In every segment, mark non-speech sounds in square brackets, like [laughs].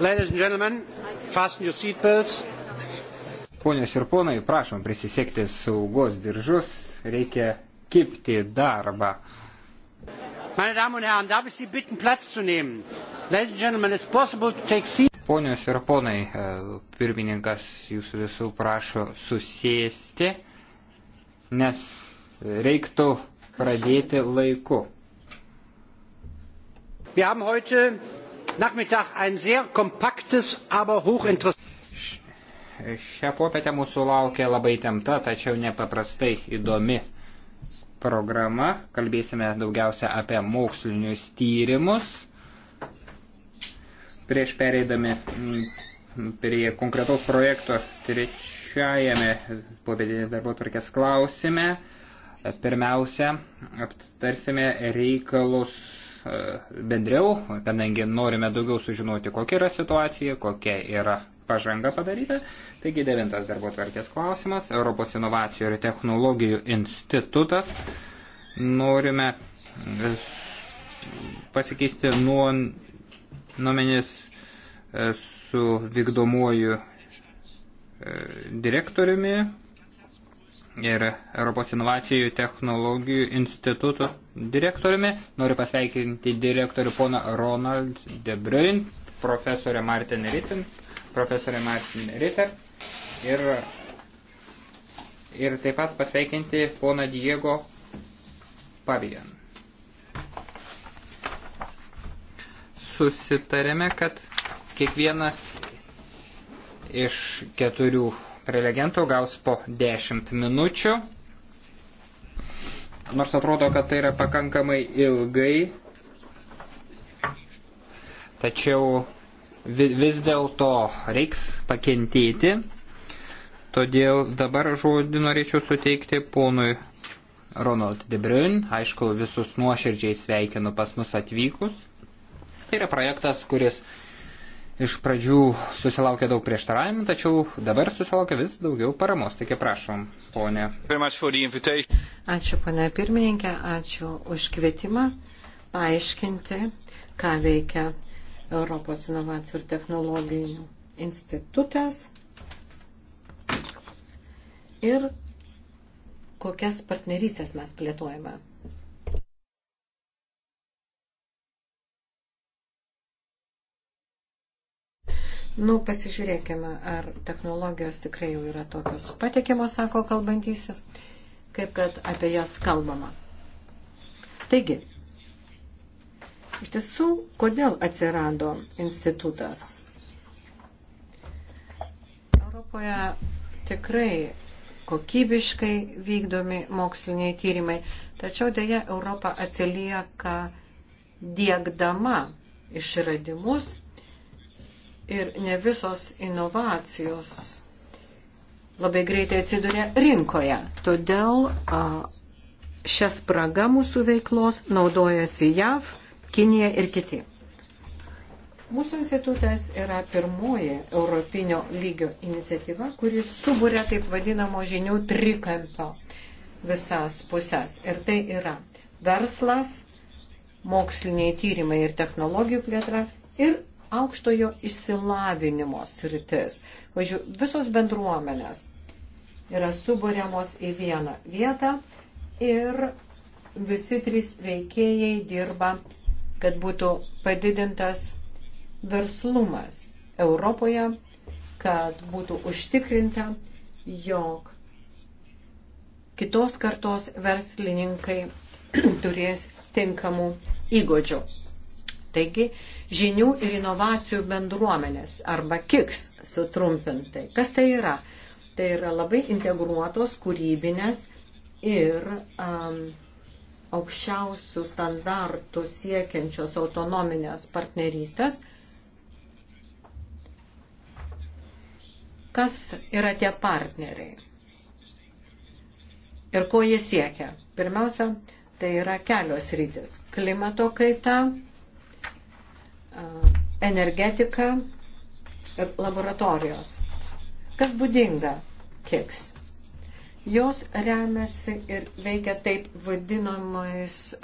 Ladies and gentlemen, fasten your seatbelts. Ponios ir ponai, prašom prisisekti saugos diržus, reikia kipti darbą. Meine Damen und Herren, darf ich Sie bitten, Platz zu nehmen? Ladies and gentlemen, it's possible to take seat. Ponios ir ponai, e, pirmininkas jūsų visų prašo susėsti, nes reiktų pradėti laiku. Wir haben heute Nachmittag ein sehr kompaktes, aber hochinteressantes. Šią popietę mūsų laukia labai temta, tačiau nepaprastai įdomi programa. Kalbėsime daugiausia apie mokslinius tyrimus. Prieš pereidami prie konkretaus projekto trečiajame popietinės darbo tvarkės klausime, pirmiausia aptarsime reikalus E, bendriau, kadangi norime daugiau sužinoti, kokia yra situacija, kokia yra pažanga padaryta. Taigi devintas darbo tvarkės klausimas - Europos inovacijų ir technologijų institutas. Norime e, pasikeisti nuomenis e, su vykdomuoju direktoriumi ir Europos inovacijų technologijų institutų direktoriumi. Noriu pasveikinti direktorių poną Ronald De Bruin, profesorę Martin Ritter, profesorę Martin Ritter ir, ir taip pat pasveikinti poną Diego Pavijan. Susitarėme, kad kiekvienas iš keturių prelegentų gaus po 10 minučių. Nors atrodo, kad tai yra pakankamai ilgai, tačiau vis dėlto reiks pakentėti. Todėl dabar žodį norėčiau suteikti ponui Ronald De Bruin. Aišku, visus nuoširdžiai sveikinu pas mus atvykus. Tai yra projektas, kuris iš pradžių susilaukė daug prieštaravimų, tačiau dabar susilaukė vis daugiau paramos. Taigi prašom, ponė. Ačiū, ponė pirmininkė, ačiū už kvietimą paaiškinti, ką veikia Europos inovacijų ir technologijų institutas ir kokias partnerystės mes plėtojame. Nu, pasižiūrėkime, ar technologijos tikrai jau yra tokios patikimos, sako kalbantysis, kaip kad apie jas kalbama. Taigi, iš tiesų, kodėl atsirado institutas? Europoje tikrai kokybiškai vykdomi moksliniai tyrimai, tačiau dėja Europa atsilieka diegdama išradimus ir ne visos inovacijos labai greitai atsiduria rinkoje. Todėl šią spragą mūsų veiklos naudojasi JAV, Kinija ir kiti. Mūsų institutas yra pirmoji europinio lygio iniciatyva, kuris suburia taip vadinamo žinių trikampio visas pusės. Ir tai yra verslas, moksliniai tyrimai ir technologijų plėtra ir aukštojo išsilavinimo sritis. Važiuoju, visos bendruomenės yra suburiamos į vieną vietą ir visi trys veikėjai dirba, kad būtų padidintas verslumas Europoje, kad būtų užtikrinta, jog kitos kartos verslininkai [clears throat] turės tinkamų įgūdžių. Taigi žinių ir inovacijų bendruomenės arba KIKS sutrumpintai. Kas tai yra? Tai yra labai integruotos, kūrybinės ir um, aukščiausių standartų siekiančios autonominės partnerystės. Kas yra tie partneriai? Ir ko jie siekia? Pirmiausia, tai yra kelios rytis. Klimato kaita, E, energetika ir laboratorijos. Kas būdinga KIKS? Jos remiasi ir veikia taip vadinamais e,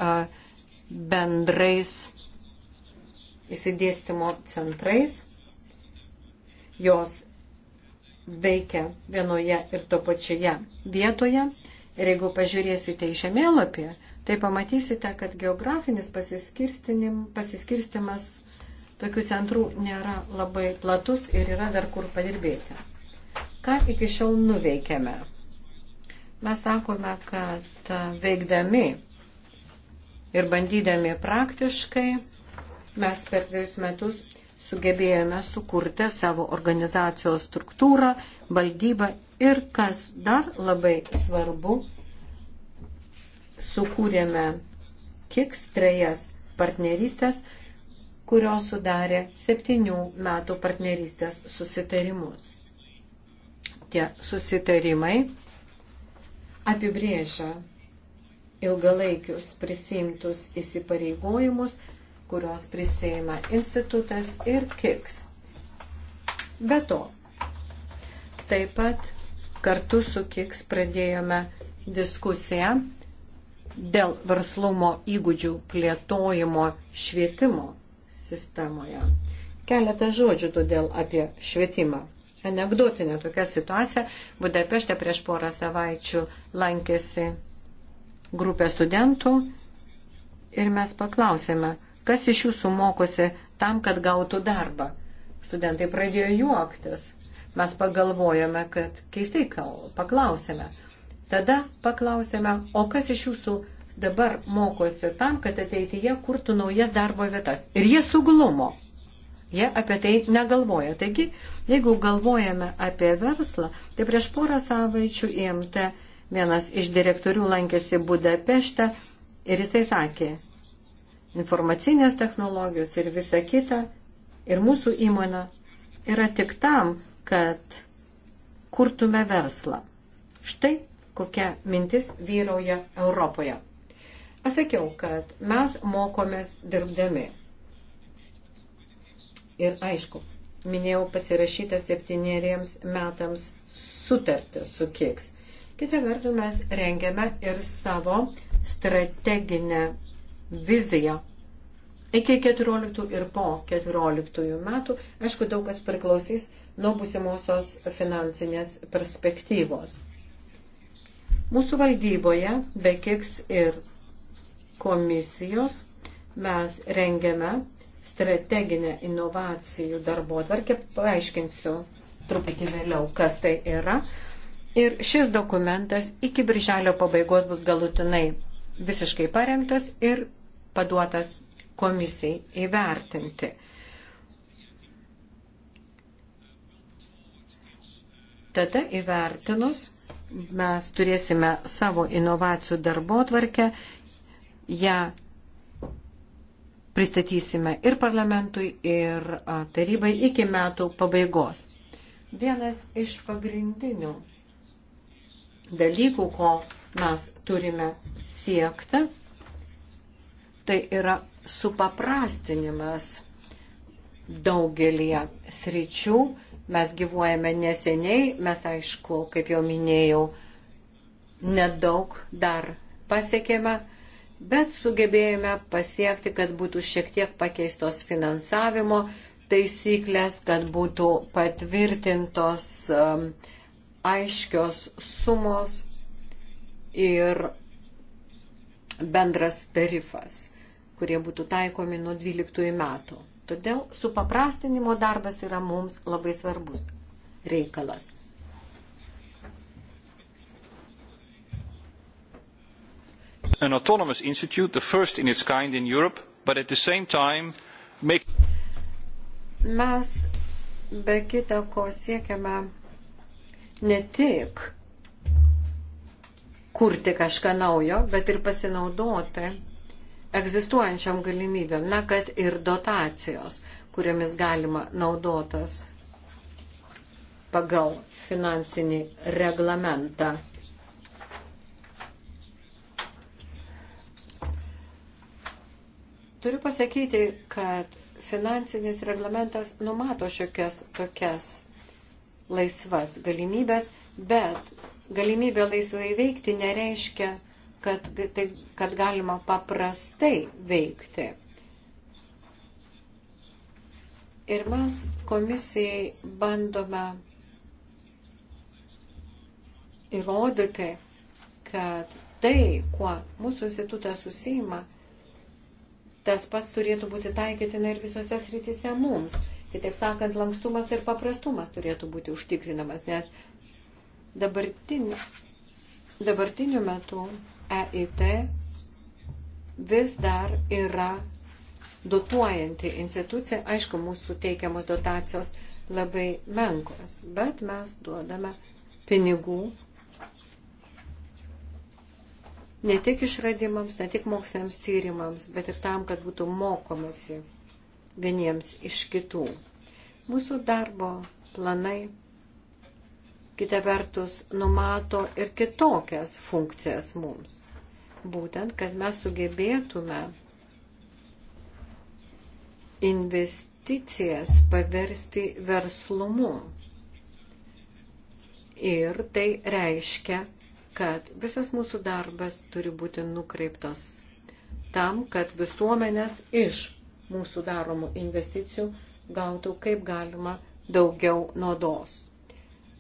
bendrais įsidėstimo centrais. Jos veikia vienoje ir to pačioje vietoje. Ir jeigu pažiūrėsite į žemėlapį, tai pamatysite, kad geografinis pasiskirstimas tokių centrų nėra labai platus ir yra dar kur padirbėti. Ką iki šiol nuveikėme? Mes sakome, kad veikdami ir bandydami praktiškai mes per dviejus metus sugebėjome sukurti savo organizacijos struktūrą, valdybą ir kas dar labai svarbu, sukūrėme kiks trejas partnerystės kurios sudarė septynių metų partnerystės susitarimus. Tie susitarimai apibrėžia ilgalaikius prisimtus įsipareigojimus, kuriuos prisėima institutas ir KIKS. Be to, taip pat kartu su KIKS pradėjome diskusiją dėl verslumo įgūdžių plėtojimo švietimo sistemoje. Keletą žodžių todėl apie švietimą. Anekdotinė tokia situacija. Budapešte prieš porą savaičių lankėsi grupė studentų ir mes paklausėme, kas iš jūsų mokosi tam, kad gautų darbą. Studentai pradėjo juoktis. Mes pagalvojome, kad keistai paklausėme. Tada paklausėme, o kas iš jūsų mokosi dabar mokosi tam, kad ateityje kurtų naujas darbo vietas. Ir jie suglumo. Jie apie tai negalvoja. Taigi, jeigu galvojame apie verslą, tai prieš porą savaičių IMT vienas iš direktorių lankėsi Budapešte ir jisai sakė, informacinės technologijos ir visa kita, ir mūsų įmonė yra tik tam, kad kurtume verslą. Štai kokia mintis vyrauja Europoje. Aš sakiau, kad mes mokomės dirbdami. Ir aišku, minėjau pasirašytą septyneriems metams sutartį su KIKS. Kita vertus, mes rengiame ir savo strateginę viziją iki 14 ir po 14 metų. Aišku, daug kas priklausys nuo būsimosios finansinės perspektyvos. Mūsų valdyboje, be KIKS ir komisijos mes rengiame strateginę inovacijų darbo atvarkę. Paaiškinsiu truputį vėliau, kas tai yra. Ir šis dokumentas iki birželio pabaigos bus galutinai visiškai parengtas ir paduotas komisijai įvertinti. Tada įvertinus mes turėsime savo inovacijų darbo atvarkę ją pristatysime ir parlamentui, ir tarybai iki metų pabaigos. Vienas iš pagrindinių dalykų, ko mes turime siekti, tai yra supaprastinimas daugelį sričių. Mes gyvuojame neseniai, mes aišku, kaip jau minėjau, nedaug dar pasiekėme, bet sugebėjome pasiekti, kad būtų šiek tiek pakeistos finansavimo taisyklės, kad būtų patvirtintos um, aiškios sumos ir bendras tarifas, kurie būtų taikomi nuo 12 metų. Todėl supaprastinimo darbas yra mums labai svarbus reikalas. An autonomous institute, the first in its kind in Europe, but at the same time make... Mes be kita ko siekiame ne tik kurti kažką naujo, bet ir pasinaudoti egzistuojančiam galimybėm, na, kad ir dotacijos, kuriamis galima naudotas pagal finansinį reglamentą Turiu pasakyti, kad finansinis reglamentas numato šiokias tokias laisvas galimybės, bet galimybė laisvai veikti nereiškia, kad, tai, kad galima paprastai veikti. Ir mes komisijai bandome įrodyti, kad tai, kuo mūsų institutas susima, tas pats turėtų būti taikytina ir visose srityse mums. Kitaip sakant, lankstumas ir paprastumas turėtų būti užtikrinamas, nes dabartiniu, dabartiniu metu EIT vis dar yra dotuojanti institucija. Aišku, mūsų teikiamos dotacijos labai menkos, bet mes duodame pinigų ne tik išradimams, ne tik moksliniams tyrimams, bet ir tam, kad būtų mokomasi vieniems iš kitų. Mūsų darbo planai, kita vertus, numato ir kitokias funkcijas mums. Būtent, kad mes sugebėtume investicijas paversti verslumu. Ir tai reiškia kad visas mūsų darbas turi būti nukreiptas tam, kad visuomenės iš mūsų daromų investicijų gautų kaip galima daugiau naudos.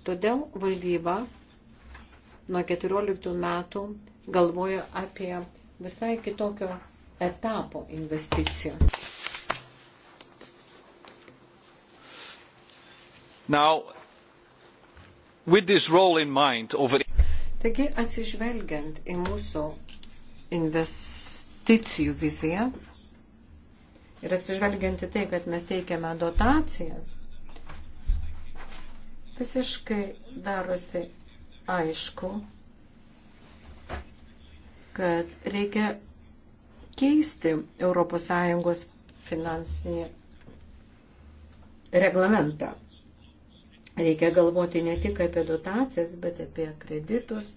Todėl valdyba nuo 14 metų galvoja apie visai kitokio etapo investicijas. Now, with this role in mind over Taigi, atsižvelgiant į mūsų investicijų viziją ir atsižvelgiant į tai, kad mes teikiame dotacijas, visiškai darosi aišku, kad reikia keisti ES finansinį reglamentą. Reikia galvoti ne tik apie dotacijas, bet apie kreditus,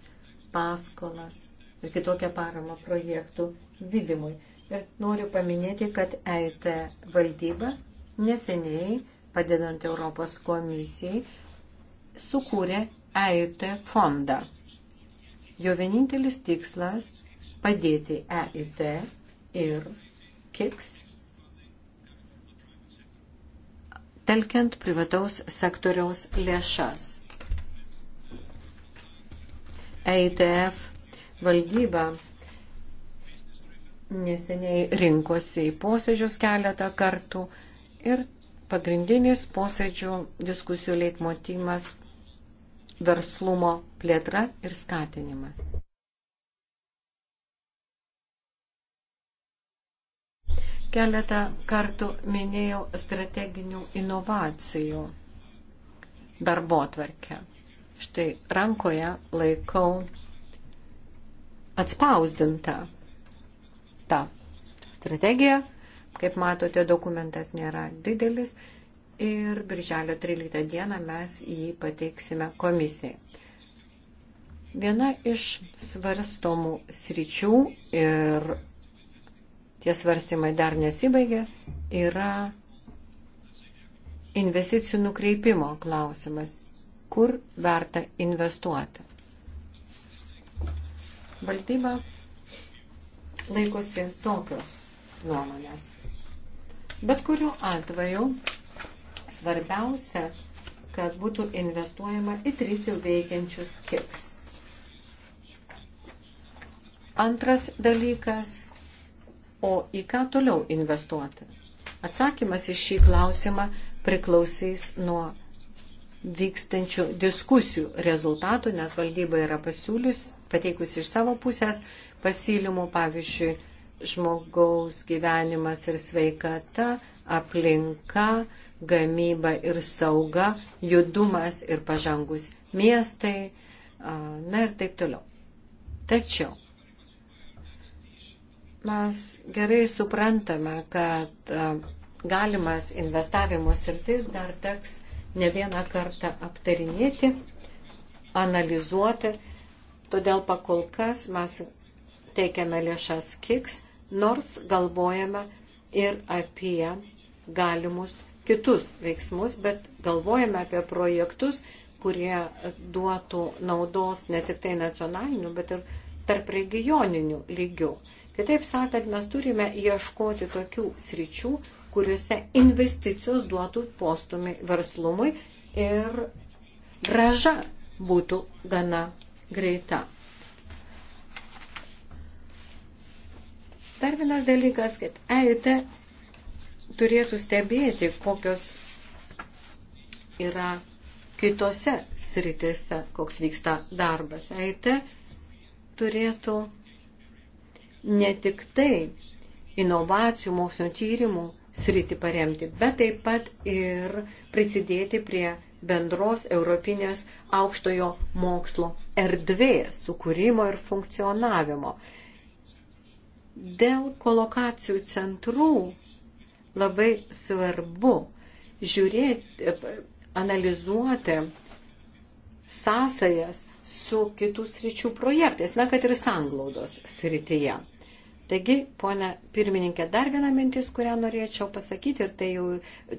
paskolas ir kitokią paramą projektų vidimui. Ir noriu paminėti, kad EIT valdyba neseniai, padedant Europos komisijai, sukūrė EIT fondą. Jo vienintelis tikslas - padėti EIT ir KIKS telkiant privataus sektoriaus lėšas. EITF valdyba neseniai rinkosi į posėdžius keletą kartų ir pagrindinis posėdžių diskusijų leitmotymas verslumo plėtra ir skatinimas. Keletą kartų minėjau strateginių inovacijų darbo atverkę. Štai rankoje laikau atspausdintą tą strategiją. Kaip matote, dokumentas nėra didelis ir birželio 13 dieną mes jį pateiksime komisijai. Viena iš svarstomų sričių ir tie svarstymai dar nesibaigė, yra investicijų nukreipimo klausimas. Kur verta investuoti? Valdyba laikosi tokios nuomonės. Bet kuriuo atveju svarbiausia, kad būtų investuojama į tris jau veikiančius kiks. Antras dalykas o į ką toliau investuoti? Atsakymas į šį klausimą priklausys nuo vykstančių diskusijų rezultatų, nes valdyba yra pasiūlius, pateikus iš savo pusės pasiūlymų, pavyzdžiui, žmogaus gyvenimas ir sveikata, aplinka, gamyba ir sauga, judumas ir pažangus miestai, na ir taip toliau. Tačiau Mes gerai suprantame, kad e, galimas investavimo sritis dar teks ne vieną kartą aptarinėti, analizuoti, todėl pakol kas mes teikiame lėšas kiks, nors galvojame ir apie galimus kitus veiksmus, bet galvojame apie projektus, kurie duotų naudos ne tik tai nacionaliniu, bet ir tarp regioninių lygių. Kitaip sakant, mes turime ieškoti tokių sričių, kuriuose investicijos duotų postumį verslumui ir graža būtų gana greita. Dar vienas dalykas, kad EIT turėtų stebėti, kokios yra kitose sritise, koks vyksta darbas. EIT turėtų ne tik tai inovacijų, mokslinio tyrimų sritį paremti, bet taip pat ir prisidėti prie bendros europinės aukštojo mokslo erdvės sukūrimo ir funkcionavimo. Dėl kolokacijų centrų labai svarbu žiūrėti, analizuoti sąsajas su kitų sričių projektais, na, kad ir sanglaudos srityje. Taigi, ponia pirmininkė, dar viena mintis, kurią norėčiau pasakyti, ir tai, jau,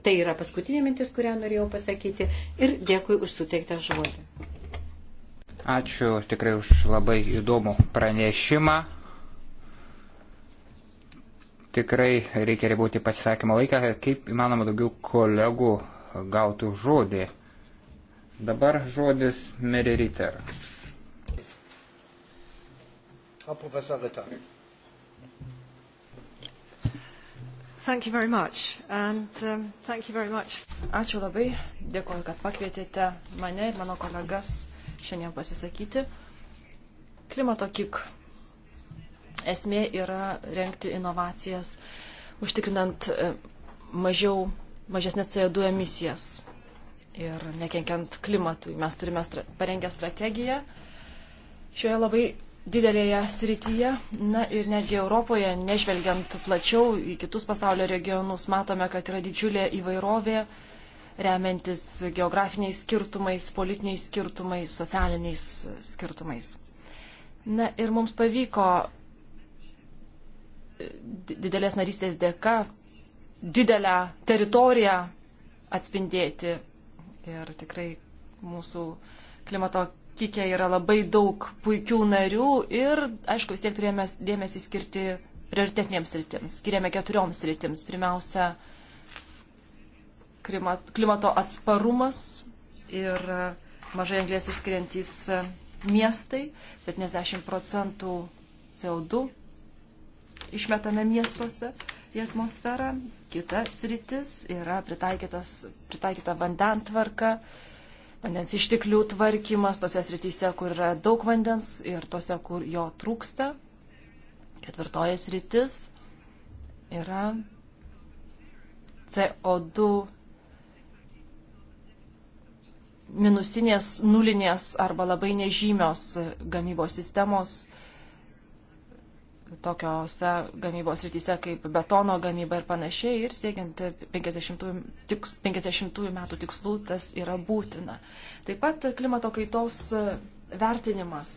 tai yra paskutinė mintis, kurią norėjau pasakyti, ir dėkui už suteiktą žodį. Ačiū tikrai už labai įdomų pranešimą. Tikrai reikia riboti pasisakymo laiką, kaip įmanoma daugiau kolegų gautų žodį. Dabar žodis Meri Ritter. Frau Professor Ritter. Thank you very much. And, um, thank you very much. Ačiū labai. Dėkuoju, kad pakvietėte mane ir mano kolegas šiandien pasisakyti. Klimato kik esmė yra renkti inovacijas, užtikrinant e, mažiau, mažesnės CO2 emisijas ir nekenkiant klimatui. Mes turime stra parengę strategiją. Šioje labai didelėje srityje, na ir netgi Europoje, nežvelgiant plačiau į kitus pasaulio regionus, matome, kad yra didžiulė įvairovė, remiantis geografiniais skirtumais, politiniais skirtumais, socialiniais skirtumais. Na ir mums pavyko e, didelės narystės dėka didelę teritoriją atspindėti ir tikrai mūsų klimato Kikė yra labai daug puikių narių ir, aišku, vis tiek turėjome dėmesį skirti prioritetinėms rytims. Skiriame keturioms rytims. Pirmiausia, klimato atsparumas ir mažai anglės išskiriantys miestai. 70 procentų CO2 išmetame miestuose į atmosferą. Kita sritis yra pritaikyta vandentvarka. tvarka vandens išteklių tvarkymas tose srityse, kur yra daug vandens ir tose, kur jo trūksta. Ketvirtoji sritis yra CO2 minusinės, nulinės arba labai nežymios gamybos sistemos tokiose gamybos rytise kaip betono gamyba ir panašiai. Ir siekiant 50-ųjų 50 metų tikslų tas yra būtina. Taip pat klimato kaitos vertinimas.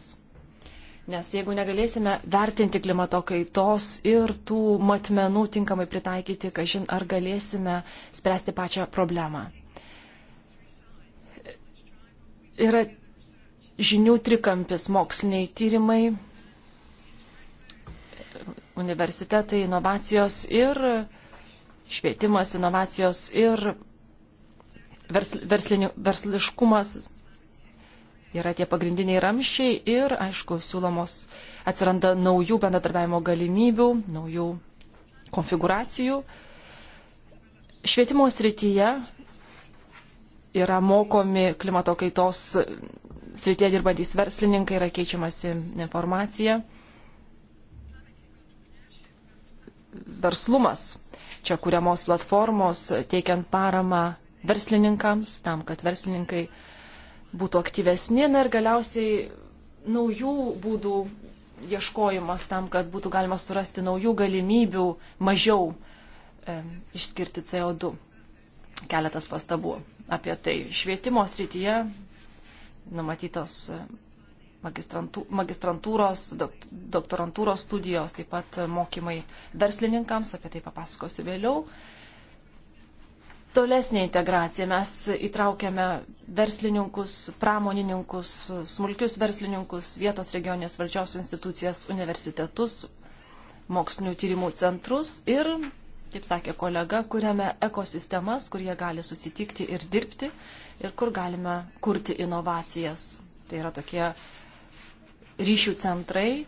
Nes jeigu negalėsime vertinti klimato kaitos ir tų matmenų tinkamai pritaikyti, kažin ar galėsime spręsti pačią problemą. Yra žinių trikampis moksliniai tyrimai, universitetai, inovacijos ir švietimas, inovacijos ir versl, verslini, versliškumas yra tie pagrindiniai ramščiai ir, aišku, siūlomos atsiranda naujų bendradarbiavimo galimybių, naujų konfiguracijų. Švietimo srityje yra mokomi klimato kaitos srityje dirbantys verslininkai, yra keičiamasi informacija verslumas. Čia kuriamos platformos teikiant paramą verslininkams, tam, kad verslininkai būtų aktyvesni na, ir galiausiai naujų būdų ieškojimas tam, kad būtų galima surasti naujų galimybių mažiau e, išskirti CO2. Keletas pastabų apie tai. Švietimo srityje numatytos magistrantūros, doktorantūros studijos, taip pat mokymai verslininkams, apie tai papasakosiu vėliau. Tolesnė integracija. Mes įtraukiame verslininkus, pramonininkus, smulkius verslininkus, vietos regioninės valdžios institucijas, universitetus, mokslinių tyrimų centrus ir, kaip sakė kolega, kuriame ekosistemas, kur jie gali susitikti ir dirbti ir kur galime kurti inovacijas. Tai yra tokie ryšių centrai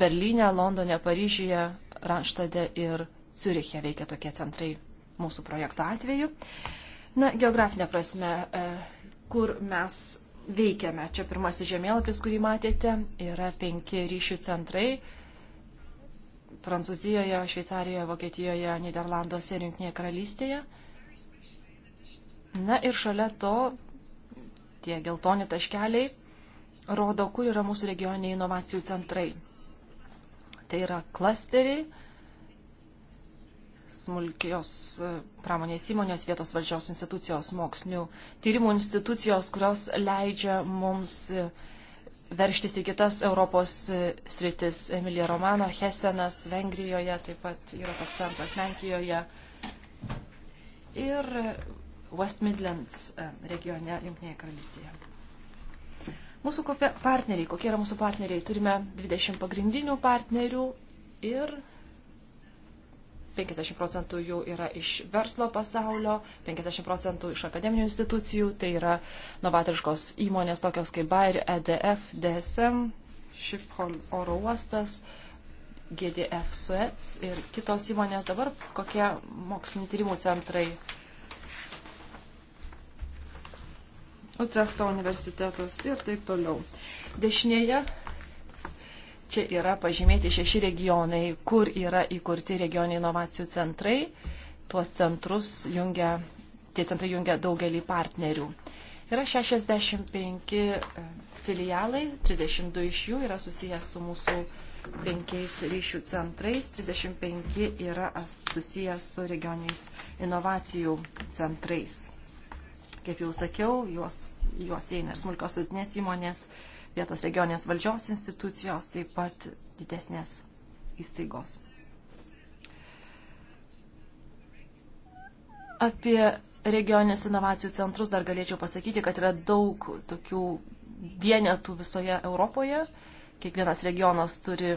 Berlyne, Londone, Paryžiuje, Ranštade ir Ciuriche veikia tokie centrai mūsų projekto atveju. Na, geografinė prasme, e, kur mes veikiame. Čia pirmasis žemėlapis, kurį matėte, yra penki ryšių centrai. Prancūzijoje, Šveicarijoje, Vokietijoje, Niderlanduose ir Junktinėje karalystėje. Na ir šalia to tie geltoni taškeliai rodo, kur yra mūsų regioniniai inovacijų centrai. Tai yra klasteriai, smulkios e, pramonės įmonės, vietos valdžios institucijos, mokslinių tyrimų institucijos, kurios leidžia mums e, verštis į kitas Europos e, sritis. Emilija Romano, Hesenas, Vengrijoje, taip pat yra toks centras Lenkijoje. Ir West Midlands regione, Junktinėje karalystėje. Mūsų partneriai, kokie yra mūsų partneriai? Turime 20 pagrindinių partnerių ir 50 procentų jų yra iš verslo pasaulio, 50 procentų iš akademinių institucijų, tai yra novatoriškos įmonės tokios kaip Bayer, EDF, DSM, Schiphol oro uostas, GDF Suez ir kitos įmonės dabar kokie mokslinio tyrimų centrai Utrechto universitetas ir taip toliau. Dešinėje čia yra pažymėti šeši regionai, kur yra įkurti regioniai inovacijų centrai. Tuos centrus jungia, tie centrai jungia daugelį partnerių. Yra 65 e, filialai, 32 iš jų yra susijęs su mūsų penkiais ryšių centrais, 35 yra susijęs su regioniais inovacijų centrais. Kaip jau sakiau, juos, juos eina ir smulkios vidutinės įmonės, vietos regioninės valdžios institucijos, taip pat didesnės įstaigos. Apie regioninės inovacijų centrus dar galėčiau pasakyti, kad yra daug tokių vienetų visoje Europoje. Kiekvienas regionas turi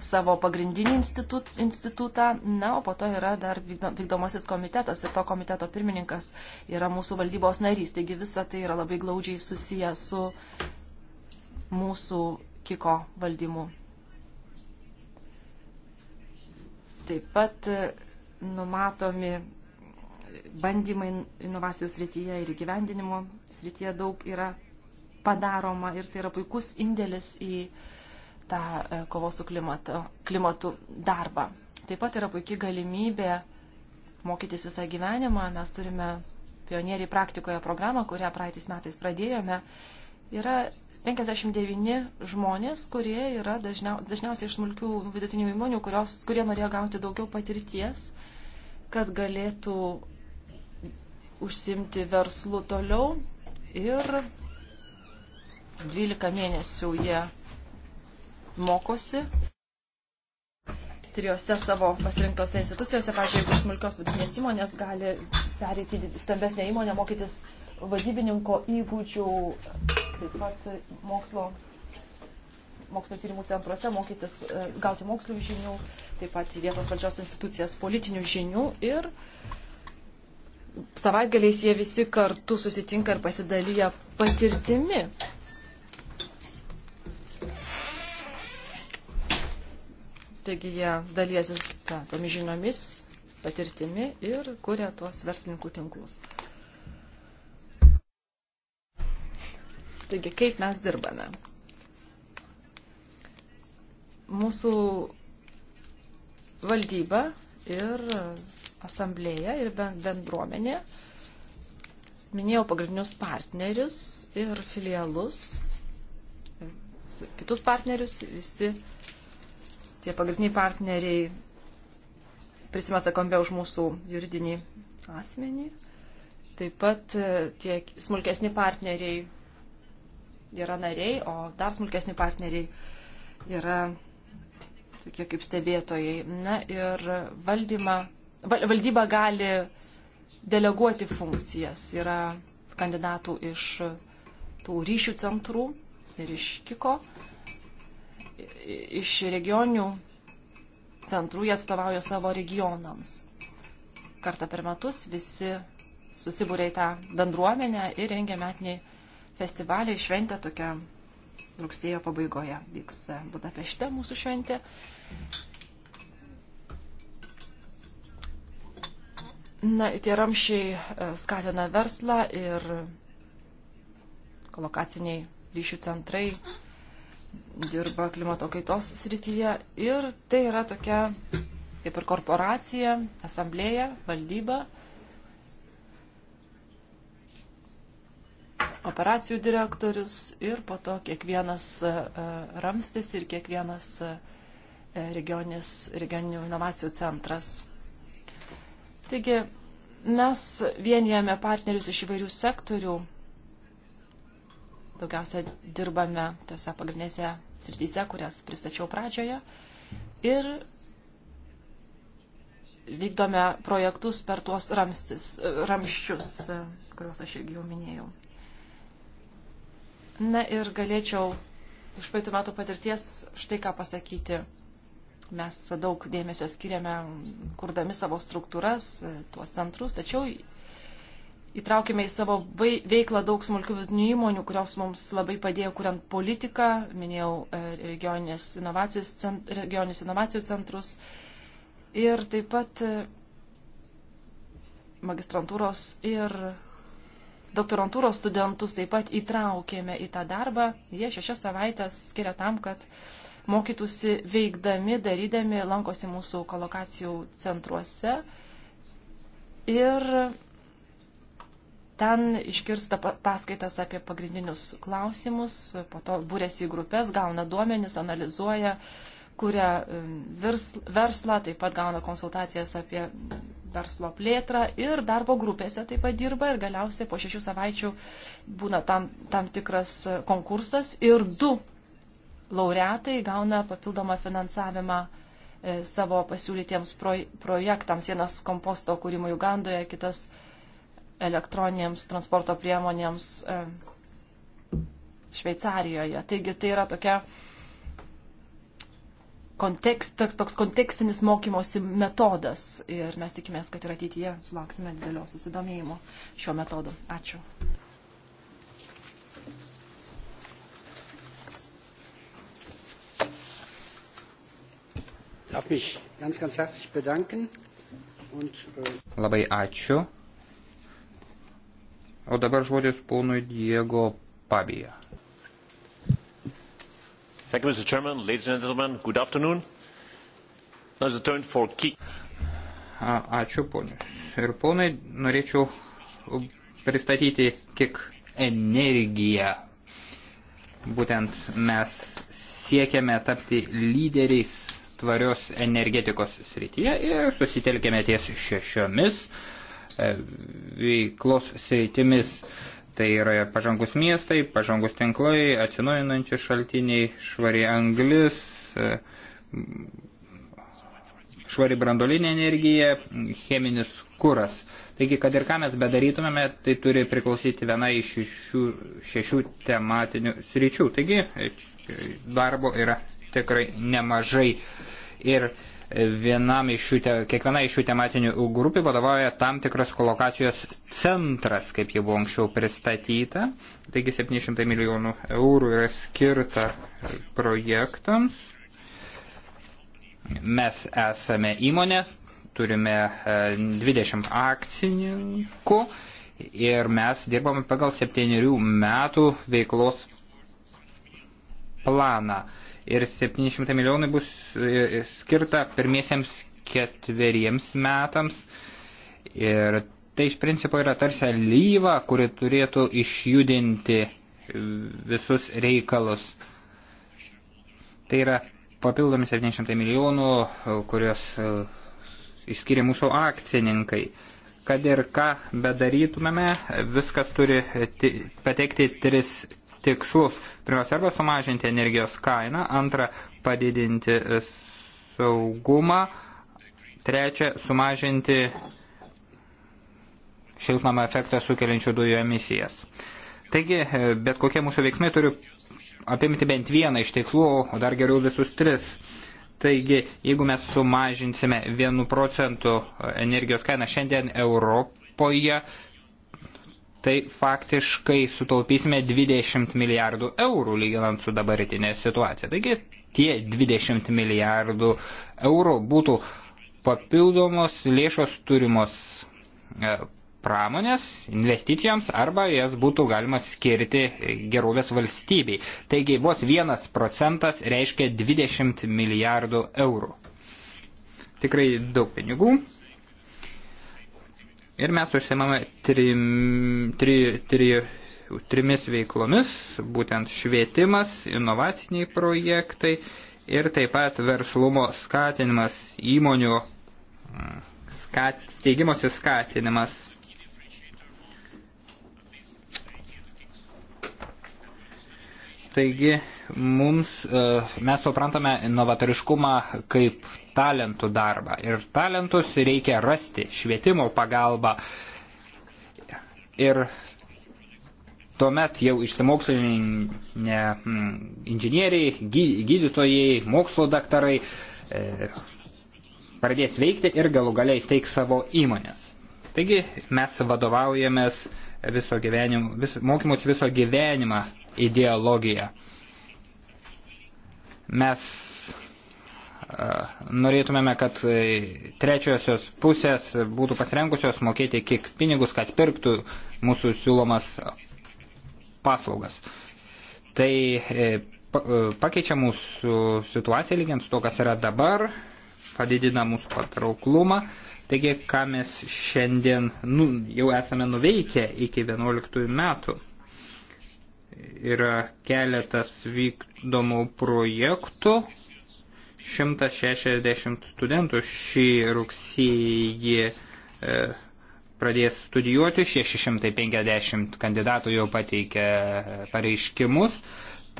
savo pagrindinį institut, institutą, na, o po to yra dar vykdomasis komitetas ir to komiteto pirmininkas yra mūsų valdybos narys. Taigi visa tai yra labai glaudžiai susiję su mūsų kiko valdymu. Taip pat e, numatomi bandymai inovacijos srityje ir įgyvendinimo srityje daug yra padaroma ir tai yra puikus indėlis į uh, tą e, kovos su klimato, klimatu darbą. Taip pat yra puikiai galimybė mokytis visą gyvenimą. Mes turime pionieriai praktikoje programą, kurią praeitais metais pradėjome. Yra 59 žmonės, kurie yra dažniau, dažniausiai iš smulkių vidutinių įmonių, kurios, kurie norėjo gauti daugiau patirties, kad galėtų užsimti verslu toliau ir 12 mėnesių jie mokosi trijose savo pasirinktose institucijose, pavyzdžiui, jeigu iš smulkios vidinės įmonės gali pereiti į stambesnę įmonę, mokytis vadybininko įgūdžių, taip pat mokslo, mokslo tyrimų centruose mokytis, e, gauti mokslių žinių, taip pat į vietos valdžios institucijas politinių žinių ir savaitgaliais jie visi kartu susitinka ir pasidalyja patirtimi Taigi jie dalysis tomis žiniomis, patirtimi ir kuria tuos verslininkų tinklus. Taigi, kaip mes dirbame? Mūsų valdyba ir asamblėja ir bendruomenė. Minėjau pagrindinius partnerius ir filialus, kitus partnerius, visi tie pagrindiniai partneriai prisima atsakomybę už mūsų juridinį asmenį. Taip pat e, tie smulkesni partneriai yra nariai, o dar smulkesni partneriai yra tokie kaip stebėtojai. Na ir valdyma, val, valdyba gali deleguoti funkcijas. Yra kandidatų iš tų ryšių centrų ir iš Kiko iš regionių centrų jie atstovauja savo regionams. Kartą per metus visi susibūrė į tą bendruomenę ir rengia metinį festivalį, šventę tokią rugsėjo pabaigoje vyks Budapešte mūsų šventė. Na, tie ramšiai e, skatina verslą ir kolokaciniai ryšių centrai dirba klimato kaitos srityje ir tai yra tokia kaip ir korporacija, asamblėja, valdyba, operacijų direktorius ir po to kiekvienas e, e, ramstis ir kiekvienas e, regionis, regioninių inovacijų centras. Taigi mes vienijame partnerius iš įvairių sektorių Daugiausia dirbame tose pagrindinėse srityse, kurias pristačiau pradžioje. Ir vykdome projektus per tuos ramstis, ramščius, kuriuos aš irgi jau minėjau. Na ir galėčiau iš praeitų metų patirties štai ką pasakyti. Mes daug dėmesio skiriame, kurdami savo struktūras, tuos centrus, tačiau įtraukėme į savo veiklą daug smulkių vidutinių įmonių, kurios mums labai padėjo kuriant politiką, minėjau e, regioninės inovacijos, cent, regioninės inovacijų centrus. Ir taip pat e, magistrantūros ir doktorantūros studentus taip pat įtraukėme į tą darbą. Jie šešias savaitės skiria tam, kad mokytųsi veikdami, darydami, lankosi mūsų kolokacijų centruose. Ir Ten iškirsta paskaitas apie pagrindinius klausimus, po to būrėsi į grupės, gauna duomenis, analizuoja, kuria um, verslą, taip pat gauna konsultacijas apie verslo plėtrą ir darbo grupėse taip pat dirba ir galiausiai po šešių savaičių būna tam, tam tikras konkursas ir du laureatai gauna papildomą finansavimą e, savo pasiūlytiems projektams, vienas komposto kūrimo Ugandoje, kitas elektroninėms transporto priemonėms e, Šveicarijoje. Taigi tai yra tokia kontekst, toks kontekstinis mokymosi metodas ir mes tikimės, kad ir ateityje sulauksime didelio susidomėjimo šiuo metodu. Ačiū. Äh, Labai ačiū. O dabar žodis ponui Diego Pabija. Thank you, Mr. Chairman. Ladies and gentlemen, good afternoon. Now it's the turn for key. A, ačiū, ponius. Ir ponai, norėčiau pristatyti kiek energiją. Būtent mes siekiame tapti lyderiais tvarios energetikos srityje ir susitelkėme ties šešiomis uh, E, veiklos sreitimis. Tai yra pažangus miestai, pažangus tinklai, atsinaujinančių šaltiniai, švari anglis, e, švari brandolinė energija, cheminis kuras. Taigi, kad ir ką mes bedarytumėme, tai turi priklausyti viena iš šešių, šešių tematinių sričių. Taigi, e, darbo yra tikrai nemažai. Ir vienam iš šių, kiekviena iš šių tematinių grupių vadovauja tam tikras kolokacijos centras, kaip jau buvo anksčiau pristatyta. Taigi 700 milijonų eurų yra skirta projektams. Mes esame įmonė, turime 20 e, akcininkų ir mes dirbame pagal septyniarių metų veiklos planą ir 700 milijonai bus e, e, skirta pirmiesiems ketveriems metams. Ir tai iš principo yra tarsi lyva, kuri turėtų išjudinti visus reikalus. Tai yra papildomi 700 milijonų, kurios e, išskiria mūsų akcininkai. Kad ir ką bedarytumėme, viskas turi patekti tris tikslus. Pirmiausia, arba sumažinti energijos kainą, antra, padidinti e, saugumą, trečia, sumažinti šiltnamą efektą sukeliančių dujų emisijas. Taigi, e, bet kokie mūsų veiksmai turi apimti bent vieną iš tiklų, o dar geriau visus tris. Taigi, jeigu mes sumažinsime 1 procentų energijos kainą šiandien Europoje, tai faktiškai sutaupysime 20 milijardų eurų lyginant su dabartinė situacija. Taigi tie 20 milijardų eurų būtų papildomos lėšos turimos e, pramonės investicijoms arba jas būtų galima skirti gerovės valstybei. Taigi vos vienas procentas reiškia 20 milijardų eurų. Tikrai daug pinigų. Ir mes užsimame trim, tri, tri, trimis veiklomis, būtent švietimas, inovaciniai projektai ir taip pat verslumo skatinimas, įmonių mm, skat, teigimosi skatinimas. Taigi mums, e, mes suprantame novatoriškumą kaip talentų darbą ir talentus reikia rasti švietimo pagalba ir tuomet jau išsimokslinę mm, inžinieriai, gydytojai, mokslo daktarai e, pradės veikti ir galų galiai steigs savo įmonės. Taigi mes vadovaujamės viso gyvenimo, vis, mokymus viso gyvenimą ideologiją. Mes e, norėtumėme, kad e, trečiosios pusės būtų pasirengusios mokėti kiek pinigus, kad pirktų mūsų siūlomas paslaugas. Tai e, pakeičia mūsų situaciją lygiant su to, kas yra dabar, padidina mūsų patrauklumą. Taigi, ką mes šiandien nu, jau esame nuveikę iki 11 metų yra keletas vykdomų projektų. 160 studentų šį rugsėjį e, pradės studijuoti, 650 kandidatų jau pateikė pareiškimus,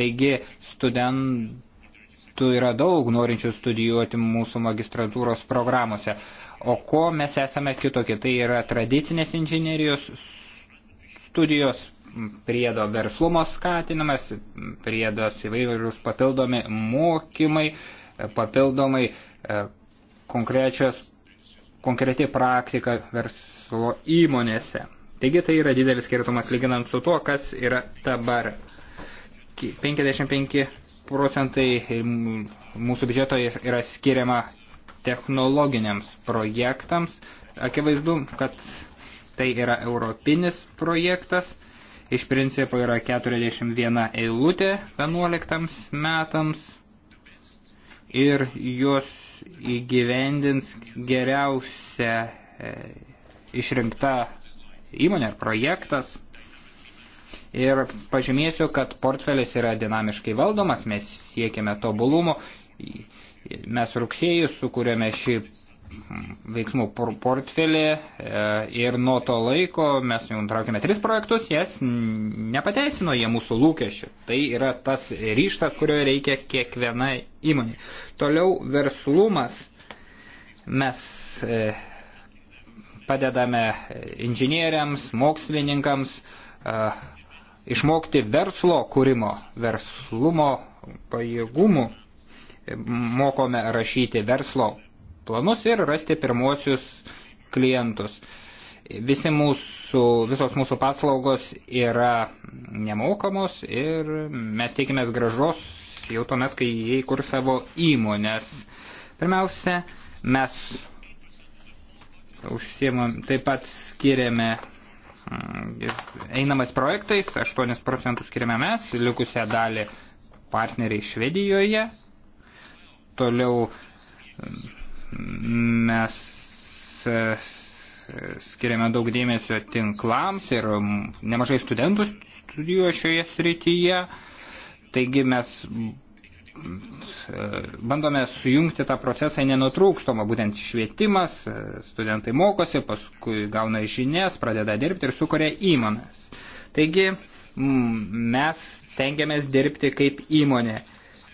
taigi studentų yra daug norinčių studijuoti mūsų magistratūros programuose. O ko mes esame kitokie? Tai yra tradicinės inžinerijos studijos, priedo verslumo skatinimas, priedos įvairius papildomi mokymai, papildomai e, konkrečios, konkreti praktika verslo įmonėse. Taigi tai yra didelis skirtumas lyginant su tuo, kas yra dabar. 55 procentai mūsų biudžeto yra skiriama technologiniams projektams. Akivaizdu, kad tai yra europinis projektas Iš principo yra 41 eilutė 11 metams ir juos įgyvendins geriausia e, išrinkta įmonė ar projektas. Ir pažymėsiu, kad portfelis yra dinamiškai valdomas, mes siekiame tobulumo. Mes rugsėjį sukūrėme šį veiksmų portfelį e, ir nuo to laiko mes jau nutraukėme tris projektus, jas nepateisino jie mūsų lūkesčių. Tai yra tas ryštas, kurio reikia kiekviena įmonė. Toliau verslumas. Mes e, padedame inžinieriams, mokslininkams e, išmokti verslo kūrimo, verslumo pajėgumų. Mokome rašyti verslo planus ir rasti pirmosius klientus. Visi mūsų, visos mūsų paslaugos yra nemokamos ir mes teikimės gražos jau tuomet, kai jie įkur savo įmonės. Pirmiausia, mes užsiemam, taip pat skiriame mm, einamais projektais, 8 procentus skiriame mes, likusią dalį partneriai Švedijoje, toliau Mes e, skiriame daug dėmesio tinklams ir nemažai studentų studijuoja šioje srityje. Taigi mes e, bandome sujungti tą procesą nenutrūkstamą, būtent švietimas, e, studentai mokosi, paskui gauna žinias, pradeda dirbti ir sukuria įmonės. Taigi mes tengiamės dirbti kaip įmonė.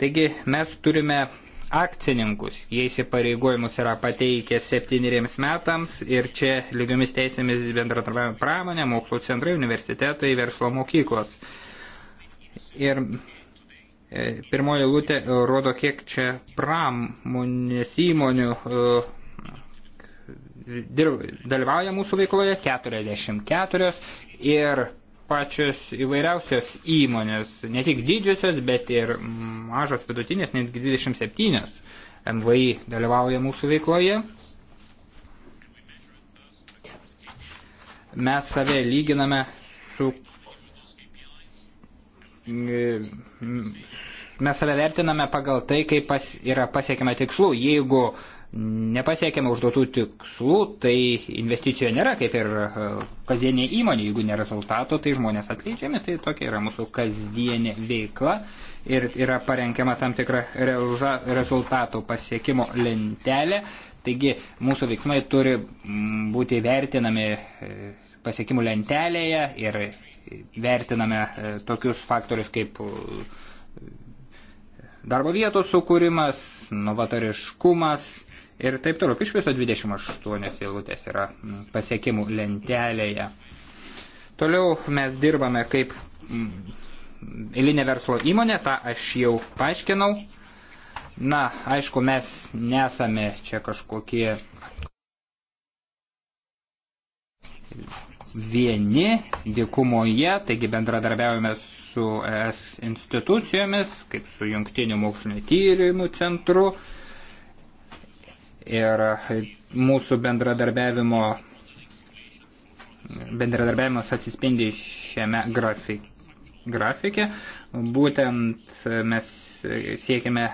Taigi mes turime akcininkus. Jie įsipareigojimus yra pateikę septyneriems metams ir čia lygiomis teisėmis bendratarbiavimo pramonė, mokslo centrai, universitetai, verslo mokyklos. Ir e, pirmoji lūtė e, rodo, kiek čia pramonės įmonių e, dalyvauja mūsų veikloje, 44 ir pačios įvairiausios įmonės, ne tik didžiosios, bet ir mažos vidutinės, netgi 27 MVI dalyvauja mūsų veikloje. Mes save lyginame su. Mes save vertiname pagal tai, kaip pas, yra pasiekime tikslų. Jeigu uh, nepasiekėme užduotų tikslų, tai investicijų nėra, kaip ir e, kasdienė įmonė, jeigu nėra rezultato, tai žmonės atleidžiami, tai tokia yra mūsų kasdienė veikla ir yra parenkiama tam tikra rezultato pasiekimo lentelė, taigi mūsų veiksmai turi būti vertinami e, pasiekimų lentelėje ir vertiname e, tokius faktorius kaip darbo vietos sukūrimas, novatoriškumas, ir taip toliau. Iš viso 28 eilutės yra mm, pasiekimų lentelėje. Toliau mes dirbame kaip mm, eilinė verslo įmonė, tą aš jau paaiškinau. Na, aišku, mes nesame čia kažkokie vieni dikumoje, taigi bendradarbiavome su ES institucijomis, kaip su Junktiniu mokslinio tyrimų centru, ir mūsų bendradarbiavimo bendradarbiavimas atsispindi šiame grafike. grafike. Būtent mes siekime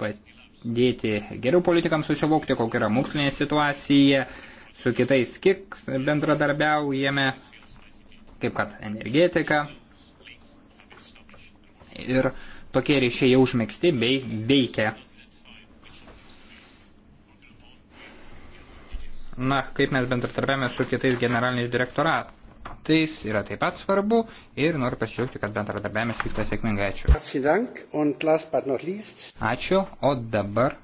padėti geriau politikams susivokti, kokia yra mokslinė situacija, su kitais kiek bendradarbiaujame, kaip kad energetika. Ir tokie ryšiai jau užmėgsti bei veikia na, kaip mes bendratarbiame su kitais generaliniais direktoratais yra taip pat svarbu ir noriu pasidžiaugti, kad bendradarbiavimas vyksta sėkmingai. Ačiū. Ačiū, o dabar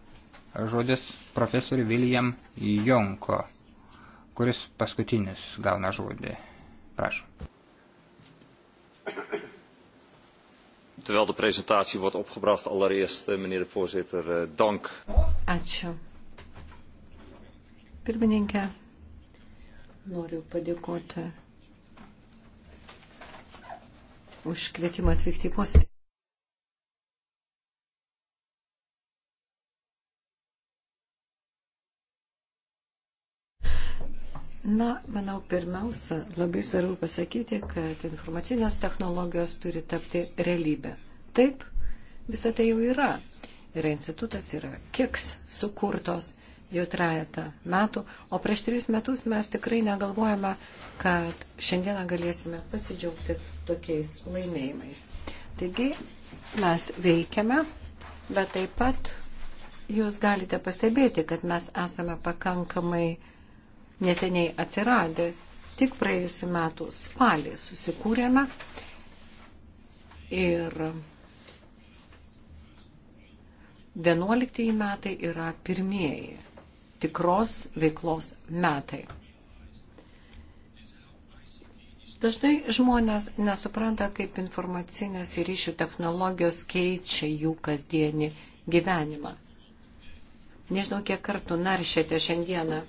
žodis profesoriui William Jonko, kuris paskutinis gauna žodį. Prašom. Terwijl de presentatie wordt opgebracht, allereerst, eh, meneer de voorzitter, eh, dank. Ačiū. Pirmininkė, noriu padėkoti už kvietimą atvykti į posėdį. Na, manau, pirmiausia, labai svarbu pasakyti, kad informacinės technologijos turi tapti realybę. Taip, visą tai jau yra. Yra institutas, yra kiks sukurtos, jau trejata metų, o prieš tris metus mes tikrai negalvojame, kad šiandieną galėsime pasidžiaugti tokiais laimėjimais. Taigi mes veikiame, bet taip pat jūs galite pastebėti, kad mes esame pakankamai neseniai atsiradę, tik praėjusiu metu spalį susikūrėme ir 11 metai yra pirmieji tikros veiklos metai. Dažnai žmonės nesupranta, kaip informacinės ir ryšių technologijos keičia jų kasdienį gyvenimą. Nežinau, kiek kartų naršėte šiandieną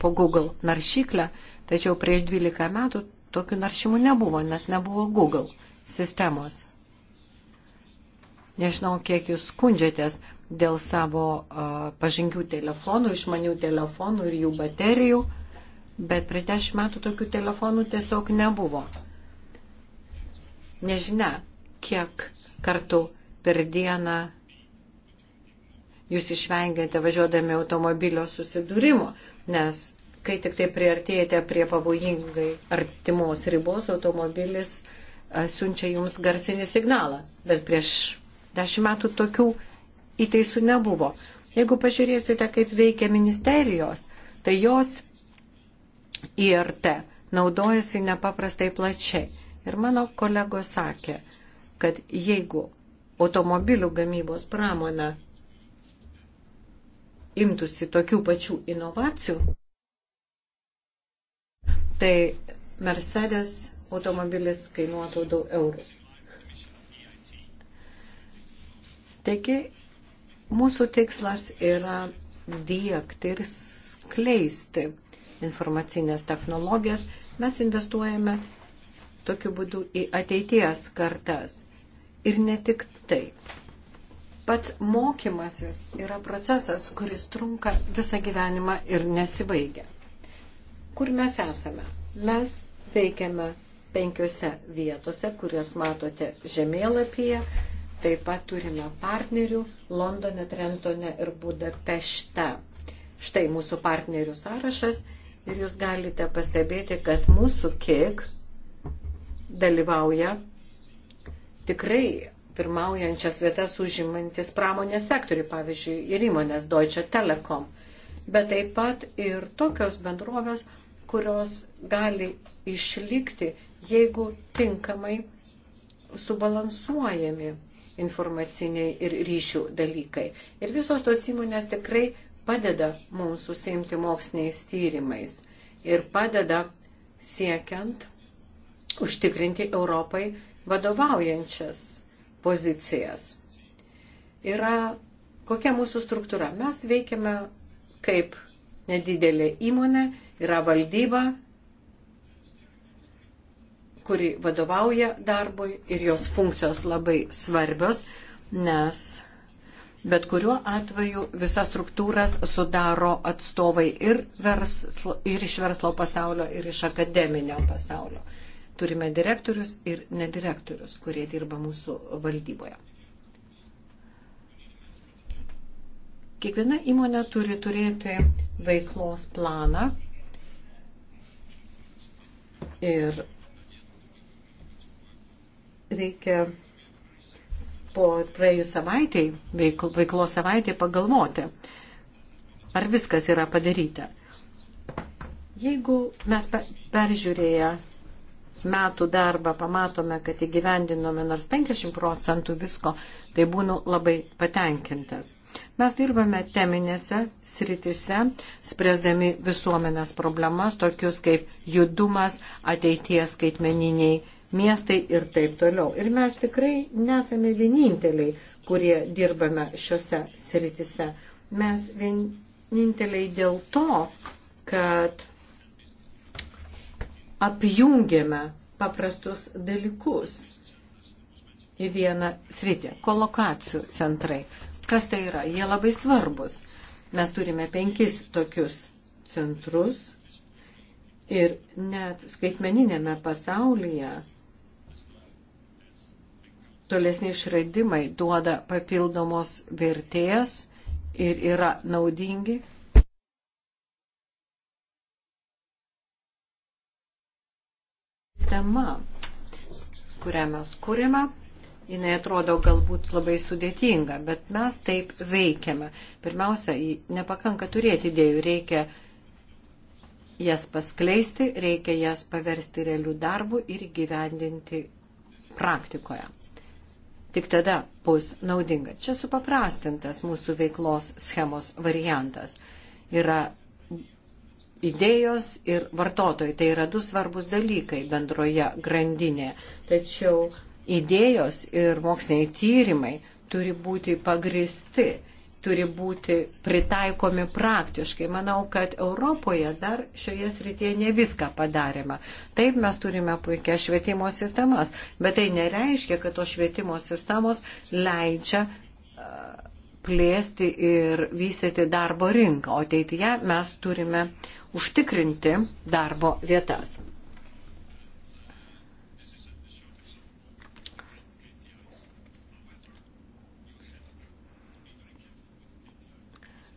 po Google naršyklę, tačiau prieš 12 metų tokių naršymų nebuvo, nes nebuvo Google sistemos. Nežinau, kiek jūs skundžiatės, dėl savo pažangių telefonų, išmanių telefonų ir jų baterijų, bet prie 10 metų tokių telefonų tiesiog nebuvo. Nežinia, kiek kartų per dieną jūs išvengiate važiuodami automobilio susidūrimo, nes kai tik tai priartėjate prie pavojingai artimos ribos, automobilis siunčia jums garsinį signalą. Bet prieš dešimt metų tokių įtaisų nebuvo. Jeigu pažiūrėsite, kaip veikia ministerijos, tai jos IRT naudojasi nepaprastai plačiai. Ir mano kolegos sakė, kad jeigu automobilių gamybos pramonė imtųsi tokių pačių inovacijų, tai Mercedes automobilis kainuotų daug eurų. Taigi Mūsų tikslas yra diegti ir skleisti informacinės technologijas. Mes investuojame tokiu būdu į ateities kartas. Ir ne tik tai. Pats mokymasis yra procesas, kuris trunka visą gyvenimą ir nesibaigia. Kur mes esame? Mes veikiame penkiose vietose, kurias matote žemėlapyje. Taip pat turime partnerių Londone, Trentone ir Budapešte. Štai mūsų partnerių sąrašas ir jūs galite pastebėti, kad mūsų kiek dalyvauja tikrai pirmaujančias vietas užimantis pramonės sektorių, pavyzdžiui, ir įmonės Deutsche Telekom, bet taip pat ir tokios bendrovės, kurios gali išlikti, jeigu tinkamai subalansuojami informaciniai ir ryšių dalykai. Ir visos tos įmonės tikrai padeda mums susimti moksliniais tyrimais ir padeda siekiant užtikrinti Europai vadovaujančias pozicijas. Yra kokia mūsų struktūra. Mes veikiame kaip nedidelė įmonė, yra valdyba, kuri vadovauja darbui ir jos funkcijos labai svarbios, nes bet kuriuo atveju visas struktūras sudaro atstovai ir, verslo, ir iš verslo pasaulio, ir iš akademinio pasaulio. Turime direktorius ir nedirektorius, kurie dirba mūsų valdyboje. Kiekviena įmonė turi turėti veiklos planą ir reikia po praėjus savaitėj, veiklos savaitėj pagalvoti, ar viskas yra padaryta. Jeigu mes peržiūrėję metų darbą pamatome, kad įgyvendinome nors 50 procentų visko, tai būnu labai patenkintas. Mes dirbame teminėse sritise, spręsdami visuomenės problemas, tokius kaip judumas, ateities skaitmeniniai miestai ir taip toliau. Ir mes tikrai nesame vieninteliai, kurie dirbame šiuose sritise. Mes vieninteliai dėl to, kad apjungiame paprastus dalykus į vieną sritį - kolokacijų centrai. Kas tai yra? Jie labai svarbus. Mes turime penkis tokius centrus ir net skaitmeninėme pasaulyje tolesni išradimai duoda papildomos vertės ir yra naudingi. Sistema, kurią mes kūrėme, jinai atrodo galbūt labai sudėtinga, bet mes taip veikiame. Pirmiausia, nepakanka turėti idėjų, reikia jas paskleisti, reikia jas paversti realių darbų ir gyvendinti praktikoje. Tik tada bus naudinga. Čia supaprastintas mūsų veiklos schemos variantas. Yra idėjos ir vartotojai. Tai yra du svarbus dalykai bendroje grandinėje. Tačiau idėjos ir moksliniai tyrimai turi būti pagristi turi būti pritaikomi praktiškai. Manau, kad Europoje dar šioje srityje ne viską padarėme. Taip mes turime puikia švietimo sistemas, bet tai nereiškia, kad tos švietimo sistemos leidžia plėsti ir vystyti darbo rinką, o ateityje mes turime užtikrinti darbo vietas.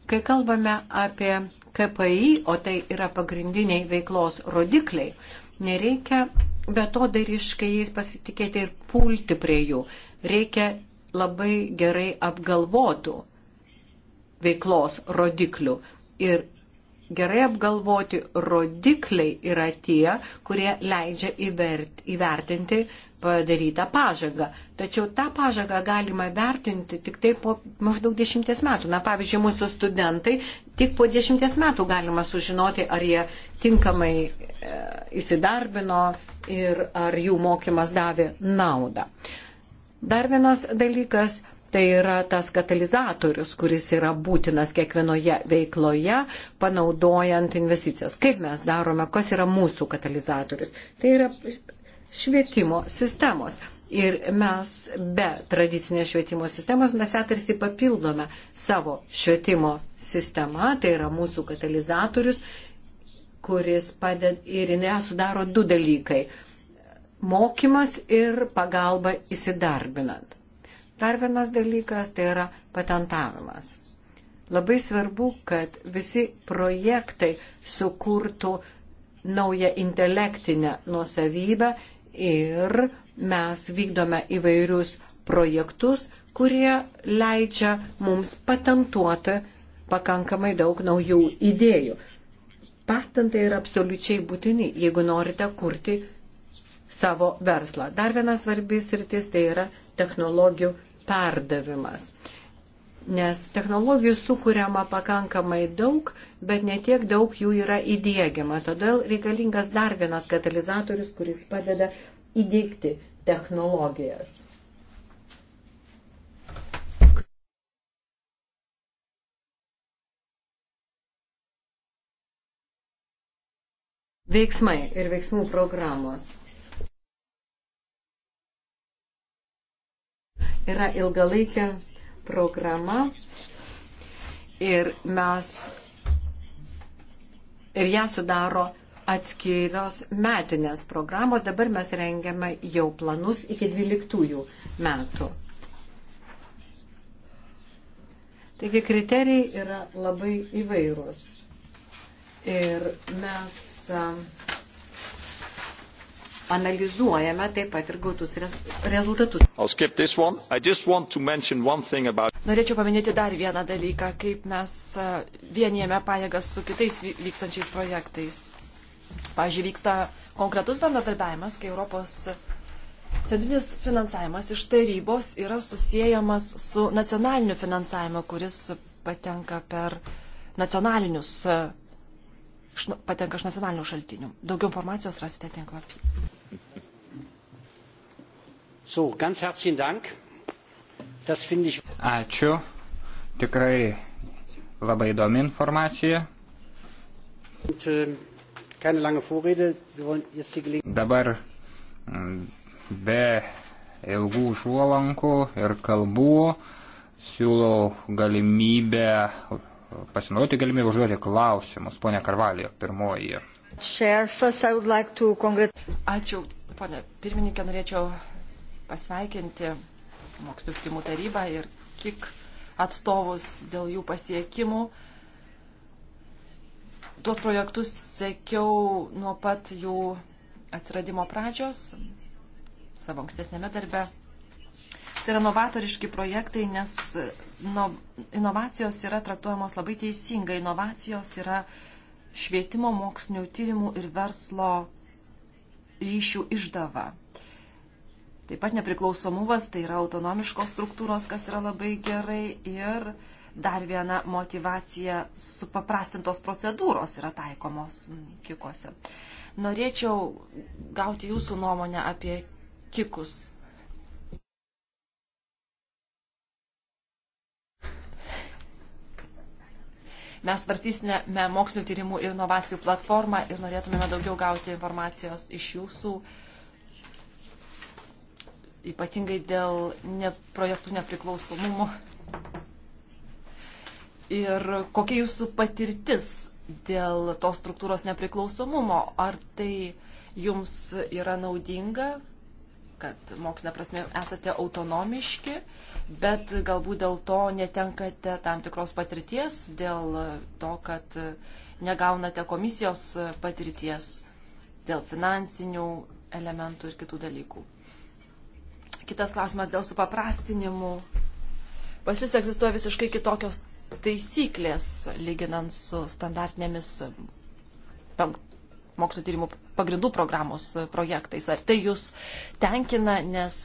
Kai kalbame apie KPI, o tai yra pagrindiniai veiklos rodikliai, nereikia betodariškai jais pasitikėti ir pulti prie jų. Reikia labai gerai apgalvotų veiklos rodiklių. Ir gerai apgalvoti rodikliai yra tie, kurie leidžia įvertinti padarytą pažangą. Tačiau tą pažangą galima vertinti tik tai po maždaug dešimties metų. Na, pavyzdžiui, mūsų studentai tik po dešimties metų galima sužinoti, ar jie tinkamai e, įsidarbino ir ar jų mokymas davė naudą. Dar vienas dalykas Tai yra tas katalizatorius, kuris yra būtinas kiekvienoje veikloje, panaudojant investicijas. Kaip mes darome, kas yra mūsų katalizatorius. Tai yra švietimo sistemos. Ir mes be tradicinės švietimo sistemos mes ją tarsi papildome savo švietimo sistemą, tai yra mūsų katalizatorius, kuris padeda ir ją sudaro du dalykai - mokymas ir pagalba įsidarbinant. Dar vienas dalykas tai yra patentavimas. Labai svarbu, kad visi projektai sukurtų naują intelektinę nuosavybę ir mes vykdome įvairius projektus, kurie leidžia mums patentuoti pakankamai daug naujų idėjų. Patentai yra absoliučiai būtini, jeigu norite kurti savo verslą. Dar vienas svarbis rytis tai yra technologijų perdavimas nes technologijų sukūriama pakankamai daug, bet netiek daug jų yra įdėgiama. Todėl reikalingas dar vienas katalizatorius, kuris padeda įdėkti technologijas. Veiksmai ir veiksmų programos. Yra ilgalaikė programa ir mes ir ją sudaro atskirios metinės programos. Dabar mes rengiame jau planus iki 12 metų. Taigi kriterijai yra labai įvairūs. Ir mes. Uh, analizuojame taip pat ir gautus rezultatus. About... Norėčiau paminėti dar vieną dalyką, kaip mes e, vienijame pajėgas su kitais vykstančiais projektais. Pavyzdžiui, vyksta konkretus bendradarbiavimas, kai Europos centrinis finansavimas iš tarybos yra susijęjamas su nacionaliniu finansavimu, kuris patenka per nacionalinius e, patenka iš nacionalinių šaltinių. Daugiau informacijos rasite tinklapį. So, ganz herzlichen Dank. Das finde ich. Ačiū. Tikrai labai įdomi informacija. Und, äh, keine lange Vorrede. Wir wollen jetzt die Gelegenheit. Dabar mm, be ilgų užuolankų ir kalbų siūlau galimybę pasinaudoti galimybę užduoti klausimus. Pone Karvalijo, pirmoji. Ačiū, ponė pirmininkė, norėčiau pasveikinti mokslo tyrimų tarybą ir kiek atstovus dėl jų pasiekimų. Tuos projektus sekiau nuo pat jų atsiradimo pradžios savo ankstesnėme darbe. Tai yra novatoriški projektai, nes no, inovacijos yra traktuojamos labai teisingai. Inovacijos yra švietimo, mokslinio tyrimų ir verslo ryšių išdava. Taip pat nepriklausomumas, tai yra autonomiškos struktūros, kas yra labai gerai. Ir dar viena motivacija supaprastintos procedūros yra taikomos kikuose. Norėčiau gauti jūsų nuomonę apie kikus. Mes svarstysime mokslinio tyrimų ir inovacijų platformą ir norėtumėme daugiau gauti informacijos iš jūsų. Uh, ypatingai dėl ne, projektų nepriklausomumo. Ir kokia jūsų patirtis dėl tos struktūros nepriklausomumo? Ar tai jums yra naudinga, kad mokslinė prasme esate autonomiški, bet galbūt dėl to netenkate tam tikros patirties, dėl to, kad negaunate komisijos patirties dėl finansinių elementų ir kitų dalykų? Kitas klausimas dėl supaprastinimų. Pas jūs egzistuoja visiškai kitokios taisyklės, lyginant su standartinėmis mokslo tyrimų pagrindų programos projektais. Ar tai jūs tenkina, nes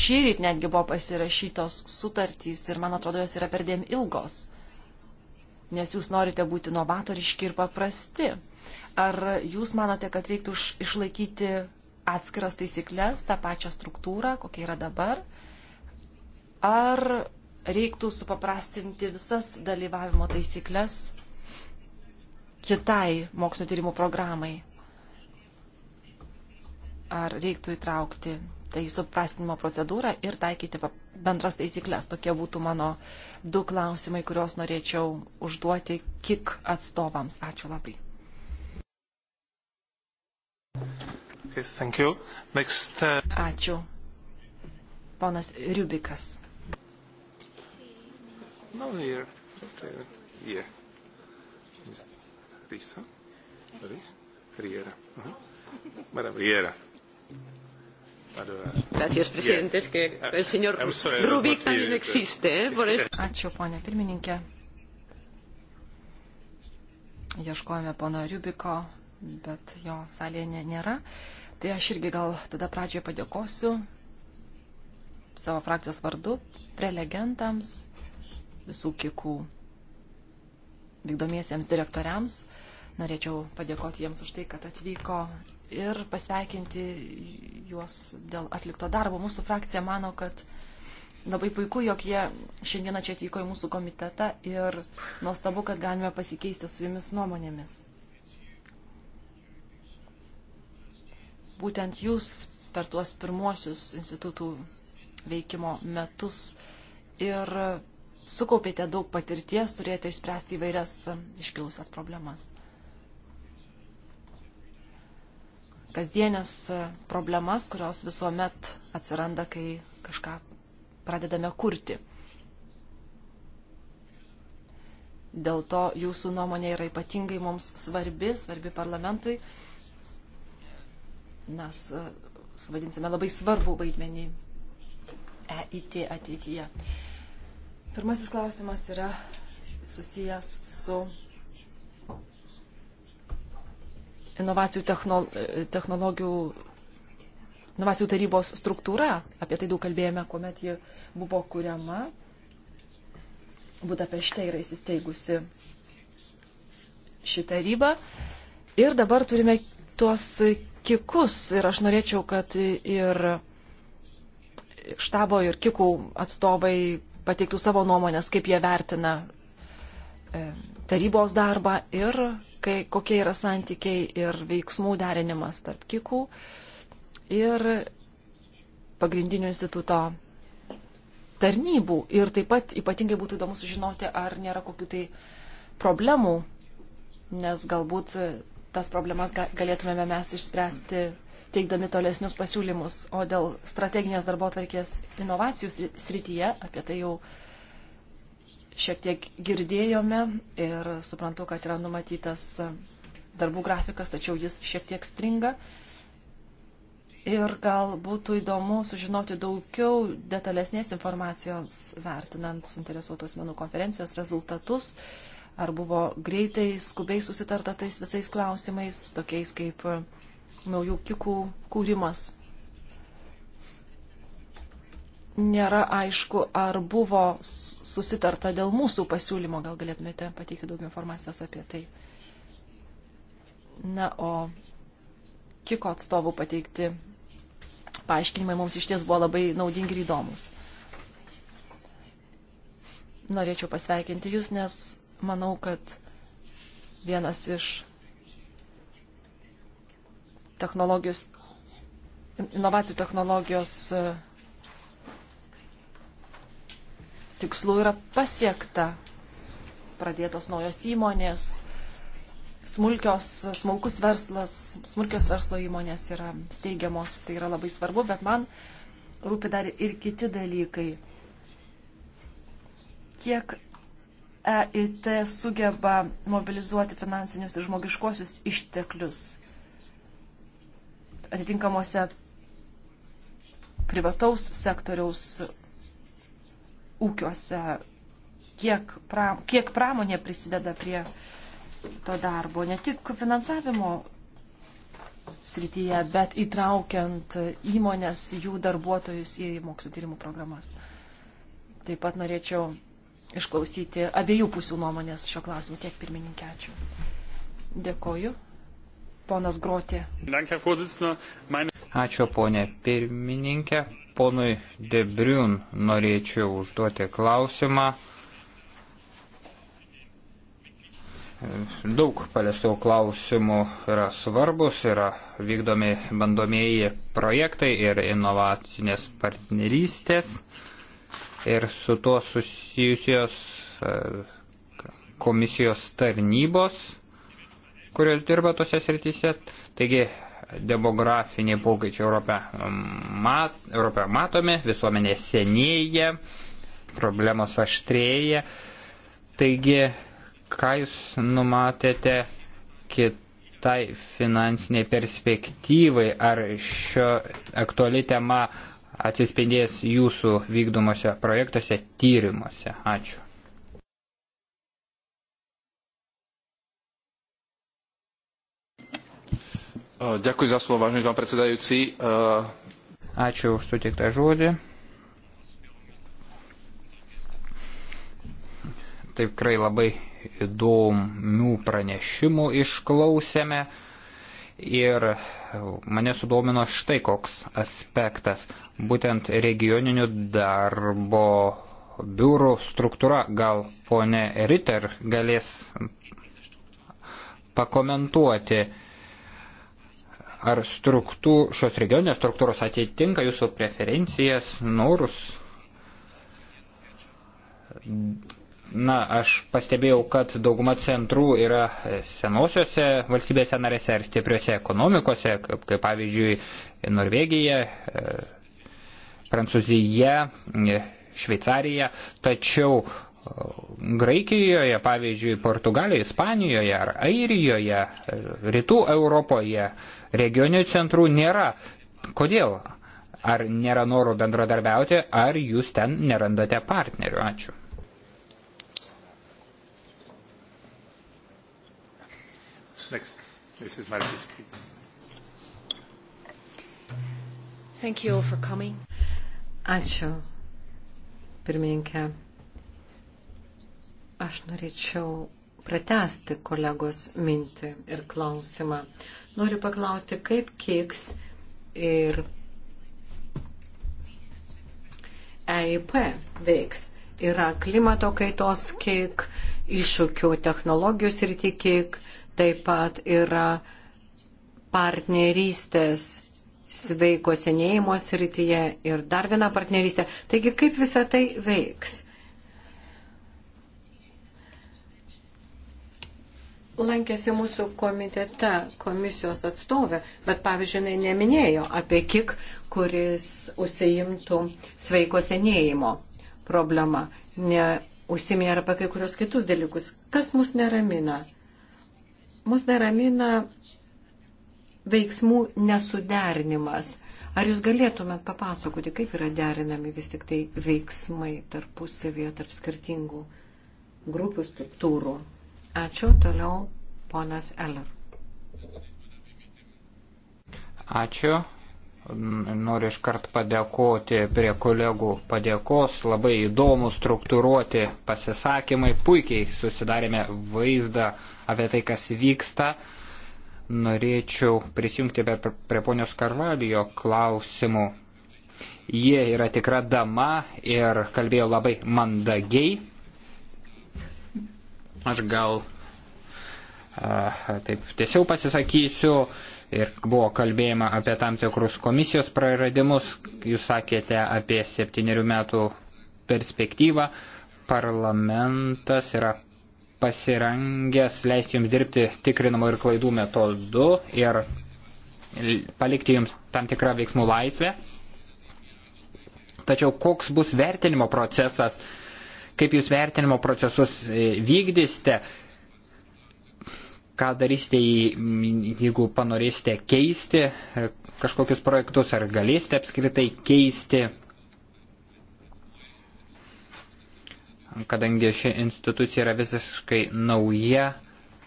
šį rytį netgi buvo pasirašytos sutartys ir, man atrodo, jos yra perdėm ilgos, nes jūs norite būti novatoriški ir paprasti. Ar jūs manote, kad reiktų išlaikyti atskiras taisyklės, tą pačią struktūrą, kokia yra dabar, ar reiktų supaprastinti visas dalyvavimo taisyklės kitai mokslo tyrimų programai, ar reiktų įtraukti tai suprastinimo procedūrą ir taikyti bendras taisyklės. Tokie būtų mano du klausimai, kuriuos norėčiau užduoti KIK atstovams. Ačiū labai. Yes, thank you. Next. Uh... Ačiū. Ponas Rubikas. No, here. Here. Risa. Riera. Uh -huh. Madame Riera. Gracias, presidente. Es que uh, el señor Rubik también uh, existe, ¿eh? Por eso. [laughs] Ačiū, ponė pirmininkė. Ieškojame pono Rubiko, bet jo salėje nėra. Tai aš irgi gal tada pradžioje padėkosiu savo frakcijos vardu prelegentams, visų kikų vykdomiesiems direktoriams. Norėčiau padėkoti jiems už tai, kad atvyko ir pasveikinti juos dėl atlikto darbo. Mūsų frakcija mano, kad labai puiku, jog jie šiandieną čia atvyko į mūsų komitetą ir nuostabu, kad galime pasikeisti su jumis nuomonėmis. būtent jūs per tuos pirmuosius institutų veikimo metus ir sukaupėte daug patirties, turėjote išspręsti įvairias e, iškilusias problemas. Kasdienės e, problemas, kurios visuomet atsiranda, kai kažką pradedame kurti. Dėl to jūsų nuomonė yra ypatingai mums svarbi, svarbi parlamentui mes e, suvadinsime labai svarbų vaidmenį EIT ateityje. Pirmasis klausimas yra susijęs su inovacijų technolo, technologijų, inovacijų tarybos struktūra. Apie tai daug kalbėjome, kuomet ji buvo kuriama. Budapešte yra įsisteigusi ši taryba. Ir dabar turime tuos kikus ir aš norėčiau, kad ir štabo ir kikų atstovai pateiktų savo nuomonės, kaip jie vertina e, tarybos darbą ir kai, kokie yra santykiai ir veiksmų derinimas tarp kikų ir pagrindinių instituto tarnybų. Ir taip pat ypatingai būtų įdomu sužinoti, ar nėra kokių tai problemų, nes galbūt tas problemas galėtumėme mes išspręsti teikdami tolesnius pasiūlymus. O dėl strateginės darbo atvarkės inovacijų srityje, apie tai jau šiek tiek girdėjome ir suprantu, kad yra numatytas e, darbų grafikas, tačiau jis šiek tiek stringa. Ir gal būtų įdomu sužinoti daugiau detalesnės informacijos vertinant suinteresuotos menų konferencijos rezultatus. Uh, ar buvo greitai, skubiai susitarta tais visais klausimais, tokiais kaip e, naujų kikų kūrimas. Nėra aišku, ar buvo susitarta dėl mūsų pasiūlymo, gal galėtumėte pateikti daugiau informacijos apie tai. Na, o kiko atstovų pateikti paaiškinimai mums iš ties buvo labai naudingi ir įdomus. Norėčiau pasveikinti Jūs, nes manau, kad vienas iš technologijos, inovacijų technologijos e, tikslų yra pasiekta. Pradėtos naujos įmonės, smulkios, smulkus verslas, smulkios verslo įmonės yra steigiamos, tai yra labai svarbu, bet man rūpi dar ir kiti dalykai. Kiek EIT sugeba mobilizuoti finansinius ir žmogiškuosius išteklius atitinkamuose privataus sektoriaus ūkiuose, kiek, pram, kiek pramonė prisideda prie to darbo, ne tik finansavimo srityje, bet įtraukiant įmonės, jų darbuotojus į mokslo tyrimų programas. Taip pat norėčiau išklausyti abiejų pusių nuomonės šio klausimu. Tiek pirmininkė, ačiū. Dėkoju. Ponas Grotė. Ačiū, ponė pirmininkė. Ponui Debriun norėčiau užduoti klausimą. Daug paliestų klausimų yra svarbus, yra vykdomi bandomieji projektai ir inovacinės partnerystės ir su tuo susijusios e, komisijos tarnybos, kurios dirba tose srityse. Taigi demografiniai pokyčiai Europą, mat, Europą matome, visuomenė senėja, problemos aštrėja. Taigi, ką jūs numatėte kitai finansiniai perspektyvai, ar šio aktuali tema atsispindės jūsų vykdomose projektuose, tyrimuose. Ačiū. Ďakujem e, za slovo, vážený pán predsedajúci. E, Ačiū už suteiktą žodį. Tikrai labai įdomių pranešimų išklausėme ir mane sudomino štai koks aspektas. Būtent regioninių darbo biurų struktūra. Gal ponė Ritter galės pakomentuoti, ar struktū, šios regioninės struktūros atitinka jūsų preferencijas, norus. Na, aš pastebėjau, kad dauguma centrų yra senosiose valstybėse narėse ar stipriose ekonomikose, kaip, kaip pavyzdžiui Norvegija, e, Prancūzija, e, Šveicarija, tačiau e, Graikijoje, pavyzdžiui, Portugalijoje, Ispanijoje ar Airijoje, Rytų Europoje regionių centrų nėra. Kodėl? Ar nėra noro bendradarbiauti, ar jūs ten nerandate partnerių? Ačiū. Next, Mrs. Marquis, please. Thank you all for coming. Ačiū, pirmininkė. Aš norėčiau pratesti kolegos mintį ir klausimą. Noriu paklausti, kaip kiks ir EIP veiks. Yra klimato kaitos kiek, iššūkių technologijos ir tik kiek, taip pat yra partnerystės sveiko senėjimo srityje ir dar viena partnerystė. Taigi, kaip visa tai veiks? Lankėsi mūsų komitete komisijos atstovė, bet pavyzdžiui, neminėjo apie kik, kuris užsiimtų sveiko senėjimo problema. Ne, užsiminė apie kai kurios kitus dalykus. Kas mus neramina? Mus neramina veiksmų nesuderinimas. Ar jūs galėtumėt papasakoti, kaip yra derinami vis tik tai veiksmai tarpusavėje, tarp skirtingų grupių struktūrų? Ačiū, toliau ponas Eller. Ačiū. Noriu iškart padėkoti prie kolegų padėkos. Labai įdomu struktūruoti pasisakymai. Puikiai susidarėme vaizdą apie tai, kas vyksta. Norėčiau prisijungti prie ponios Karvalijo klausimų. Jie yra tikra dama ir kalbėjo labai mandagiai. Aš gal a, taip tiesiau pasisakysiu ir buvo kalbėjama apie tam tikrus komisijos praradimus. Jūs sakėte apie septyniarių metų perspektyvą. Parlamentas yra pasirengęs leisti jums dirbti tikrinamo ir klaidų metodu ir palikti jums tam tikrą veiksmų laisvę. Tačiau koks bus vertinimo procesas, kaip jūs vertinimo procesus e, vykdysite, ką darysite, jeigu panorėsite keisti e, kažkokius projektus, ar galėsite apskritai keisti kadangi ši institucija yra visiškai nauja,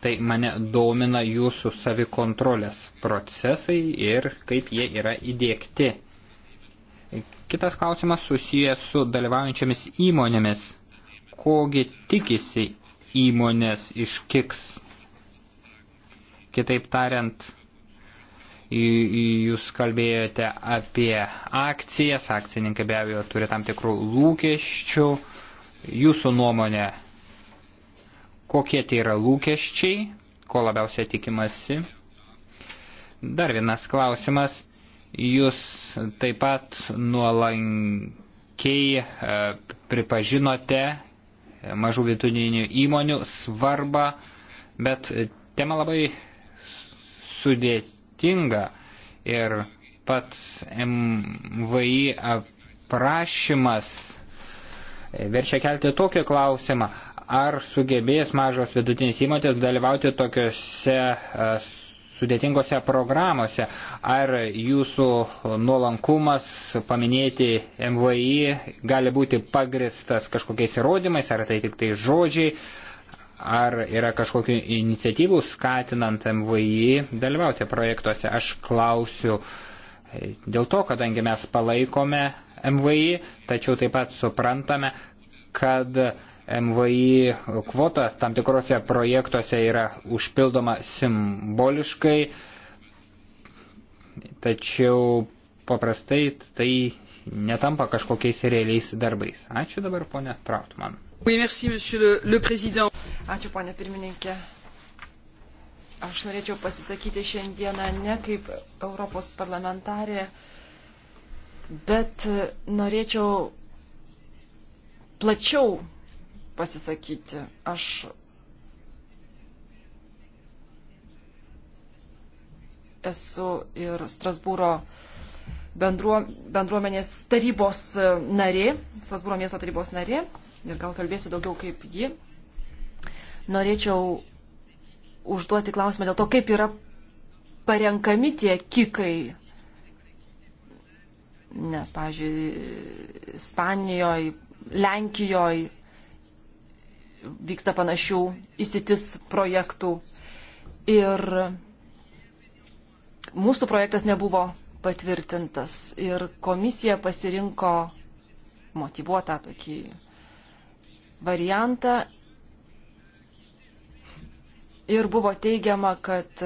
tai mane domina jūsų savikontrolės procesai ir kaip jie yra įdėkti. Kitas klausimas susijęs su dalyvaujančiamis įmonėmis. Kogi tikisi įmonės iš kiks? Kitaip tariant, jūs kalbėjote apie akcijas, akcininkai be abejo turi tam tikrų lūkesčių Jūsų nuomonė, kokie tai yra lūkesčiai, ko labiausiai tikimasi? Dar vienas klausimas. Jūs taip pat nuolankiai e, pripažinote mažų vidutinių įmonių svarbą, bet tema labai sudėtinga ir pats MVI aprašymas E, verčia kelti tokį klausimą, ar sugebės mažos vidutinės įmonės dalyvauti tokiuose e, sudėtingose programuose, ar jūsų nuolankumas paminėti MVI gali būti pagristas kažkokiais įrodymais, ar tai tik tai žodžiai, ar yra kažkokių iniciatyvų skatinant MVI dalyvauti projektuose. Aš klausiu e, dėl to, kadangi mes palaikome MVI, tačiau taip pat suprantame, kad MVI kvota tam tikrose projektuose yra užpildoma simboliškai, tačiau paprastai tai netampa kažkokiais realiais darbais. Ačiū dabar, ponė Trautman. Ačiū, ponė pirmininkė. Aš norėčiau pasisakyti šiandieną ne kaip Europos parlamentarė, bet e, norėčiau plačiau pasisakyti. Aš esu ir Strasbūro bendruo, bendruomenės tarybos e, narė, Strasbūro miesto tarybos narė ir gal kalbėsiu daugiau kaip ji. Norėčiau užduoti klausimą dėl to, kaip yra parenkami tie kikai Nes, pavyzdžiui, Ispanijoje, Lenkijoje vyksta panašių įsitis projektų. Ir mūsų projektas nebuvo patvirtintas. Ir komisija pasirinko motivuotą tokį variantą. Ir buvo teigiama, kad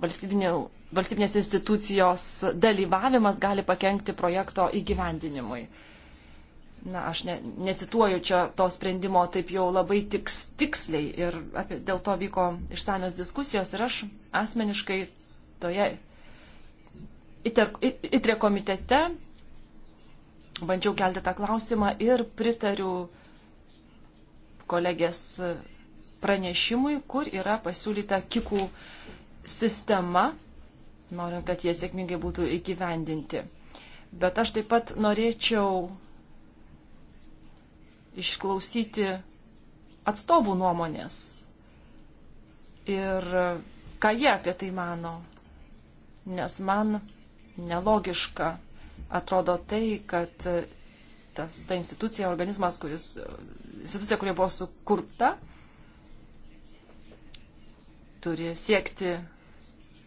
valstybinės institucijos dalyvavimas gali pakengti projekto įgyvendinimui. Na, aš ne, necituoju čia to sprendimo taip jau labai tiks, tiksliai ir apie, dėl to vyko išsamios diskusijos ir aš asmeniškai toje ITRE komitete bandžiau kelti tą klausimą ir pritariu kolegės pranešimui, kur yra pasiūlyta kikų uh, sistema, norint, kad jie sėkmingai būtų įgyvendinti. Bet aš taip pat norėčiau išklausyti atstovų nuomonės ir ką jie apie tai mano. Nes man nelogiška atrodo tai, kad tas, ta institucija, organizmas, kuris, institucija, kurie buvo sukurta, turi siekti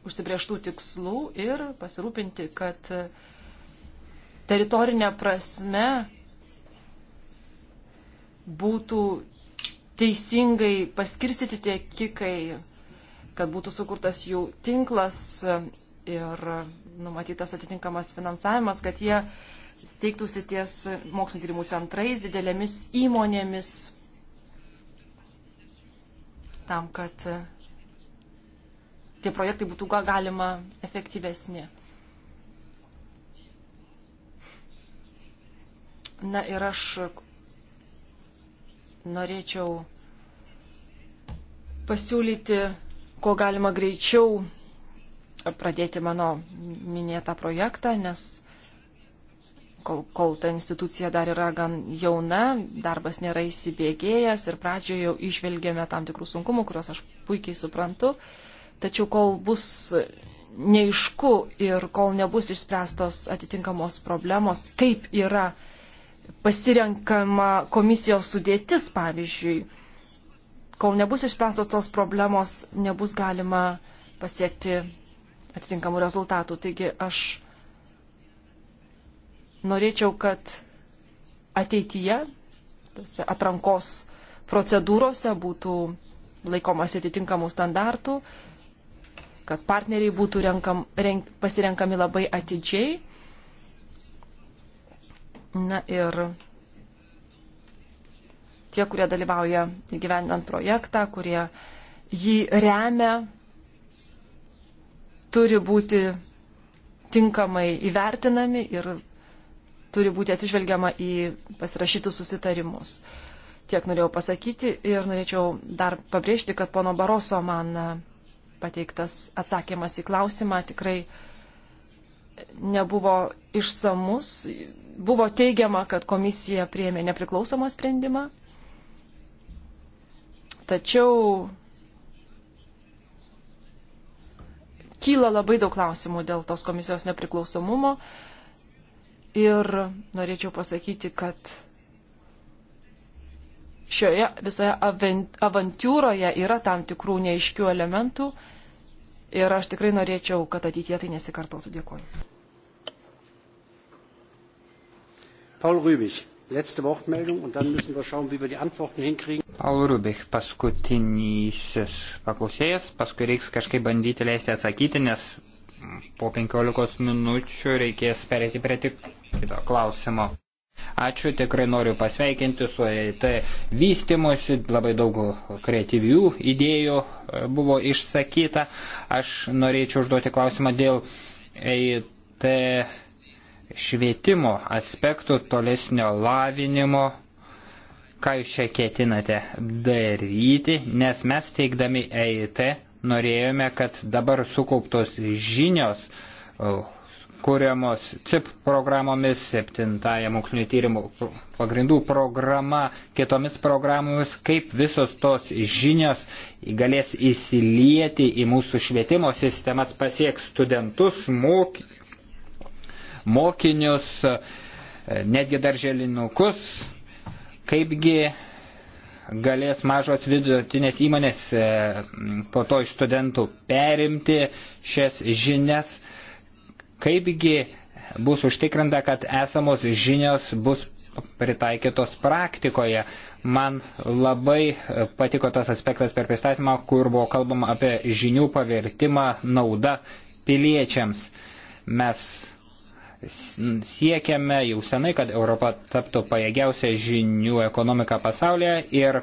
užsibrieštų tikslų ir pasirūpinti, kad teritorinė prasme būtų teisingai paskirstyti tie kikai, kad būtų sukurtas jų tinklas ir numatytas atitinkamas finansavimas, kad jie steigtųsi ties mokslinio tyrimų centrais, didelėmis įmonėmis, tam, kad tie projektai būtų gal galima efektyvesni. Na ir aš norėčiau pasiūlyti, ko galima greičiau pradėti mano minėtą projektą, nes kol, kol ta institucija dar yra gan jauna, darbas nėra įsibėgėjęs ir pradžioje jau išvelgėme tam tikrų sunkumų, kuriuos aš puikiai suprantu. Uh, Tačiau kol bus neišku ir kol nebus išspręstos atitinkamos problemos, kaip yra pasirenkama komisijos sudėtis, pavyzdžiui, kol nebus išspręstos tos problemos, nebus galima pasiekti atitinkamų rezultatų. Taigi aš norėčiau, kad ateityje atrankos procedūrose būtų laikomas atitinkamų standartų, kad partneriai būtų renkam, renk, pasirenkami labai atidžiai. Na ir tie, kurie dalyvauja įgyvendant projektą, kurie jį remia, turi būti tinkamai įvertinami ir turi būti atsižvelgiama į pasirašytus susitarimus. Tiek norėjau pasakyti ir norėčiau dar pabrėžti, kad pono Baroso man pateiktas atsakymas į klausimą tikrai nebuvo išsamus. Buvo teigiama, kad komisija priemė nepriklausomą sprendimą. Tačiau kyla labai daug klausimų dėl tos komisijos nepriklausomumo. Ir norėčiau pasakyti, kad šioje visoje avent, avantūroje yra tam tikrų neiškių elementų Ir aš tikrai norėčiau, kad ateitie tai nesikartotų. Dėkuoju. Paul Rübig, letzte Wortmeldung und dann müssen wir schauen, wie wir die Antworten hinkriegen. Paul Rübig, paskutinysis paklausėjas, paskui reiks kažkaip bandyti leisti atsakyti, nes po 15 minučių reikės perėti prie tik kito klausimo. Ačiū, tikrai noriu pasveikinti su EIT vystimusi, labai daug kreatyvių idėjų e, buvo išsakyta. Aš norėčiau užduoti klausimą dėl EIT švietimo aspektų, tolesnio lavinimo, ką jūs čia ketinate daryti, nes mes teikdami EIT norėjome, kad dabar sukauptos žinios e, kuriamos CIP programomis, septintąją mokslinio tyrimų pagrindų programa, kitomis programomis, kaip visos tos žinios galės įsilieti į mūsų švietimo sistemas, pasieks studentus, mok, mokinius, netgi darželinukus, kaipgi galės mažos vidutinės įmonės e, po to iš studentų perimti šias žinias Kaipgi bus užtikrinta, kad esamos žinios bus pritaikytos praktikoje. Man labai patiko tas aspektas per pristatymą, kur buvo kalbama apie žinių pavertimą naudą piliečiams. Mes siekiame jau senai, kad Europa taptų pajėgiausia žinių ekonomika pasaulyje ir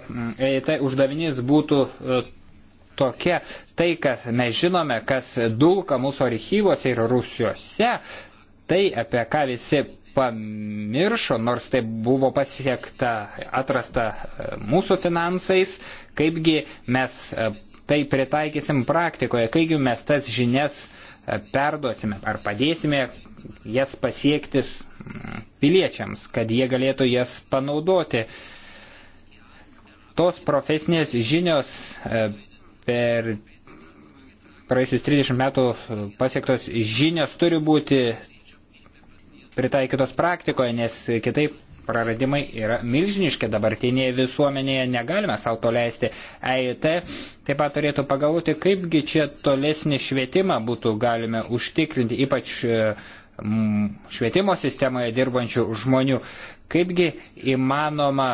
tai uždavinys būtų e, tokia. Tai, kas mes žinome, kas dulka mūsų archyvose ir Rusijose, tai apie ką visi pamiršo, nors tai buvo pasiekta, atrasta e, mūsų finansais, kaipgi mes e, tai pritaikysim praktikoje, kaipgi mes tas žinias e, perduosime ar padėsime jas pasiektis piliečiams, kad jie galėtų jas panaudoti. Tos profesinės žinios per praėjusius 30 metų pasiektos žinios turi būti pritaikytos praktikoje, nes kitaip praradimai yra milžiniški dabartinėje visuomenėje, negalime savo to leisti. EIT taip pat turėtų pagalvoti, kaipgi čia tolesnį švietimą būtų galime užtikrinti, ypač e, švietimo sistemoje dirbančių žmonių, kaipgi įmanoma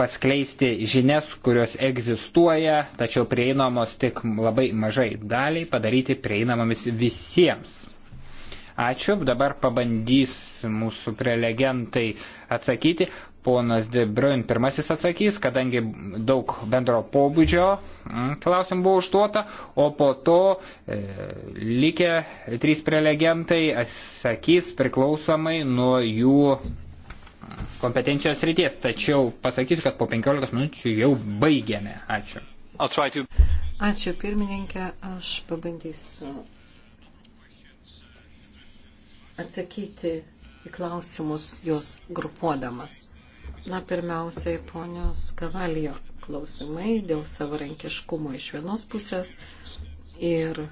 paskleisti žinias, kurios egzistuoja, tačiau prieinamos tik labai mažai daliai, padaryti prieinamomis visiems. Ačiū, dabar pabandys mūsų prelegentai atsakyti. Ponas De Bruin pirmasis atsakys, kadangi daug bendro pobūdžio mm, klausimų buvo užduota, o po to e, likę trys prelegentai atsakys priklausomai nuo jų kompetencijos ryties, tačiau pasakysiu, kad po 15 minučių jau baigėme. Ačiū. To... Ačiū pirmininkė, aš pabandysiu atsakyti į klausimus juos grupuodamas. Na, pirmiausiai, ponios Kavalijo klausimai dėl savarankiškumo iš vienos pusės ir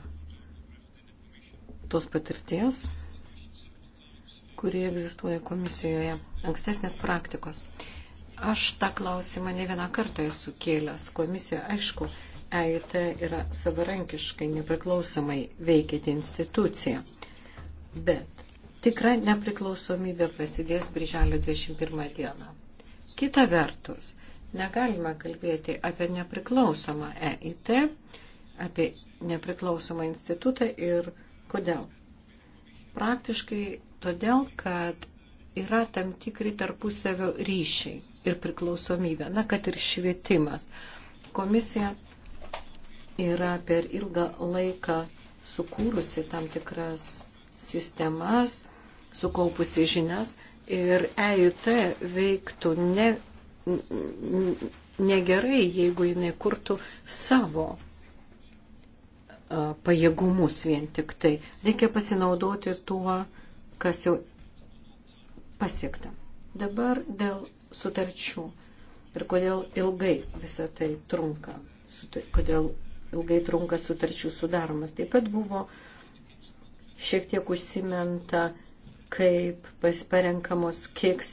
tos patirties, kurie egzistuoja komisijoje ankstesnės praktikos. Aš tą klausimą ne vieną kartą esu kėlęs komisijoje. Aišku, EIT yra savarankiškai nepriklausomai veikianti institucija. Bet tikra nepriklausomybė prasidės birželio 21 dieną. Kita vertus, negalime kalbėti apie nepriklausomą EIT, apie nepriklausomą institutą ir kodėl. Praktiškai todėl, kad yra tam tikri tarpusavio ryšiai ir priklausomybė, na, kad ir švietimas. Komisija yra per ilgą laiką sukūrusi tam tikras sistemas, sukaupusi žinias ir EIT veiktų ne, negerai, jeigu jinai kurtų savo pajėgumus vien tik tai. Reikia pasinaudoti tuo, kas jau pasiekta. Dabar dėl sutarčių ir kodėl ilgai visą tai trunka, kodėl ilgai trunka sutarčių sudaromas. Taip pat buvo šiek tiek užsimenta, kaip parenkamos kiks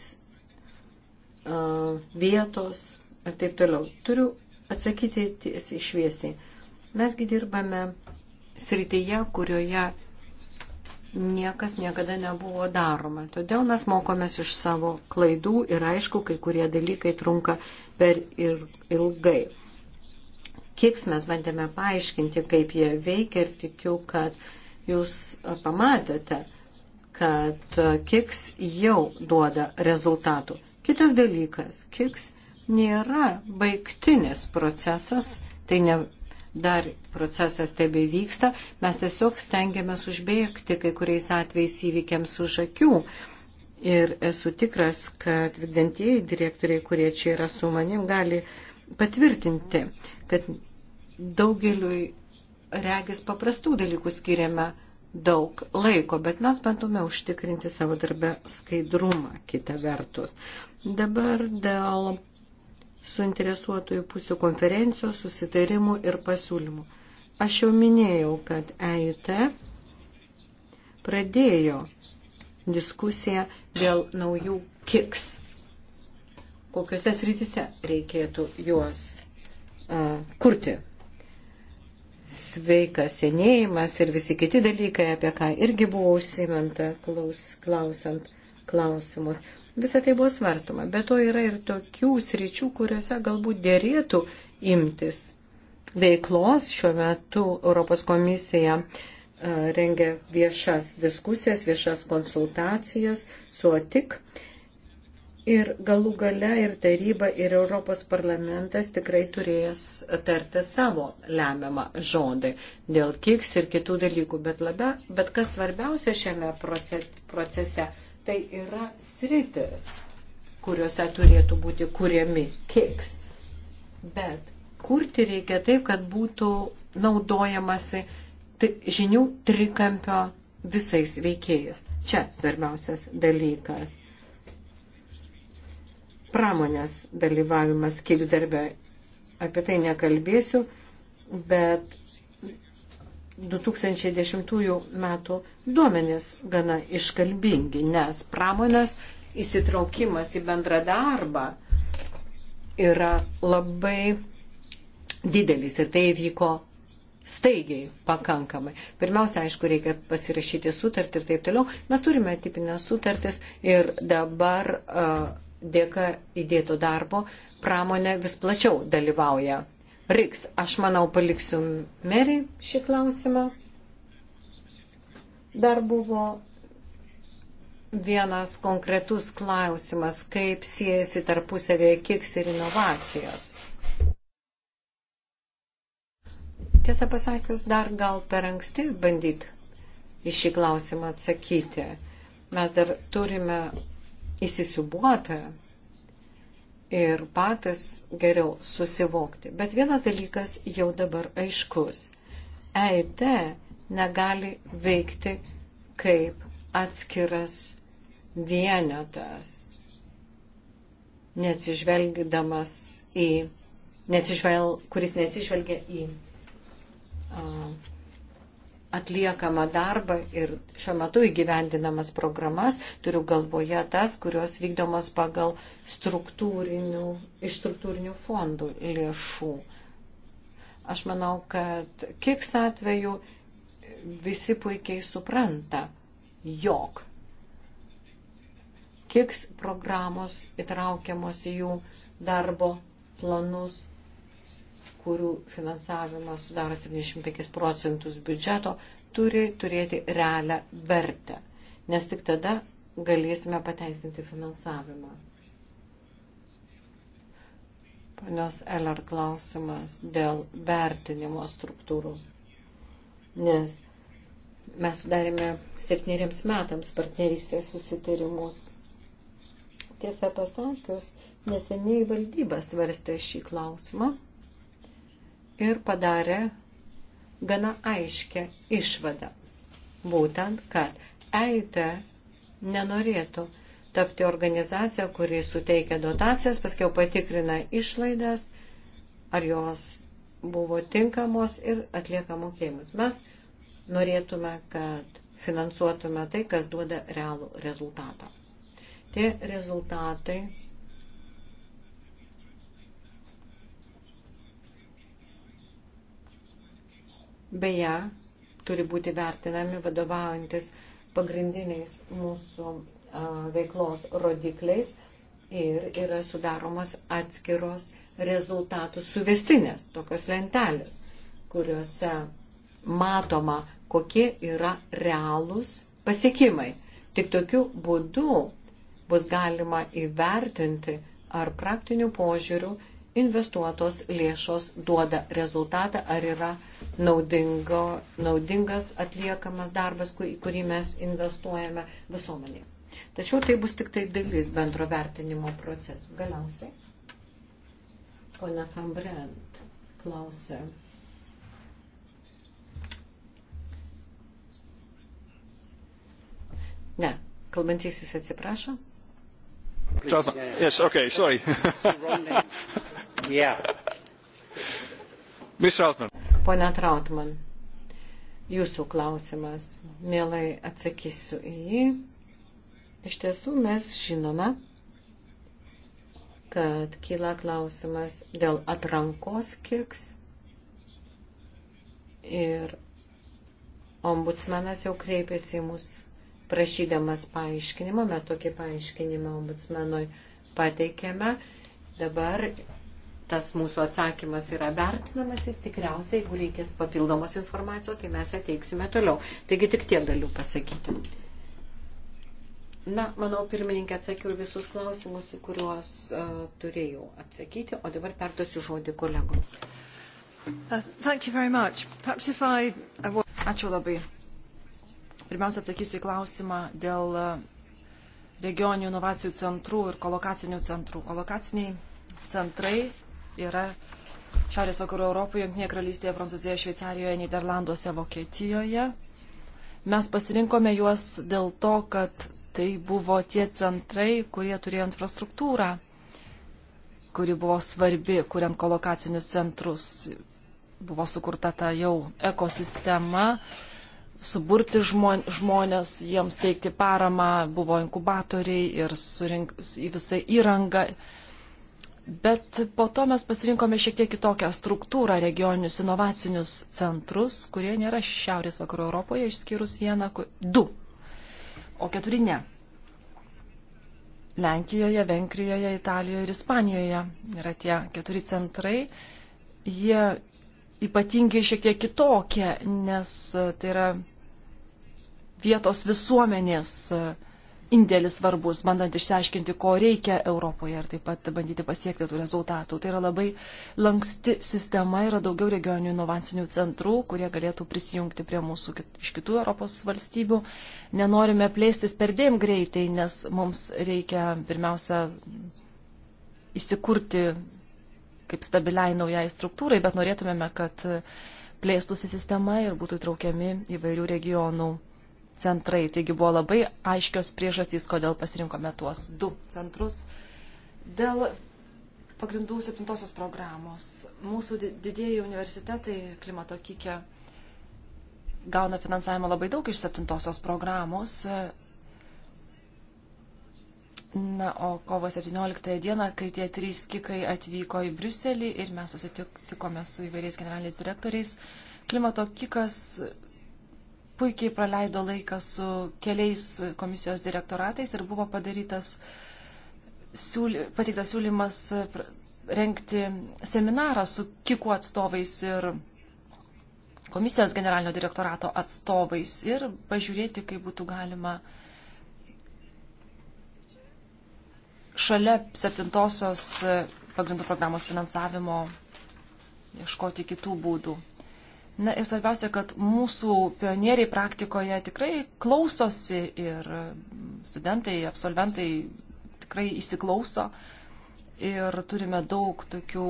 vietos ir taip toliau. Turiu atsakyti tiesiai šviesiai. Mesgi dirbame srityje, kurioje niekas niekada nebuvo daroma. Todėl mes mokomės iš savo klaidų ir aišku, kai kurie dalykai trunka per ir ilgai. Kiks mes bandėme paaiškinti, kaip jie veikia ir tikiu, kad jūs pamatėte, kad kiks jau duoda rezultatų. Kitas dalykas, kiks nėra baigtinis procesas, tai ne dar procesas tebe vyksta, mes tiesiog stengiamės užbėgti kai kuriais atvejais įvykiams už akių. Ir esu tikras, kad vykdantieji direktoriai, kurie čia yra su manim, gali patvirtinti, kad daugeliui regis paprastų dalykų skiriame daug laiko, bet mes bandome užtikrinti savo darbę skaidrumą kitą vertus. Dabar dėl suinteresuotųjų pusių konferencijos, susitarimų ir pasiūlymų. Aš jau minėjau, kad EIT pradėjo diskusiją dėl naujų kiks. Kokiuose srityse reikėtų juos uh, kurti. Sveikas senėjimas ir visi kiti dalykai, apie ką irgi buvo užsiminta klaus, klausant klausimus. Visą tai buvo svarstoma, bet to yra ir tokių sričių, kuriuose galbūt dėrėtų imtis veiklos. Šiuo metu Europos komisija e, rengia viešas diskusijas, viešas konsultacijas su OTIK. Ir galų gale ir taryba, ir Europos parlamentas tikrai turės tarti savo lemiamą žodį dėl kiks ir kitų dalykų. Bet, labia, bet kas svarbiausia šiame procese tai yra sritis, kuriuose turėtų būti kuriami kiks. Bet kurti reikia taip, kad būtų naudojamasi žinių trikampio visais veikėjais. Čia svarbiausias dalykas. Pramonės dalyvavimas kiks darbė, apie tai nekalbėsiu, bet 2010 metų duomenys gana iškalbingi, nes pramonės įsitraukimas į bendrą darbą yra labai didelis ir tai vyko staigiai pakankamai. Pirmiausia, aišku, reikia pasirašyti sutartį ir taip toliau. Mes turime tipinės sutartis ir dabar dėka įdėto darbo pramonė vis plačiau dalyvauja Riks, aš manau, paliksiu merį šį klausimą. Dar buvo vienas konkretus klausimas, kaip siejasi tarpusavėje kiks ir inovacijos. Tiesą pasakius, dar gal per anksti bandyt į šį klausimą atsakyti. Mes dar turime įsisiubuoti ir patys geriau susivokti. Bet vienas dalykas jau dabar aiškus. EIT negali veikti kaip atskiras vienetas, neatsižvelgdamas į, neatsižvel, kuris neatsižvelgia į uh, atliekamą darbą ir šiuo metu įgyvendinamas programas, turiu galvoje tas, kurios vykdomos pagal struktūrinių, iš struktūrinių fondų lėšų. Aš manau, kad kiks atveju visi puikiai supranta, jog kiks programos įtraukiamos į jų darbo planus kurių finansavimas sudaro 75 procentus biudžeto, turi turėti realią vertę, nes tik tada galėsime pateisinti finansavimą. Panios Eller klausimas dėl vertinimo struktūrų. Nes mes sudarėme septyneriams metams partnerystės susitarimus. Tiesą pasakius, neseniai valdyba svarstė šį klausimą ir padarė gana aiškę išvadą. Būtent, kad EIT nenorėtų tapti organizaciją, kuri suteikia dotacijas, paskiau patikrina išlaidas, ar jos buvo tinkamos ir atlieka mokėjimus. Mes norėtume, kad finansuotume tai, kas duoda realų rezultatą. Tie rezultatai beje, turi būti vertinami vadovaujantis pagrindiniais mūsų veiklos rodikliais ir yra sudaromos atskiros rezultatų suvestinės, tokios lentelės, kuriuose matoma, kokie yra realūs pasiekimai. Tik tokiu būdu bus galima įvertinti, ar praktiniu požiūriu investuotos lėšos duoda rezultatą, ar yra naudingo, naudingas atliekamas darbas, kurį mes investuojame visuomenėje. Tačiau tai bus tik tai dalis bendro vertinimo procesų. Galiausiai, ponia Fambrent klausė. Ne, kalbantysis atsiprašo. Please, yeah, yeah. Yes, okay, sorry. [laughs] yeah. Miss Trautman. Pone Trautman, jūsų klausimas, mielai atsakysiu į jį. Iš tiesų mes žinome, kad kyla klausimas dėl atrankos kiks ir ombudsmenas jau kreipėsi į mūsų prašydamas paaiškinimo, mes tokį paaiškinimą ombudsmenui pateikėme. Dabar tas mūsų atsakymas yra vertinamas ir tikriausiai, jeigu reikės papildomos informacijos, tai mes ateiksime toliau. Taigi tik tiek galiu pasakyti. Na, manau, pirmininkė atsakiau visus klausimus, į kuriuos uh, turėjau atsakyti, o dabar perduosiu žodį kolegom. Uh, I... Ačiū labai. Pirmiausia, atsakysiu į klausimą dėl e, regioninių inovacijų centrų ir kolokacinių centrų. Kolokaciniai centrai yra Šiaurės vakarų Europoje, Junktinėje karalystėje, Prancūzijoje, Šveicarijoje, Niderlanduose, Vokietijoje. Mes pasirinkome juos dėl to, kad tai buvo tie centrai, kurie turėjo infrastruktūrą, kuri buvo svarbi, kuriant kolokacinius centrus. Buvo sukurta ta jau ekosistema, suburti žmon, žmonės, jiems teikti paramą, buvo inkubatoriai ir surink, visą įrangą. Bet po to mes pasirinkome šiek tiek kitokią struktūrą regioninius inovacinius centrus, kurie nėra Šiaurės vakarų Europoje, išskyrus vieną, du, o keturi ne. Lenkijoje, Vengrijoje, Italijoje ir Ispanijoje yra tie keturi centrai. Jie ypatingai šiek tiek kitokia, nes e, tai yra vietos visuomenės e, indėlis svarbus, bandant išsiaiškinti, ko reikia Europoje ir taip pat bandyti pasiekti tų rezultatų. Tai yra labai lanksti sistema, yra daugiau regioninių inovacinių centrų, kurie galėtų prisijungti prie mūsų kit iš kitų Europos valstybių. Nenorime plėstis per dėm greitai, nes mums reikia pirmiausia įsikurti kaip stabiliai naujai struktūrai, bet norėtumėme, kad plėstųsi sistema ir būtų įtraukiami įvairių regionų centrai. Taigi buvo labai aiškios priežastys, kodėl pasirinkome tuos du centrus. Dėl pagrindų septintosios programos mūsų didėjai universitetai klimato kikė gauna finansavimą labai daug iš septintosios programos, Na, o kovo 17 dieną, kai tie trys kikai atvyko į Briuselį ir mes susitikome su įvairiais generaliniais direktoriais, klimato kikas puikiai praleido laiką su keliais komisijos direktoratais ir buvo padarytas siūly, pateiktas siūlymas rengti seminarą su kikų atstovais ir komisijos generalinio direktorato atstovais ir pažiūrėti, kaip būtų galima uh, šalia septintosios pagrindų programos finansavimo ieškoti kitų būdų. Na ir svarbiausia, kad mūsų pionieriai praktikoje tikrai klausosi ir studentai, absolventai tikrai įsiklauso ir turime daug tokių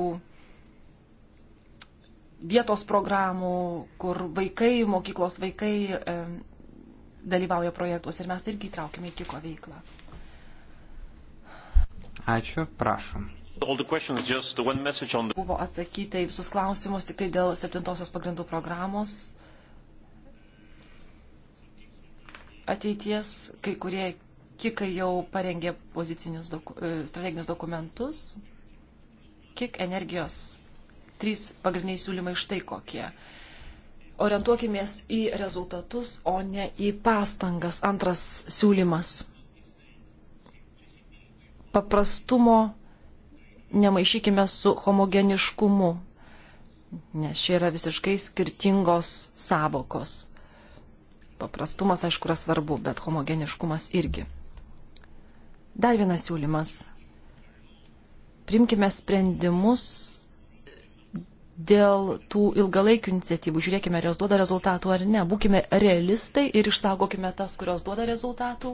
vietos programų, kur vaikai, mokyklos vaikai e, dalyvauja projektuose ir mes tai irgi įtraukime į kiko veiklą. Ačiū, prašom. Buvo atsakyta į visus klausimus tik tai dėl septintosios pagrindų programos. Ateities kai kurie kikai jau parengė pozicinius doku, e, strateginius dokumentus. Kik energijos trys pagrindiniai siūlymai štai kokie. Orientuokimės į rezultatus, o ne į pastangas. Antras siūlymas paprastumo nemaišykime su homogeniškumu, nes čia yra visiškai skirtingos savokos. Paprastumas, aišku, yra svarbu, bet homogeniškumas irgi. Dar vienas siūlymas. Primkime sprendimus dėl tų ilgalaikių iniciatyvų. Žiūrėkime, ar jos duoda rezultatų ar ne. Būkime realistai ir išsaugokime tas, kurios duoda rezultatų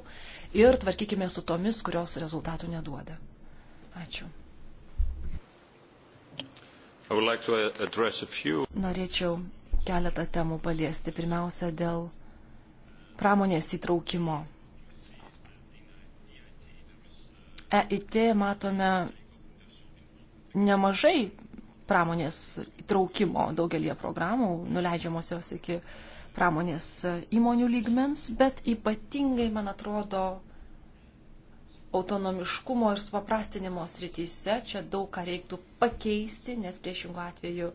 ir tvarkykime su tomis, kurios rezultatų neduoda. Ačiū. Like uh, Norėčiau keletą temų paliesti. Pirmiausia, dėl pramonės įtraukimo. EIT matome nemažai pramonės įtraukimo daugelie programų, nuleidžiamos jos iki 20% pramonės e, įmonių lygmens, bet ypatingai, man atrodo, autonomiškumo ir supaprastinimo srityse čia daug ką reiktų pakeisti, nes priešingų atveju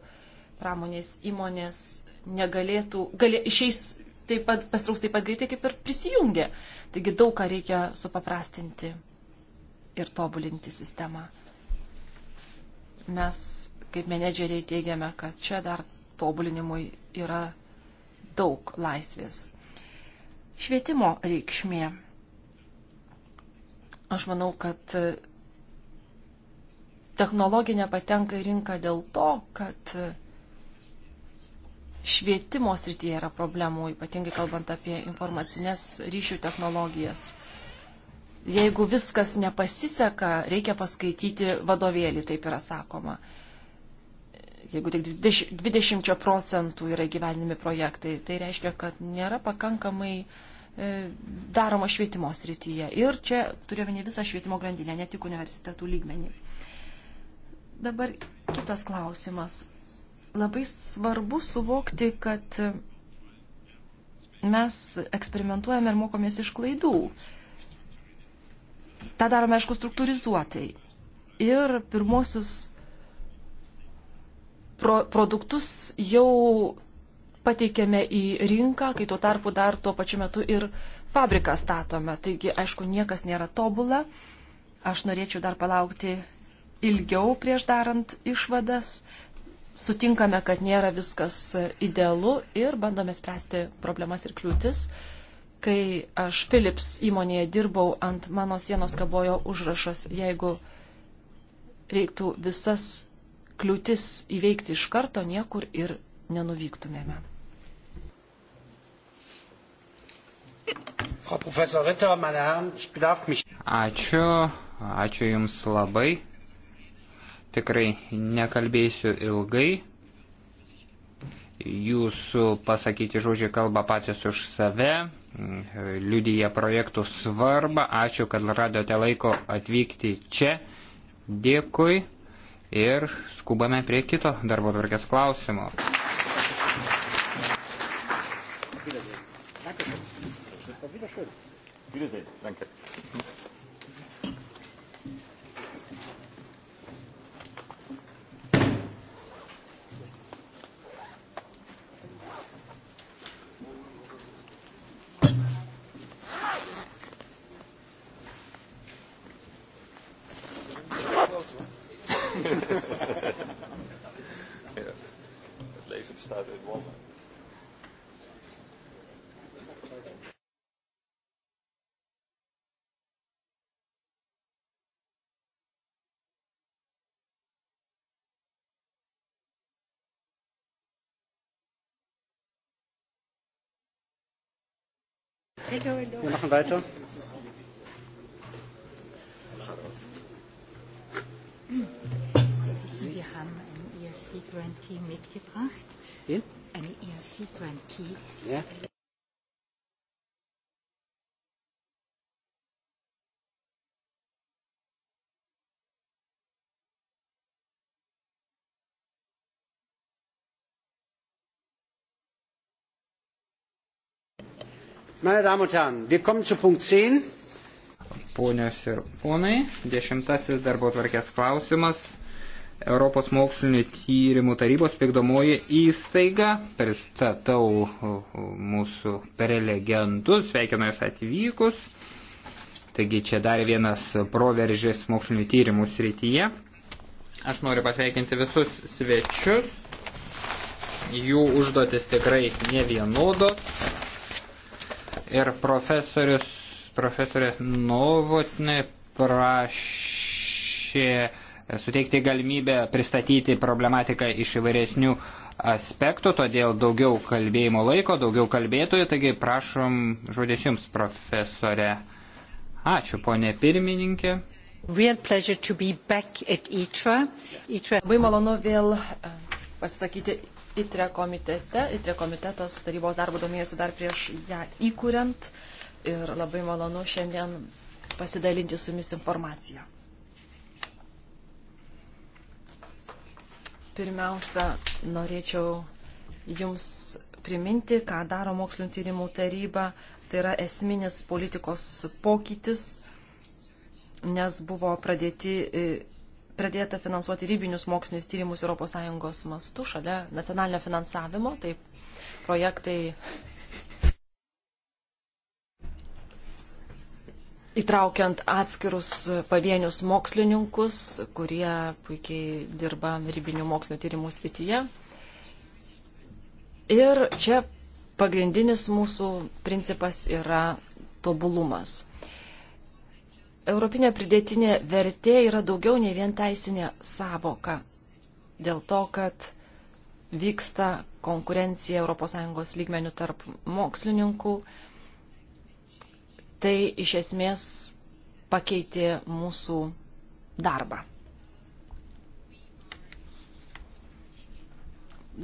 pramonės įmonės negalėtų, galė, išeis taip pat, pastrauks taip pat greitai, kaip ir prisijungė. Taigi daug ką reikia supaprastinti ir tobulinti sistemą. Mes kaip menedžeriai teigiame, kad čia dar tobulinimui yra daug laisvės. Švietimo reikšmė. Aš manau, kad technologinė patenka į rinką dėl to, kad švietimo srityje yra problemų, ypatingai kalbant apie informacinės ryšių technologijas. Jeigu viskas nepasiseka, reikia paskaityti vadovėlį, taip yra sakoma jeigu tik 20 procentų yra gyvenimi projektai, tai reiškia, kad nėra pakankamai e, daroma švietimo srityje. Ir čia turėjome visą švietimo grandinę, ne tik universitetų lygmenį. Dabar kitas klausimas. Labai svarbu suvokti, kad mes eksperimentuojame ir mokomės iš klaidų. Ta darome, aišku, struktūrizuotai. Ir pirmosius pro produktus jau pateikėme į rinką, kai tuo tarpu dar tuo pačiu metu ir fabriką statome. Taigi, aišku, niekas nėra tobula. Aš norėčiau dar palaukti ilgiau prieš darant išvadas. Sutinkame, kad nėra viskas idealu ir bandome spręsti problemas ir kliūtis. Kai aš Philips įmonėje dirbau, ant mano sienos kabojo užrašas, jeigu reiktų visas kliūtis įveikti iš karto niekur ir nenuvyktumėme. Ačiū, ačiū Jums labai. Tikrai nekalbėsiu ilgai jūsų pasakyti žodžiai kalba patys už save, liudyja projektų svarbą. Ačiū, kad radote laiko atvykti čia. Dėkui ir skubame prie kito darbo tvarkės klausimo. Wiedersehen. Danke. Wir machen weiter. Sie wissen, wir haben ein ERC-Grantee mitgebracht. Wen? Eine ERC-Grantee. Ja. Meine Damen und Herren, wir kommen zu Punkt 10. Ponios ir ponai, dešimtasis darbo tvarkės klausimas. Europos mokslinio tyrimų tarybos vykdomoji įstaiga. Pristatau uh, uh, mūsų prelegentus, sveikinu jūs atvykus. Taigi čia dar vienas proveržis mokslinio tyrimų srityje. Aš noriu pasveikinti visus svečius. Jų užduotis tikrai nevienodos ir profesorius, profesorė Novotnė prašė suteikti galimybę pristatyti problematiką iš įvairesnių aspektų, todėl daugiau kalbėjimo laiko, daugiau kalbėtojų, taigi prašom žodis jums, profesorė. Ačiū, ponė pirmininkė. Labai malonu vėl e, pasisakyti ITRE komitete. ITRE komitetas tarybos darbo domėjosi dar prieš ją įkuriant ir labai malonu šiandien pasidalinti su jumis informaciją. Pirmiausia, norėčiau jums priminti, ką daro mokslinio tyrimų taryba. Tai yra esminis politikos pokytis, nes buvo pradėti pradėta finansuoti rybinius mokslinius tyrimus ES mastu šalia nacionalinio finansavimo, taip projektai įtraukiant atskirus pavienius mokslininkus, kurie puikiai dirba ribinių mokslinio tyrimų srityje. Ir čia pagrindinis mūsų principas yra tobulumas. Europinė pridėtinė vertė yra daugiau nei vien teisinė savoka. Dėl to, kad vyksta konkurencija ES lygmenių tarp mokslininkų, tai iš esmės pakeitė mūsų darbą.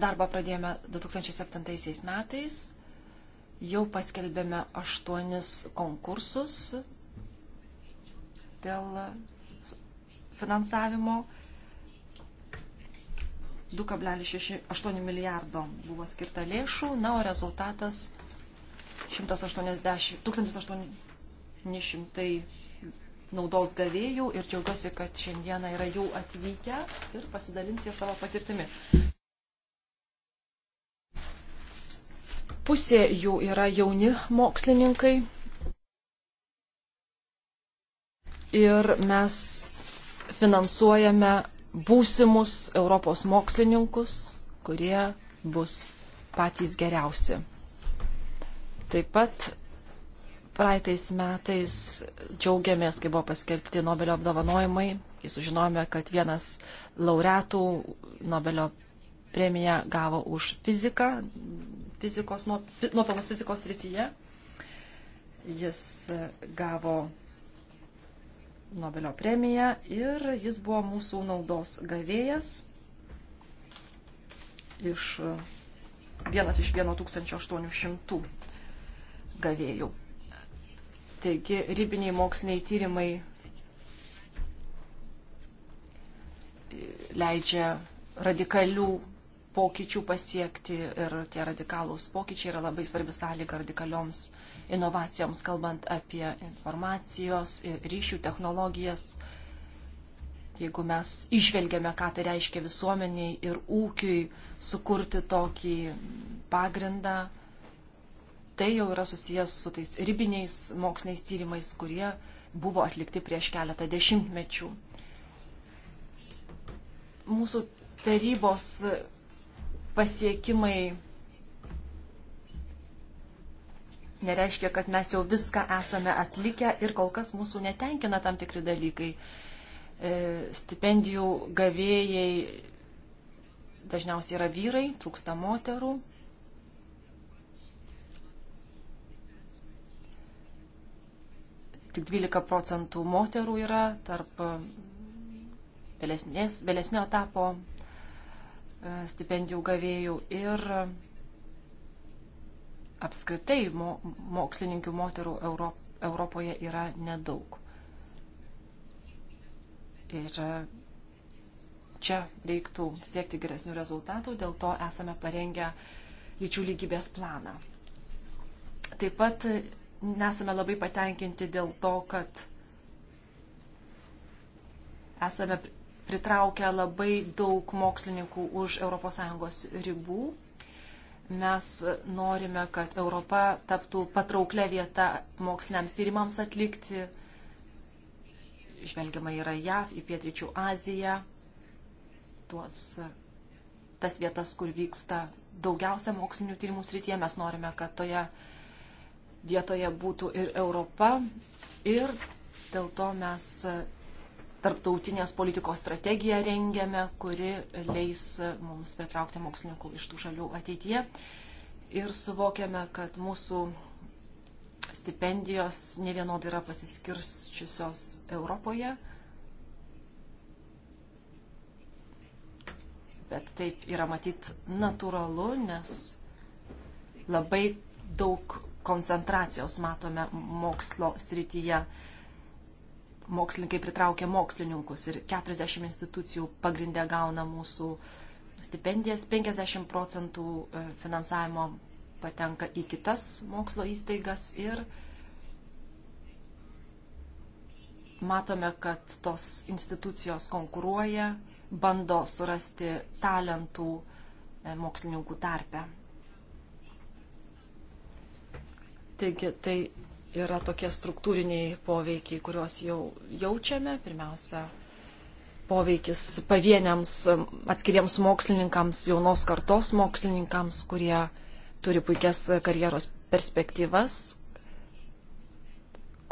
Darbą pradėjome 2007 metais, jau paskelbėme aštuonis konkursus dėl finansavimo 2,68 milijardo buvo skirta lėšų, na, o rezultatas 180, 1800 naudos gavėjų ir džiaugiuosi, kad šiandieną yra jau atvykę ir pasidalins jie savo patirtimi. Pusė jų yra jauni mokslininkai, ir mes finansuojame būsimus Europos mokslininkus, kurie bus patys geriausi. Taip pat praeitais metais džiaugiamės, kai buvo paskelbti Nobelio apdovanojimai, kai sužinojome, kad vienas laureatų Nobelio premiją gavo už fiziką, fizikos, nuopelnus fizikos rytyje. Jis gavo Nobelio premiją ir jis buvo mūsų naudos gavėjas iš vienas iš 1800 gavėjų. Taigi ribiniai moksliniai tyrimai leidžia radikalių pokyčių pasiekti ir tie radikalūs pokyčiai yra labai svarbi sąlyga radikalioms inovacijoms, kalbant apie informacijos ir ryšių technologijas. Jeigu mes išvelgiame, ką tai reiškia visuomeniai ir ūkiui sukurti tokį pagrindą, tai jau yra susijęs su tais ribiniais moksliniais tyrimais, kurie buvo atlikti prieš keletą dešimtmečių. Mūsų tarybos pasiekimai nereiškia, kad mes jau viską esame atlikę ir kol kas mūsų netenkina tam tikri dalykai. E, stipendijų gavėjai dažniausiai yra vyrai, trūksta moterų. Tik 12 procentų moterų yra tarp e, vėlesnės, vėlesnio etapo e, stipendijų gavėjų ir apskritai mo, mokslininkių moterų Europ, Europoje yra nedaug. Ir e, čia reiktų siekti geresnių rezultatų, dėl to esame parengę lyčių lygybės planą. Taip pat nesame labai patenkinti dėl to, kad esame pritraukę labai daug mokslininkų už ES ribų mes norime, kad Europa taptų patrauklę vietą moksliniams tyrimams atlikti. Žvelgiama yra JAV, į Pietričių Aziją, tuos, tas vietas, kur vyksta daugiausia mokslinių tyrimų srityje. Mes norime, kad toje vietoje būtų ir Europa. Ir dėl to mes tarptautinės politikos strategiją rengiame, kuri leis mums pritraukti mokslininkų iš tų šalių ateityje. Ir suvokiame, kad mūsų stipendijos nevienodai yra pasiskirščiusios Europoje. Bet taip yra matyt natūralu, nes labai daug koncentracijos matome mokslo srityje mokslininkai pritraukia mokslininkus ir 40 institucijų pagrindę gauna mūsų stipendijas, 50 procentų e, finansavimo patenka į kitas mokslo įstaigas ir matome, kad tos institucijos konkuruoja, bando surasti talentų e, mokslininkų tarpę. Taigi tai yra tokie struktūriniai poveikiai, kuriuos jau jaučiame. Pirmiausia, poveikis pavieniams um, atskiriems mokslininkams, jaunos kartos mokslininkams, kurie turi puikias karjeros perspektyvas,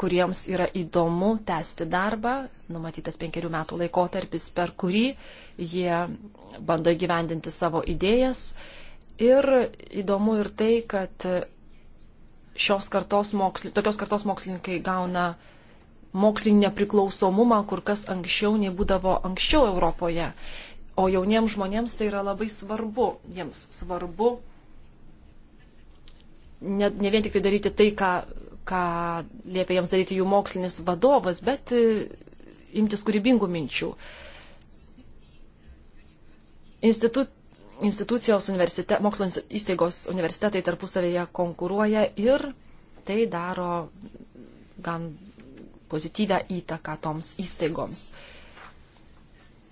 kuriems yra įdomu tęsti darbą, numatytas penkerių metų laikotarpis, per kurį jie bando gyvendinti savo idėjas. Ir įdomu ir tai, kad šios kartos moksl... tokios kartos mokslininkai gauna mokslinį nepriklausomumą kur kas anksčiau nei būdavo anksčiau Europoje. O jauniems žmonėms tai yra labai svarbu. Jiems svarbu ne, ne vien tik tai daryti tai, ką, ką liepia jiems daryti jų mokslinis vadovas, bet e, imtis kūrybingų minčių. Institut, institucijos, universite, mokslo įstaigos universitetai tarpusavėje konkuruoja ir tai daro gan pozityvę įtaką toms įstaigoms.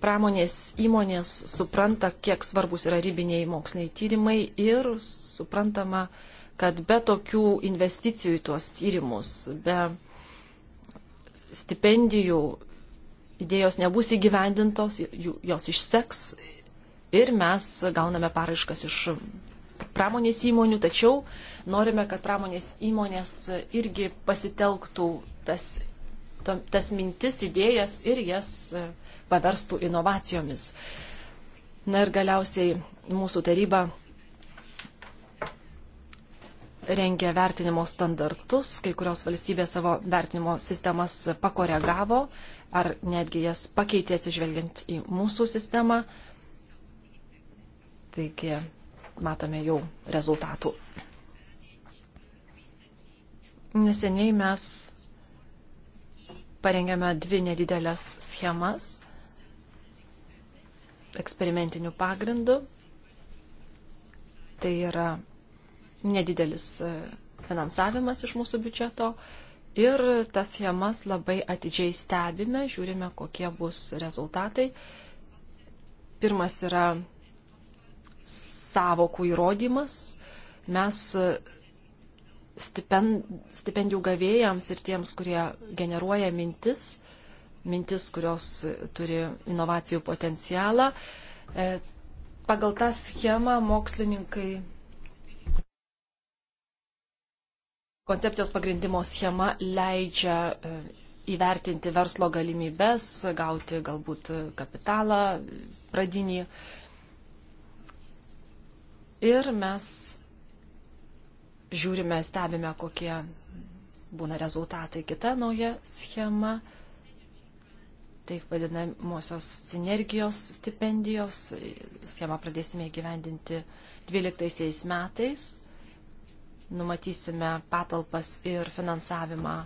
Pramonės įmonės supranta, kiek svarbus yra ribiniai moksliniai tyrimai ir suprantama, kad be tokių investicijų į tuos tyrimus, be stipendijų idėjos nebus įgyvendintos, jos išseks ir mes gauname paraiškas iš pramonės įmonių, tačiau norime, kad pramonės įmonės irgi pasitelktų tas, tas mintis, idėjas ir jas e, paverstų inovacijomis. Na ir galiausiai mūsų taryba rengia vertinimo standartus, kai kurios valstybės savo vertinimo sistemas pakoregavo ar netgi jas pakeitė atsižvelgiant į mūsų sistemą. Uh, Taigi matome jau rezultatų. Neseniai mes parengėme dvi nedidelės schemas eksperimentinių pagrindų. Tai yra nedidelis e, finansavimas iš mūsų biudžeto ir tas schemas labai atidžiai stebime, žiūrime, kokie bus rezultatai. Pirmas yra savokų įrodymas. Mes e, stipendijų gavėjams ir tiems, kurie generuoja mintis, mintis, kurios turi inovacijų potencialą, e, pagal tą schemą mokslininkai koncepcijos pagrindimo schema leidžia e, įvertinti verslo galimybes, gauti galbūt kapitalą pradinį ir mes žiūrime, stebime, kokie būna rezultatai. Kita nauja schema, taip vadinamosios sinergijos stipendijos, schemą pradėsime įgyvendinti 12 metais. Numatysime patalpas ir finansavimą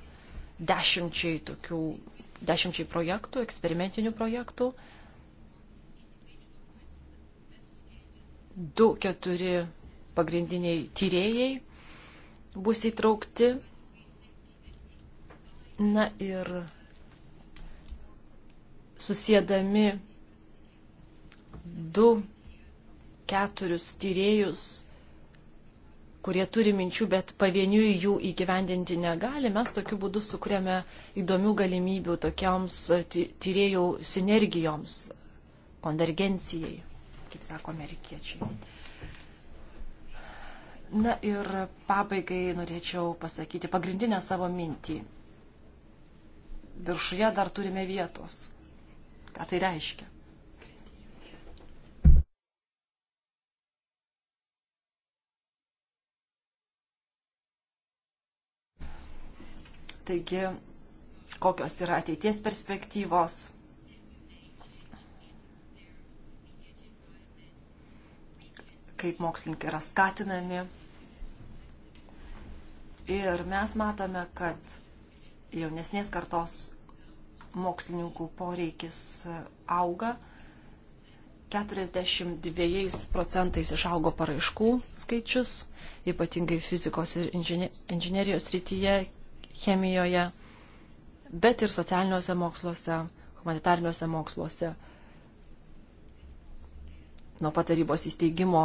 dešimčiai, tokių, dešimčiai projektų, eksperimentinių projektų. du, keturi pagrindiniai tyrėjai bus įtraukti. Na ir susėdami du, keturius tyrėjus, kurie turi minčių, bet pavieniui jų įgyvendinti negali, mes tokiu būdu sukūrėme įdomių galimybių tokioms tyriejų sinergijoms, konvergencijai kaip sako amerikiečiai. Na ir pabaigai norėčiau pasakyti pagrindinę savo mintį. Viršuje dar turime vietos. Ką tai reiškia? Taigi, kokios yra ateities perspektyvos, kaip mokslininkai yra skatinami. Ir mes matome, kad jaunesnės kartos mokslininkų poreikis auga. 42 procentais išaugo paraiškų skaičius, ypatingai fizikos ir inžinierijos rytyje, chemijoje, bet ir socialiniuose moksluose, humanitariniuose moksluose. Nuo patarybos įsteigimo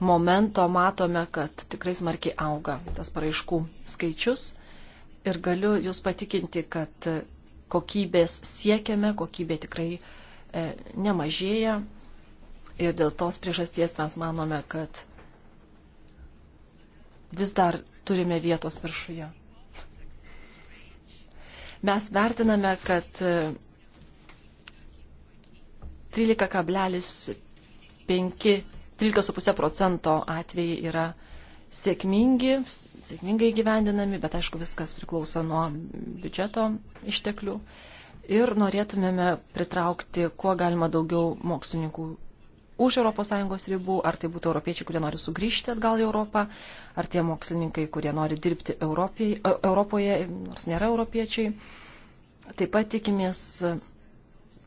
momento matome, kad tikrai smarkiai auga tas paraiškų skaičius ir galiu Jūs patikinti, kad kokybės siekiame, kokybė tikrai e, nemažėja ir dėl tos priežasties mes manome, kad vis dar turime vietos viršuje. Mes vertiname, kad 13,5 e, 13,5 procento atvejai yra sėkmingi, sėkmingai gyvendinami, bet aišku viskas priklauso nuo biudžeto išteklių. Ir norėtumėme pritraukti kuo galima daugiau mokslininkų už ES ribų, ar tai būtų europiečiai, kurie nori sugrįžti atgal į Europą, ar tie mokslininkai, kurie nori dirbti Europėj, e, Europoje, nors nėra europiečiai. Taip pat tikimės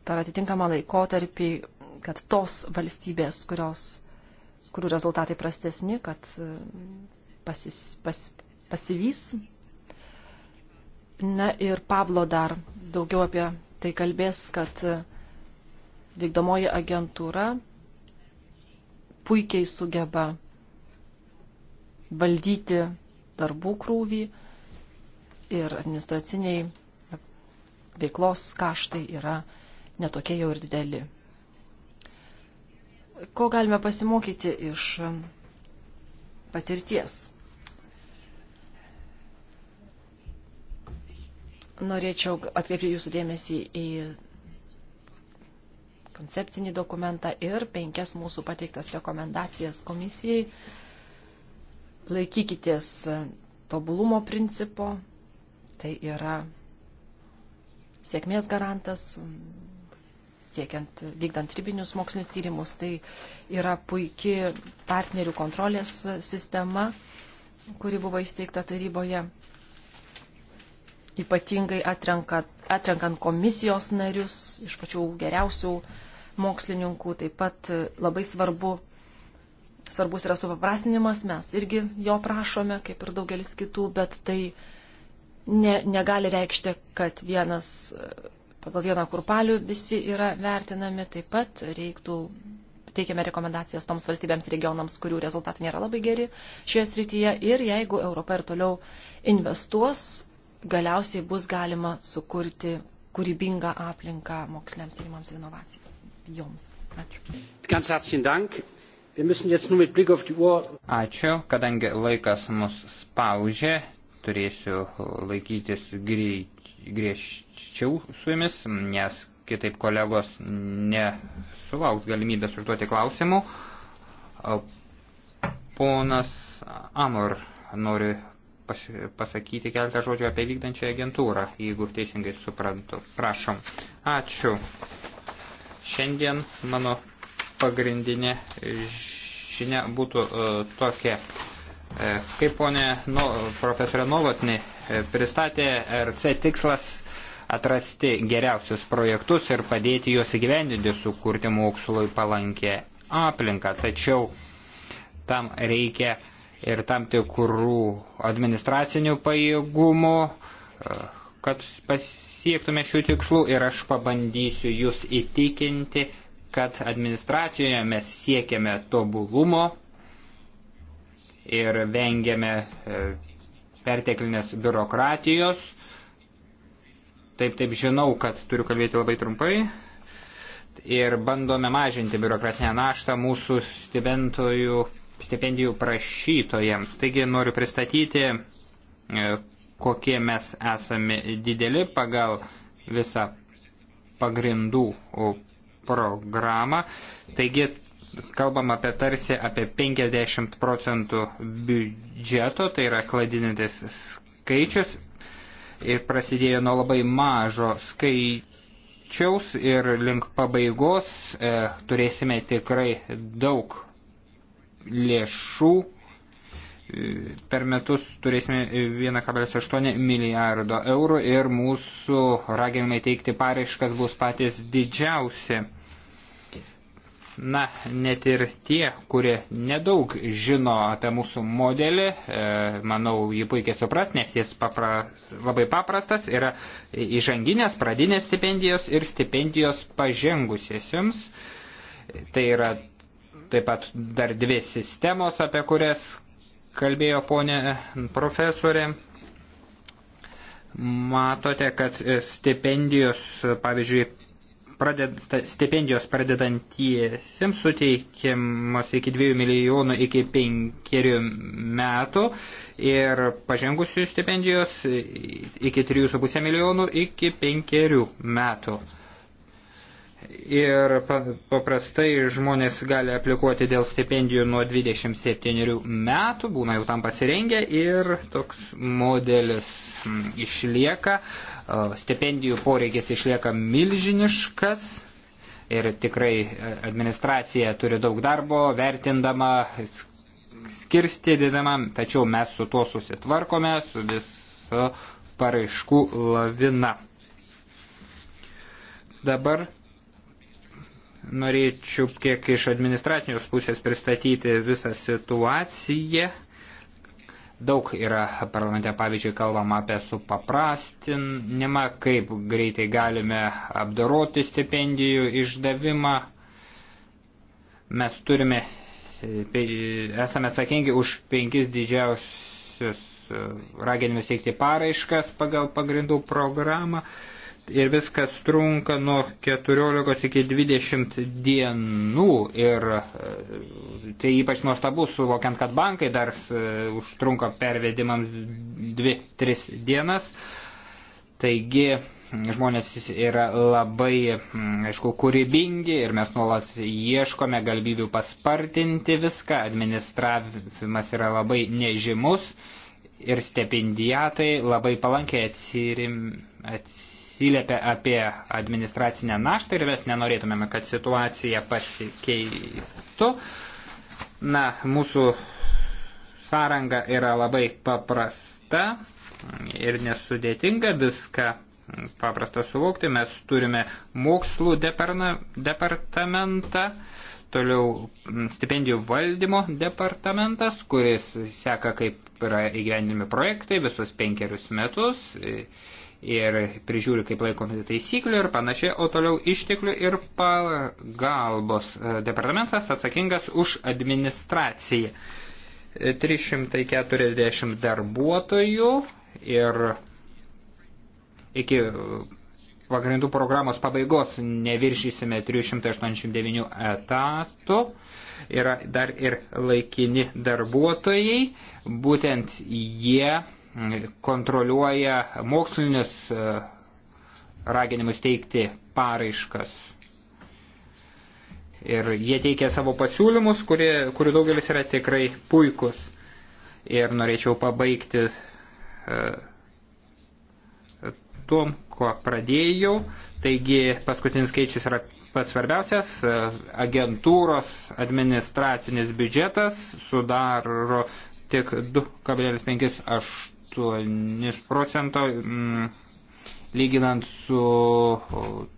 per atitinkamą laikotarpį, kad tos valstybės, kurios kurių rezultatai prastesni, kad e, pasis, pas, pasivys. Na ir Pablo dar daugiau apie tai kalbės, kad e, vykdomoji agentūra puikiai sugeba valdyti darbų krūvį ir administraciniai veiklos kaštai yra netokie jau ir dideli ko galime pasimokyti iš patirties. Norėčiau atkreipti jūsų dėmesį į koncepcinį dokumentą ir penkias mūsų pateiktas rekomendacijas komisijai. Laikykitės tobulumo principo, tai yra sėkmės garantas, siekiant vykdant ribinius mokslinius tyrimus. Tai yra puikia partnerių kontrolės sistema, kuri buvo įsteigta taryboje. Ypatingai atrenkat, atrenkant komisijos narius iš pačių geriausių mokslininkų, taip pat labai svarbu svarbus yra supaprastinimas, mes irgi jo prašome, kaip ir daugelis kitų, bet tai ne, negali reikšti, kad vienas pagal vieną kurpalių visi yra vertinami, taip pat reiktų, teikiame rekomendacijas toms valstybėms regionams, kurių rezultatai nėra labai geri šioje srityje ir jeigu Europa ir toliau investuos, galiausiai bus galima sukurti kūrybingą aplinką moksliams tyrimams ir inovacijoms. Ačiū. Ačiū, kadangi laikas mus spaudžia, turėsiu laikytis greit griežčiau su jumis, nes kitaip kolegos nesulauks galimybės užduoti klausimų. Ponas Amor nori pasakyti keletą žodžių apie vykdančią agentūrą, jeigu teisingai suprantu. Prašom. Ačiū. Šiandien mano pagrindinė žinia būtų uh, tokia. E, kaip ponė no, profesorė Novotnė E, pristatė RC tikslas atrasti geriausius projektus ir padėti juos įgyvendinti, sukurti mokslui palankę aplinką. Tačiau tam reikia ir tam tikrų administracinių pajėgumų, e, kad pasiektume šių tikslų ir aš pabandysiu jūs įtikinti, kad administracijoje mes siekiame tobulumo ir vengiame e, perteklinės biurokratijos. Taip, taip, žinau, kad turiu kalbėti labai trumpai. Ir bandome mažinti biurokratinę naštą mūsų stipendijų, stipendijų prašytojams. Taigi noriu pristatyti, e, kokie mes esame dideli pagal visą pagrindų programą. Taigi kalbam apie tarsi apie 50 procentų biudžeto, tai yra kladinantis skaičius ir prasidėjo nuo labai mažo skaičiaus ir link pabaigos e, turėsime tikrai daug lėšų. E, per metus turėsime 1,8 milijardo eurų ir mūsų raginimai teikti paraiškas bus patys didžiausi. Na, net ir tie, kurie nedaug žino apie mūsų modelį, e, manau, jį puikiai supras, nes jis papra, labai paprastas, yra įžanginės, pradinės stipendijos ir stipendijos pažengusiesiems. Tai yra taip pat dar dvi sistemos, apie kurias kalbėjo ponė profesorė. Matote, kad stipendijos, pavyzdžiui, praded, stipendijos pradedantiesiems suteikiamos iki 2 milijonų iki 5 metų ir pažengusių stipendijos iki 3,5 milijonų iki 5 metų. Ir paprastai žmonės gali aplikuoti dėl stipendijų nuo 27 metų, būna jau tam pasirengę ir toks modelis mm, išlieka. Uh, stipendijų poreikis išlieka milžiniškas ir tikrai e, administracija turi daug darbo, vertindama, skirstydinama, tačiau mes su tuo susitvarkome, su visu paraiškų lavina. Dabar norėčiau kiek iš administracinės pusės pristatyti visą situaciją. Daug yra parlamente, pavyzdžiui, kalbama apie supaprastinimą, kaip greitai galime apdoroti stipendijų išdavimą. Mes turime, esame atsakingi už penkis didžiausius raginimus teikti paraiškas pagal pagrindų programą. Uh, ir viskas trunka nuo 14 iki 20 dienų ir e, tai ypač nuostabu suvokiant, kad bankai dar e, užtrunka pervedimams 2-3 dienas. Taigi žmonės yra labai, aišku, kūrybingi ir mes nuolat ieškome galimybių paspartinti viską, administravimas yra labai nežymus ir stipendijatai labai palankiai atsirim, atsirim atsiliepia apie administracinę naštą ir mes nenorėtumėme, kad situacija pasikeistų. Na, mūsų sąranga yra labai paprasta ir nesudėtinga viską paprasta suvokti. Mes turime mokslų deparna, departamentą, toliau stipendijų valdymo departamentas, kuris seka kaip yra įgyvendinami projektai visus penkerius metus ir prižiūri, kaip laikomi taisyklių ir panašiai, o toliau išteklių ir pagalbos e, departamentas atsakingas už administraciją. 340 e, darbuotojų ir iki pagrindų programos pabaigos neviršysime 389 etatų. Yra dar ir laikini darbuotojai, būtent jie kontroliuoja mokslinius e, raginimus teikti paraiškas. Ir jie teikia savo pasiūlymus, kurie, kurių daugelis yra tikrai puikus. Ir norėčiau pabaigti e, tuo, kuo pradėjau. Taigi paskutinis skaičius yra pats svarbiausias. E, agentūros administracinis biudžetas sudaro tik 2,58 8 procento, mm, lyginant su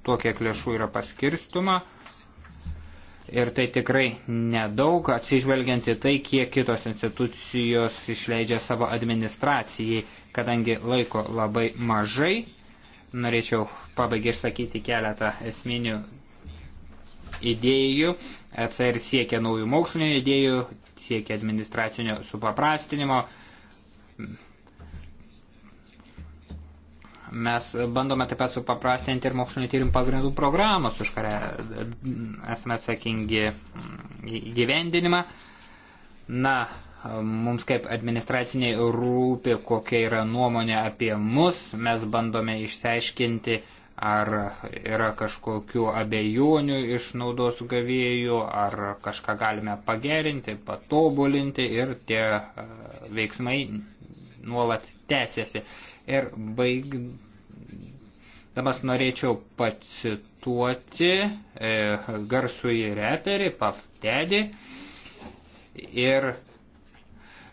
tuo, kiek lėšų yra paskirstuma. Ir tai tikrai nedaug, atsižvelgiant į tai, kiek kitos institucijos išleidžia savo administracijai, kadangi laiko labai mažai. Norėčiau pabaigai išsakyti keletą esminių idėjų. ECR siekia naujų mokslinio idėjų, siekia administracinio supaprastinimo. Mes bandome taip pat supaprastinti ir mokslinio tyrimų pagrindų programos, už kurią e, esame atsakingi mm, gyvendinimą. Na, mums kaip administraciniai rūpi, kokia yra nuomonė apie mus. Mes bandome išsiaiškinti, ar yra kažkokių abejonių iš naudos gavėjų, ar kažką galime pagerinti, patobulinti ir tie e, veiksmai nuolat tęsiasi. Ir baig, Dabar norėčiau pacituoti e, garsųjį reperį Puff Daddy ir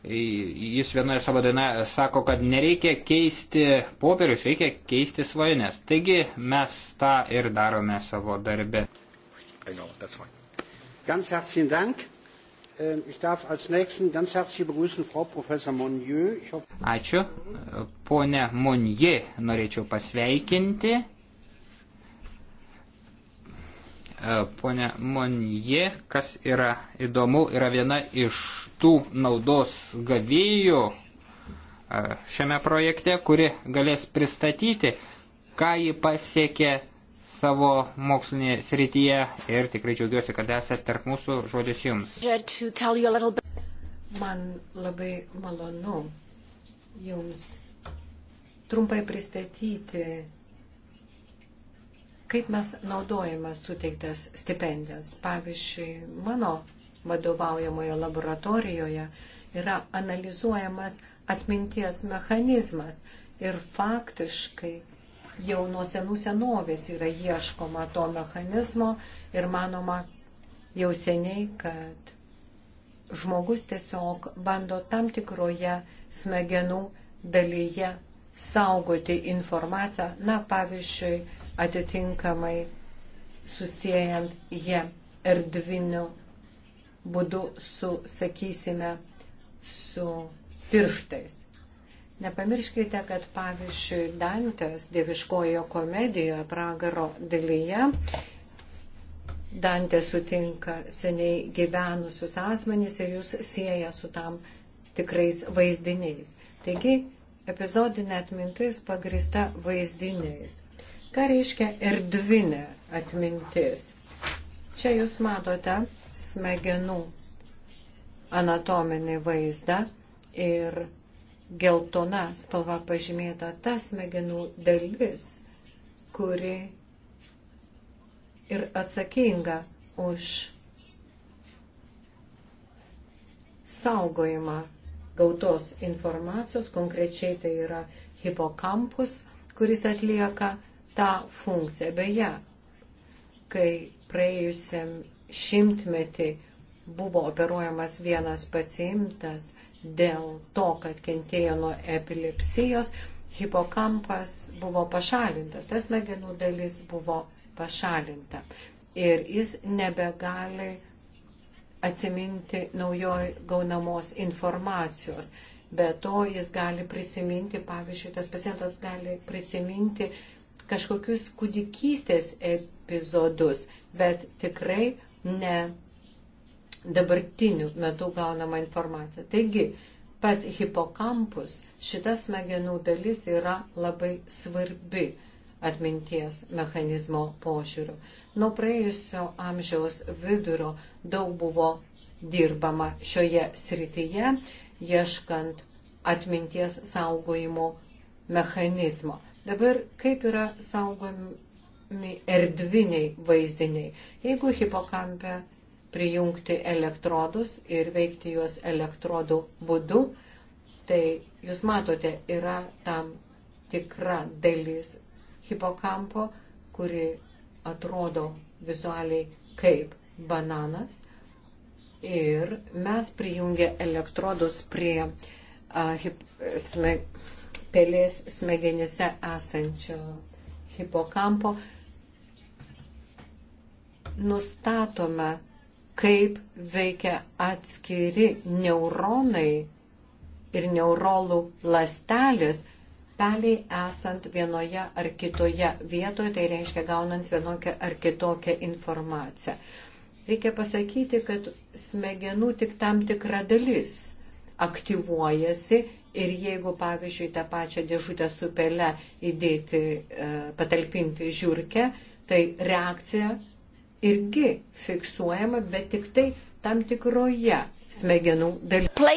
jis vienoje savo dainoje sako, kad nereikia keisti popierius, reikia keisti svajonės. Taigi mes tą ir darome savo darbe. I know, that's fine. Ganz herzlichen Dank. Ähm, ich darf als nächsten ganz herzlich begrüßen Frau Professor Monnier. Hoffe... Ačiū. Pone Monnier norėčiau pasveikinti. Äh, pone Monnier, kas yra įdomu, yra viena iš tų naudos gavėjų äh, šiame projekte, kuri galės pristatyti, ką ji pasiekė savo mokslinėje srityje ir tikrai džiaugiuosi, kad esate tarp mūsų žodis jums. Man labai malonu jums trumpai pristatyti, kaip mes naudojame suteiktas stipendijas. Pavyzdžiui, mano vadovaujamoje laboratorijoje yra analizuojamas atminties mechanizmas ir faktiškai jau nuo senų senovės yra ieškoma to mechanizmo ir manoma jau seniai, kad žmogus tiesiog bando tam tikroje smegenų dalyje saugoti informaciją, na, pavyzdžiui, atitinkamai susijęjant ją erdviniu būdu su, sakysime, su pirštais. Nepamirškite, kad pavyzdžiui Dantės dieviškojo komedijoje pragaro dalyje Dantė sutinka seniai gyvenusius asmenys ir jūs sieja su tam tikrais vaizdiniais. Taigi, epizodinė atmintis pagrista vaizdiniais. Ką reiškia erdvinė atmintis? Čia jūs matote smegenų anatominį vaizdą ir geltona spalva pažymėta ta smegenų dalis, kuri ir atsakinga už saugojimą gautos informacijos, konkrečiai tai yra hipokampus, kuris atlieka tą funkciją. Beje, kai praėjusiam šimtmetį buvo operuojamas vienas pacientas, dėl to, kad kentėjo nuo epilepsijos, hipokampas buvo pašalintas, tas smegenų dalis buvo pašalinta. Ir jis nebegali atsiminti naujoj gaunamos informacijos. Be to jis gali prisiminti, pavyzdžiui, tas pacientas gali prisiminti kažkokius kūdikystės epizodus, bet tikrai ne dabartiniu metu gaunama informacija. Taigi, pats hipokampus, šita smegenų dalis yra labai svarbi atminties mechanizmo požiūriu. Nuo praėjusio amžiaus vidurio daug buvo dirbama šioje srityje, ieškant atminties saugojimo mechanizmo. Dabar kaip yra saugomi erdviniai vaizdiniai. Jeigu hipokampe prijungti elektrodus ir veikti juos elektrodų būdu, tai jūs matote, yra tam tikra dalis hipokampo, kuri atrodo vizualiai kaip bananas. Ir mes prijungę elektrodus prie a, hip, sme, pelės smegenyse esančio hipokampo, nustatome kaip veikia atskiri neuronai ir neurolų lastelės pelei esant vienoje ar kitoje vietoje, tai reiškia gaunant vienokią ar kitokią informaciją. Reikia pasakyti, kad smegenų tik tam tikra dalis aktyvuojasi ir jeigu, pavyzdžiui, tą pačią dėžutę su pele įdėti, e, patalpinti žiūrkę, tai reakcija irgi fiksuojama, bet tik tai tam tikroje smegenų dalyje.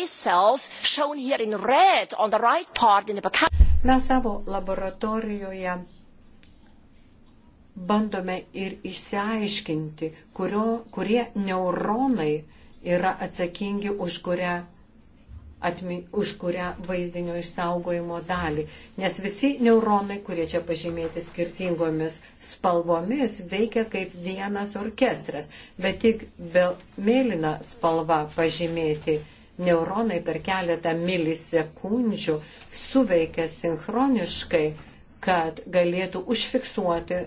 Mes savo laboratorijoje bandome ir išsiaiškinti, kurio, kurie neuronai yra atsakingi už kurią atmi, už kurią vaizdinio išsaugojimo dalį. Nes visi neuronai, kurie čia pažymėti skirtingomis spalvomis, veikia kaip vienas orkestras. Bet tik be mėlyna spalva pažymėti neuronai per keletą milisekundžių suveikia sinchroniškai, kad galėtų užfiksuoti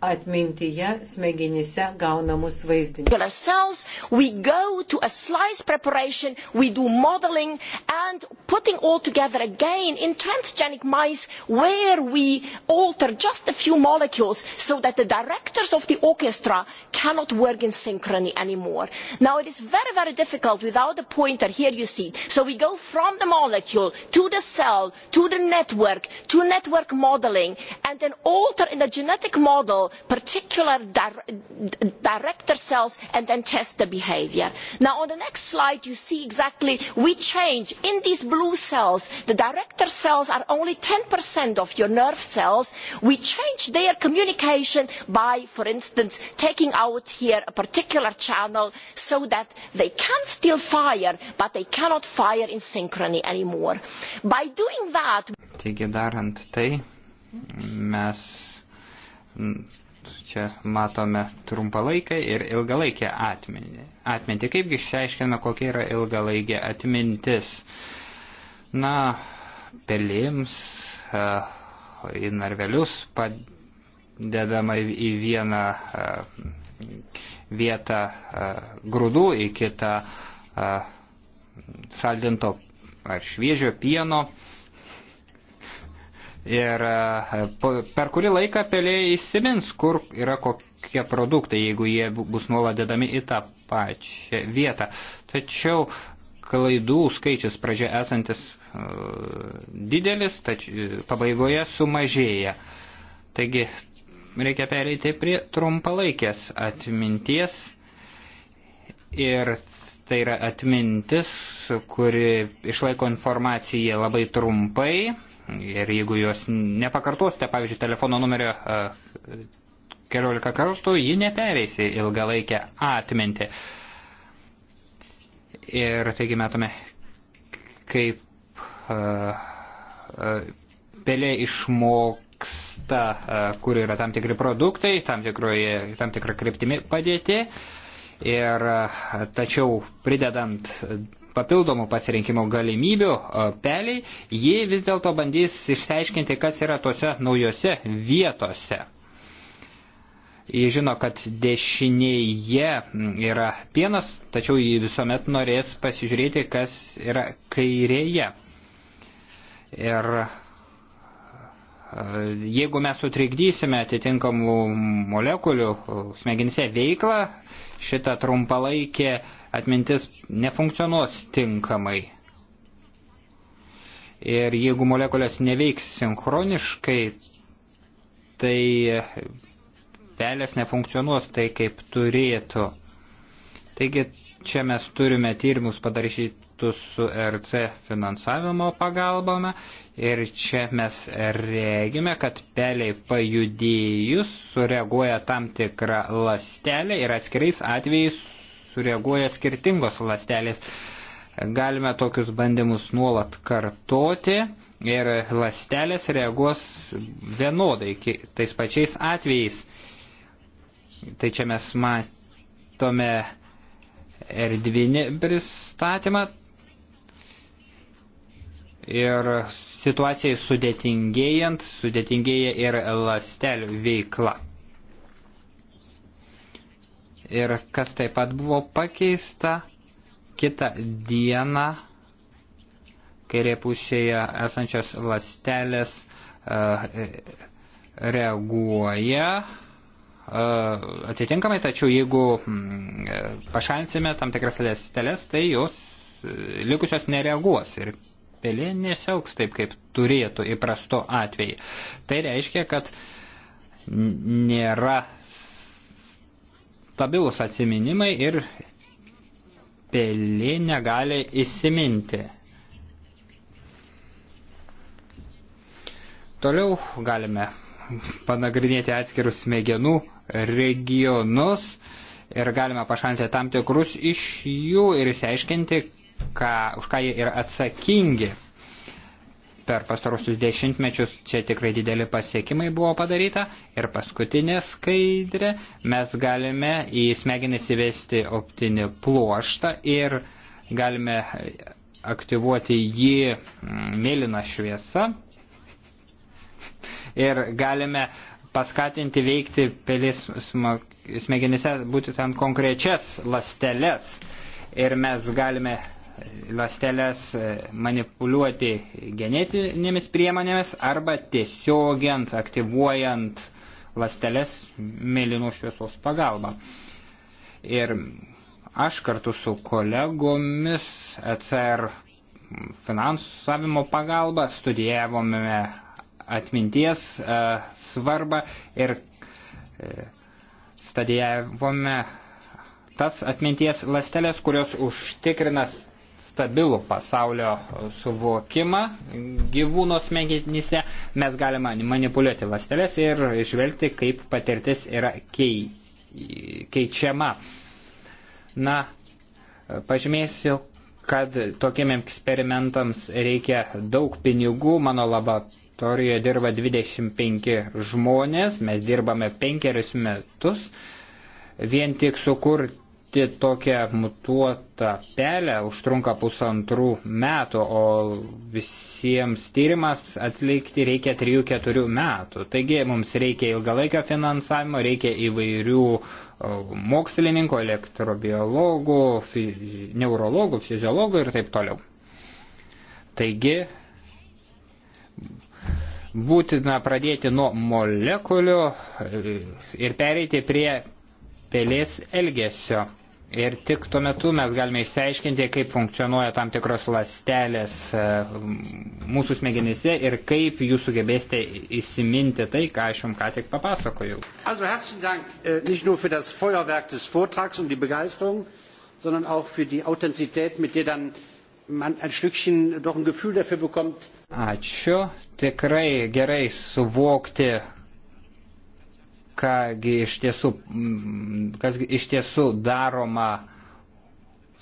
atmintyje smegenyse gaunamus vaizdinius. We go to a slice preparation, we do modeling and putting all together again in transgenic mice where we alter just a few molecules so that the directors of the orchestra cannot work in synchrony anymore. Now it is very, very difficult without the pointer. Here you see. So we go from the molecule to the cell, to the network, to network modeling and then alter in the genetic model label particular dir director cells and then test the behavior. Now on the next slide you see exactly we change in these blue cells the director cells are only 10% of your nerve cells we change their communication by for instance taking out here a particular channel so that they can still fire but they cannot fire in synchrony anymore. By doing that Taigi darant tai mes čia matome trumpalaikę ir ilgalaikę atmintį. atmintį. Kaipgi išsiaiškina, kokia yra ilgalaikė atmintis? Na, pelėms e, į narvelius padedama į vieną e, vietą e, grūdų, į kitą saldinto ar šviežio pieno. Ir e, per kurį laiką pelė įsimins, kur yra kokie produktai, jeigu jie bus nuolat dedami į tą pačią vietą. Tačiau klaidų skaičius pradžia esantis e, didelis, tačiau e, pabaigoje sumažėja. Taigi reikia pereiti prie trumpalaikės atminties ir tai yra atmintis, kuri išlaiko informaciją labai trumpai Ir jeigu jos nepakartosite, pavyzdžiui, telefono numerio e, keliolika kartų, ji nepereis į ilgalaikę atmintį. Ir taigi matome, kaip e, e, pelė išmoksta, kur yra tam tikri produktai, tam, tikroje, tam tikrą kryptimi padėti. Ir tačiau pridedant papildomų pasirinkimo galimybių e, peliai, ji vis dėlto bandys išsiaiškinti, kas yra tose naujose vietose. Ji žino, kad dešinėje yra pienas, tačiau ji visuomet norės pasižiūrėti, kas yra kairėje. Ir e, jeigu mes sutrikdysime atitinkamų molekulių e, smegenise veiklą, šita trumpalaikė uh, atmintis nefunkcionuos tinkamai. Ir jeigu molekulės neveiks sinchroniškai, tai pelės nefunkcionuos tai, kaip turėtų. Taigi čia mes turime tyrimus padarytus su RC finansavimo pagalbame ir čia mes regime, kad peliai pajudėjus sureaguoja tam tikrą lastelę ir atskiriais atvejais sureaguoja skirtingos lastelės. Galime tokius bandymus nuolat kartoti ir lastelės reaguos vienodai tais pačiais atvejais. Tai čia mes matome erdvinį pristatymą ir situacijai sudėtingėjant, sudėtingėja ir lastelių veikla ir kas taip pat buvo pakeista kitą dieną kairė pusėje esančios lastelės uh, e, e, reaguoja uh, atitinkamai, tačiau jeigu mm, pašalinsime tam tikras ląsteles, tai jos likusios nereaguos ir pelė nesielgs taip, kaip turėtų įprasto atveju. Tai reiškia, kad nėra stabilus atsiminimai ir pelė negali įsiminti. Toliau galime panagrinėti atskirus smegenų regionus ir galime pašanti tam tikrus iš jų ir įsiaiškinti, ką, už ką jie yra atsakingi per pastarosius dešimtmečius čia tikrai dideli pasiekimai buvo padaryta. Ir paskutinė skaidrė, mes galime į smegenis įvesti optinį pluoštą ir galime aktyvuoti jį mm, mėlyną šviesą. Ir galime paskatinti veikti pelės smegenyse būtent konkrečias lasteles. Ir mes galime ląsteles e, manipuliuoti genetinėmis priemonėmis arba tiesiogiant, aktyvuojant ląsteles mėlynų šviesos pagalba. Ir aš kartu su kolegomis ECR finansavimo pagalba studijavome atminties e, svarbą ir e, studijavome tas atminties lastelės, kurios užtikrinas stabilų pasaulio suvokimą gyvūno smegenyse, mes galime manipuliuoti lastelės ir žvelgti, kaip patirtis yra kei, keičiama. Na, pažymėsiu, kad tokiem eksperimentams reikia daug pinigų, mano laboratorijoje dirba 25 žmonės, mes dirbame penkerius metus, vien tik sukurti surasti tokią mutuotą pelę užtrunka pusantrų metų, o visiems tyrimams atlikti reikia 3-4 metų. Taigi mums reikia ilgalaikio finansavimo, reikia įvairių mokslininkų, elektrobiologų, fizi neurologų, fiziologų ir taip toliau. Taigi būtina pradėti nuo molekulių e, ir pereiti prie pelės elgesio. Ir tik tuo metu mes galime išsiaiškinti, kaip funkcionuoja tam tikros lastelės e, mūsų smegenyse ir kaip jūs sugebėsite įsiminti tai, ką aš jums ką tik papasakojau. Also herzlichen Dank äh, nicht nur für das Feuerwerk des Vortrags und die Begeisterung, sondern auch für die Authentizität, mit der dann man ein Stückchen doch ein Gefühl dafür bekommt. Ačiū. Tikrai gerai suvokti, kągi iš tiesų, mm, kas iš tiesų daroma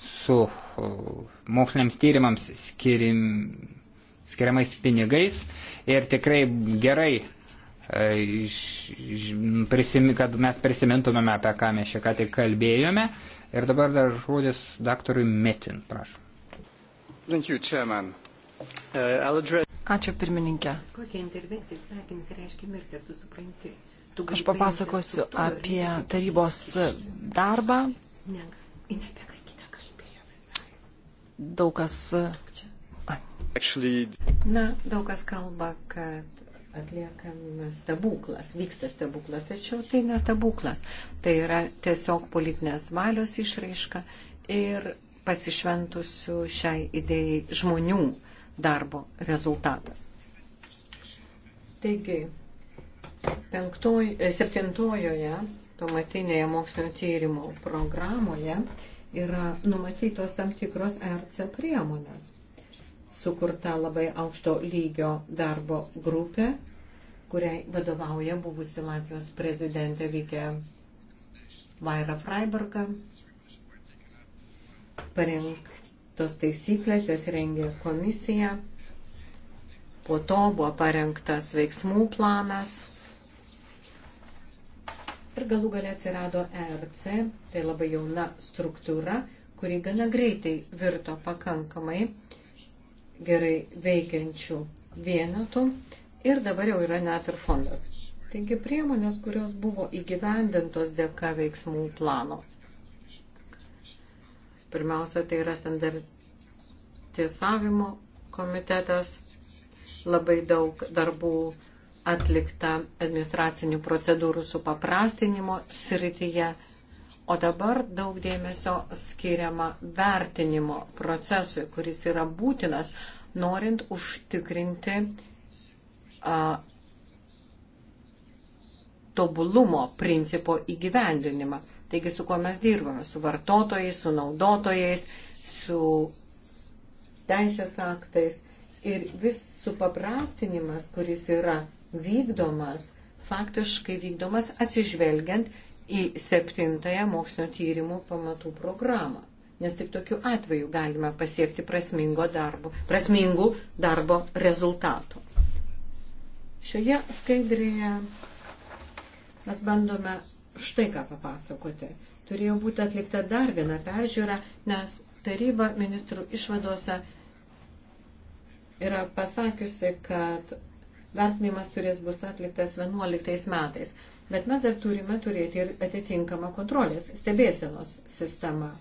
su uh, moksliniams tyrimams skirim, skiriamais pinigais ir tikrai gerai, uh, prisimi, kad mes prisimintumėme, apie ką mes čia ką tik kalbėjome. Ir dabar dar žodis daktarui Metin, prašom. Thank you, Chairman. Uh, address... Ačiū pirmininkė. Kokia intervencija, sakinis reiškia mirti, ar tu supranti? Uh, Aš papasakosiu apie tarybos darbą. Daug kas. Na, daug kas kalba, kad atliekamas stebuklas, vyksta stebuklas, tačiau tai nestebuklas. Tai yra tiesiog politinės valios išraiška ir pasišventusių šiai idėjai žmonių darbo rezultatas. Taigi, Penktoj, e, septintojoje pamatinėje mokslinio tyrimų programoje yra numatytos tam tikros ERC priemonės. Sukurta labai aukšto lygio darbo grupė, kuriai vadovauja buvusi Latvijos prezidentė Vykė Vaira Freiberga. Parengtos taisyklės jas rengė komisija. Po to buvo parengtas veiksmų planas ir galų gale atsirado ERC, tai labai jauna struktūra, kuri gana greitai virto pakankamai gerai veikiančių vienetų ir dabar jau yra net ir fondas. Taigi priemonės, kurios buvo įgyvendintos dėka veiksmų plano. Pirmiausia, tai yra standartizavimo komitetas, labai daug darbų atlikta administracinių procedūrų supaprastinimo srityje, o dabar daug dėmesio skiriama vertinimo procesui, kuris yra būtinas, norint užtikrinti a, tobulumo principo įgyvendinimą. Taigi, su kuo mes dirbame? Su vartotojais, su naudotojais, su teisės aktais ir vis supaprastinimas, kuris yra vykdomas, faktiškai vykdomas atsižvelgiant į septintąją mokslinio tyrimų pamatų programą. Nes tik tokiu atveju galime pasiekti prasmingo darbo, prasmingų darbo rezultatų. Šioje skaidrėje mes bandome štai ką papasakoti. Turėjo būti atlikta dar viena peržiūra, nes taryba ministrų išvadose yra pasakiusi, kad vertinimas turės bus atliktas 11 metais. Bet mes dar turime turėti ir atitinkamą kontrolės stebėsenos sistemą.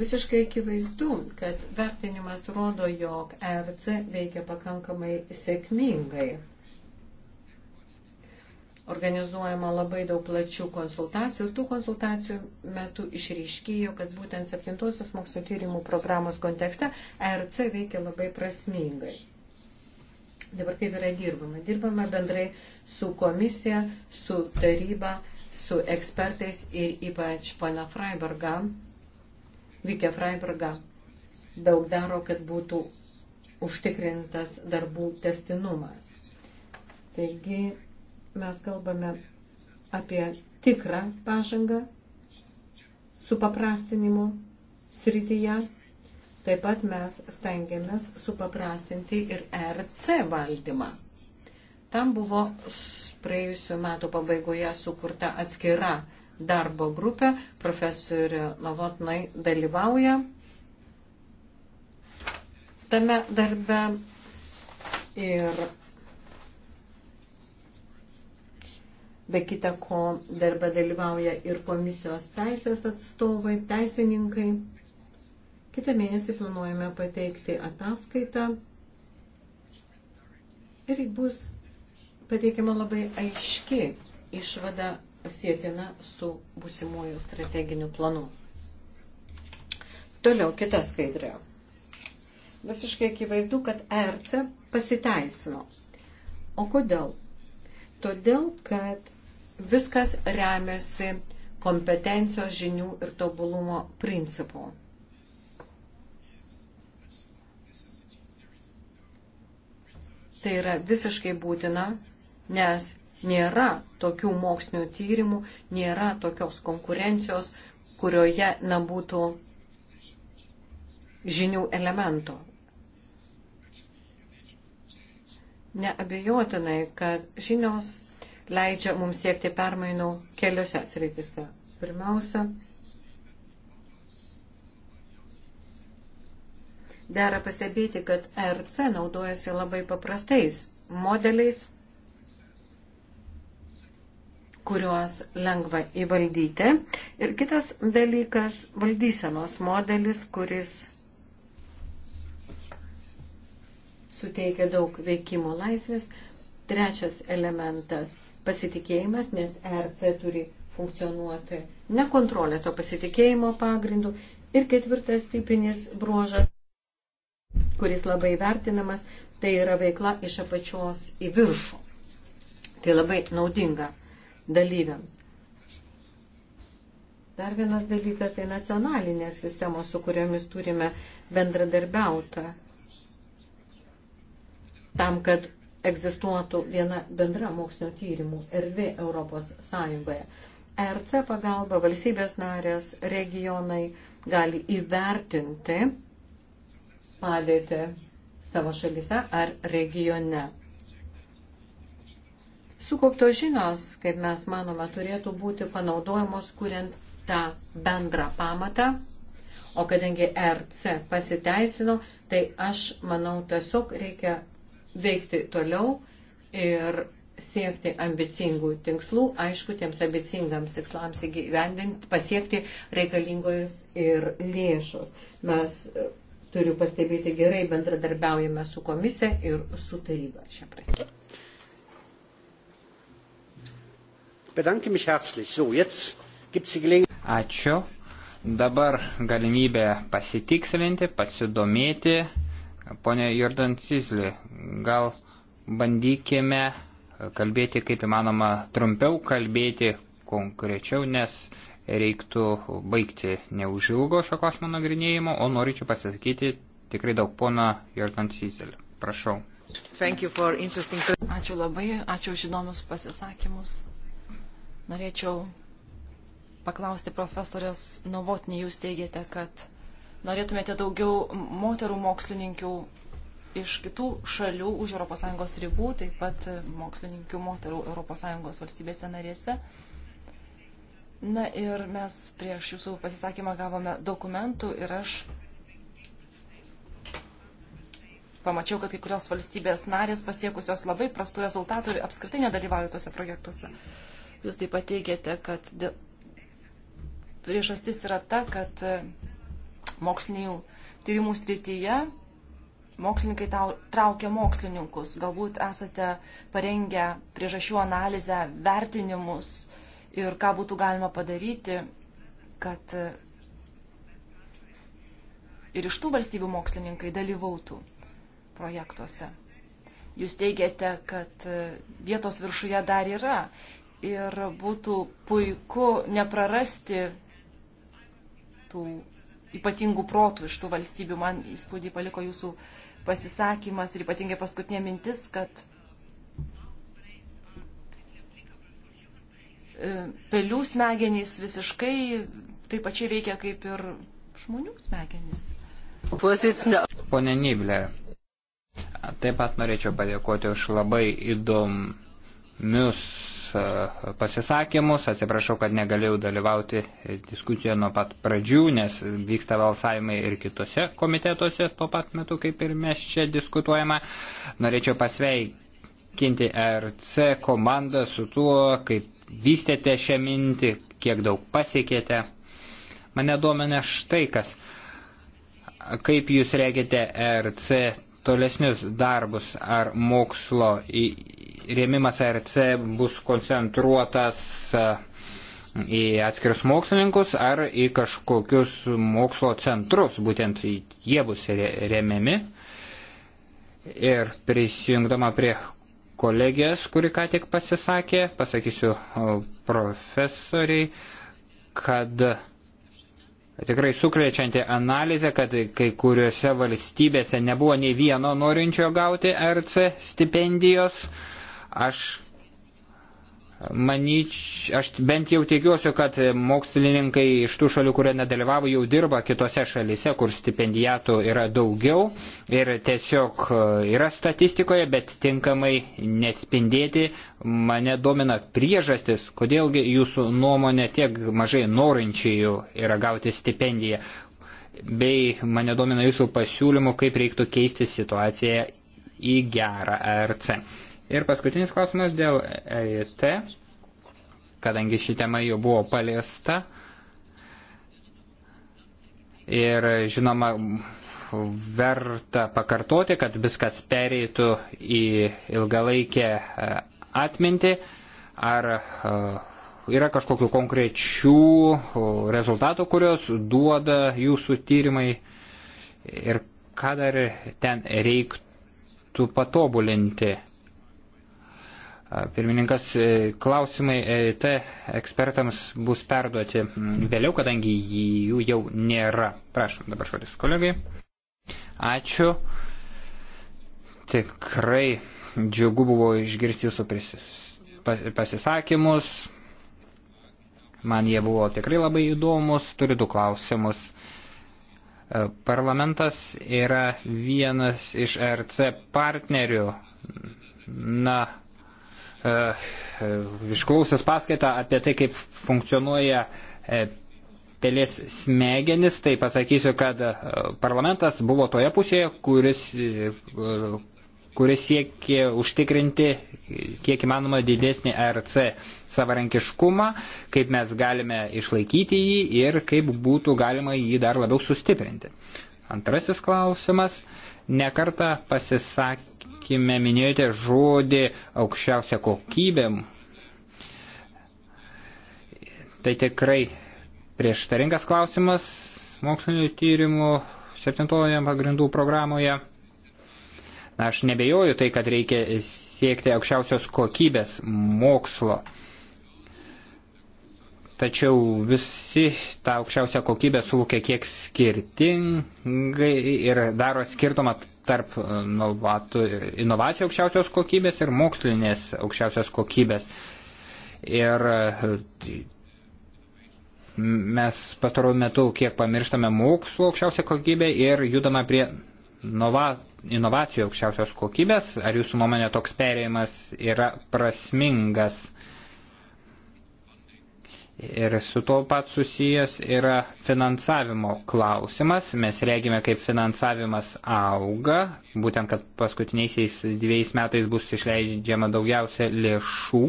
Visiškai akivaizdu, kad vertinimas rodo, jog ERC veikia pakankamai sėkmingai organizuojama labai daug plačių konsultacijų ir tų konsultacijų metu išryškėjo, kad būtent septintosios mokslo tyrimų programos kontekste ERC veikia labai prasmingai. Dabar kaip yra dirbama? Dirbama bendrai su komisija, su taryba, su ekspertais ir ypač pana Freiberga, Vikė Freiberga daug daro, kad būtų užtikrintas darbų testinumas. Taigi mes kalbame apie tikrą pažangą supaprastinimo srityje. Taip pat mes stengiamės supaprastinti ir RC valdymą. Tam buvo praėjusiu metu pabaigoje sukurta atskira darbo grupė, profesorių Lavotnai dalyvauja tame darbe ir Be kita ko darbę dalyvauja ir komisijos teisės atstovai, teisininkai. Kitą mėnesį planuojame pateikti ataskaitą ir bus pateikiama labai aiški išvada sėtina su būsimuoju strateginiu planu. Toliau kita skaidrė. Visiškai akivaizdu, kad ERC pasiteisino. O kodėl? Todėl, kad Viskas remiasi kompetencijos žinių ir tobulumo principų. Tai yra visiškai būtina, nes nėra tokių mokslinių tyrimų, nėra tokios konkurencijos, kurioje nebūtų žinių elemento. Neabejotinai, kad žinios leidžia mums siekti permainų keliose srityse. Pirmiausia, dera pastebėti, kad ERC naudojasi labai paprastais modeliais, kuriuos lengva įvaldyti. Ir kitas dalykas - valdysenos modelis, kuris suteikia daug veikimo laisvės. Trečias elementas pasitikėjimas, nes ERC turi funkcionuoti ne kontrolės, o pasitikėjimo pagrindų. Ir ketvirtas tipinis bruožas, kuris labai vertinamas, tai yra veikla iš apačios į viršų. Tai labai naudinga dalyviams. Dar vienas dalykas tai nacionalinės sistemos, su kuriomis turime bendradarbiauti tam, kad egzistuotų viena bendra mokslinio tyrimų erdvė Europos Sąjungoje. ERC pagalba valstybės narės regionai gali įvertinti padėtį savo šalyse ar regione. Sukauptos žinios, kaip mes manome, turėtų būti panaudojamos, kuriant tą bendrą pamatą, o kadangi RC pasiteisino, tai aš manau, tiesiog reikia veikti toliau ir siekti ambicingų tikslų, aišku, tiems ambicingams tikslams įgyvendinti, pasiekti reikalingos ir lėšos. Mes, e, turiu pastebėti, gerai bendradarbiaujame su komisija ir su taryba šią prasme. Ačiū. Dabar galimybė pasitikslinti, pasidomėti Pone Jordan Cizli, gal bandykime kalbėti kaip įmanoma trumpiau, kalbėti konkrečiau, nes reiktų baigti neužilgo šio klausimo nagrinėjimo, o norėčiau pasakyti tikrai daug pona Jordan Cizli. Prašau. Interesting... Ačiū labai, ačiū už įdomus pasisakymus. Norėčiau paklausti profesorės Novotnį, jūs teigiate, kad norėtumėte daugiau moterų mokslininkių iš kitų šalių už ES ribų, taip pat mokslininkių moterų ES valstybėse narėse. Na ir mes prieš jūsų pasisakymą gavome dokumentų ir aš pamačiau, kad kai kurios valstybės narės pasiekusios labai prastų rezultatų ir apskritai nedalyvauja tuose projektuose. Jūs taip pat teigiate, kad priežastis yra ta, kad mokslinių tyrimų srityje. Mokslininkai traukia mokslininkus. Galbūt esate parengę priežasčių analizę, vertinimus ir ką būtų galima padaryti, kad ir iš tų valstybių mokslininkai dalyvautų projektuose. Jūs teigiate, kad vietos viršuje dar yra ir būtų puiku neprarasti tų ypatingų protų iš tų valstybių. Man įspūdį paliko jūsų pasisakymas ir ypatingai paskutinė mintis, kad e, pelių smegenys visiškai taip pačiai veikia kaip ir žmonių smegenys. Pone Nyblė, taip pat norėčiau padėkoti už labai įdomius pasisakymus. Atsiprašau, kad negalėjau dalyvauti diskusijoje nuo pat pradžių, nes vyksta balsavimai ir kitose komitetuose tuo pat metu, kaip ir mes čia diskutuojame. Norėčiau pasveikinti RC komandą su tuo, kaip vystėte šią mintį, kiek daug pasiekėte. Mane duomenė štai kas. Kaip jūs reikite RC tolesnius darbus ar mokslo rėmimas ARC bus koncentruotas e, į atskirius mokslininkus ar į kažkokius mokslo centrus, būtent jie bus remiami. Ir prisijungdama prie kolegės, kuri ką tik pasisakė, pasakysiu profesoriai, kad tikrai sukrečianti analizė, kad kai kuriuose valstybėse nebuvo nei vieno norinčio gauti RC stipendijos. Uh, Aš Manyč, aš bent jau tikiuosi, kad mokslininkai iš tų šalių, kurie nedalyvavo, jau dirba kitose šalise, kur stipendijatų yra daugiau ir tiesiog e, yra statistikoje, bet tinkamai neatspindėti. Mane domina priežastis, kodėlgi jūsų nuomonė tiek mažai norinčiųjų yra gauti stipendiją. Bei mane domina jūsų pasiūlymų, kaip reiktų keisti situaciją į gerą ERC. Ir paskutinis klausimas dėl EIT, kadangi ši tema jau buvo paliesta. Ir žinoma, verta pakartoti, kad viskas pereitų į ilgalaikę e, atmintį. Ar e, yra kažkokių konkrečių e, rezultatų, kurios duoda jūsų tyrimai ir ką dar ten reiktų patobulinti? Pirmininkas, e, klausimai EIT ekspertams bus perduoti vėliau, kadangi jų jau nėra. Prašom dabar šodis kolegai. Ačiū. Tikrai džiugu buvo išgirsti jūsų prisis, pasisakymus. Man jie buvo tikrai labai įdomus. Turiu du klausimus. E, parlamentas yra vienas iš RC partnerių. Na, E, e, išklausęs paskaitą apie tai, kaip funkcionuoja e, pelės smegenis, tai pasakysiu, kad parlamentas buvo toje pusėje, kuris, kuris siekė užtikrinti kiek įmanoma didesnį ARC savarankiškumą, kaip mes galime išlaikyti jį ir kaip būtų galima jį dar labiau sustiprinti. Antrasis klausimas. Nekarta pasisakė pasisakymę minėjote žodį aukščiausią kokybę. Tai tikrai prieštaringas klausimas mokslinio tyrimų septintoje pagrindų programoje. Na, aš nebejoju tai, kad reikia siekti aukščiausios kokybės mokslo. Tačiau visi tą aukščiausią kokybę suvokia kiek skirtingai ir daro skirtumą tarp e, novatų, inovacijų aukščiausios kokybės ir mokslinės aukščiausios kokybės. Ir e, mes pastaruoju metu kiek pamirštame mokslo aukščiausią kokybę ir judama prie nova, inovacijų aukščiausios kokybės. Ar jūsų nuomonė toks perėjimas yra prasmingas? Ir su to pat susijęs yra finansavimo klausimas. Mes regime, kaip finansavimas auga, būtent kad paskutiniaisiais dviejais metais bus išleidžiama daugiausia lėšų.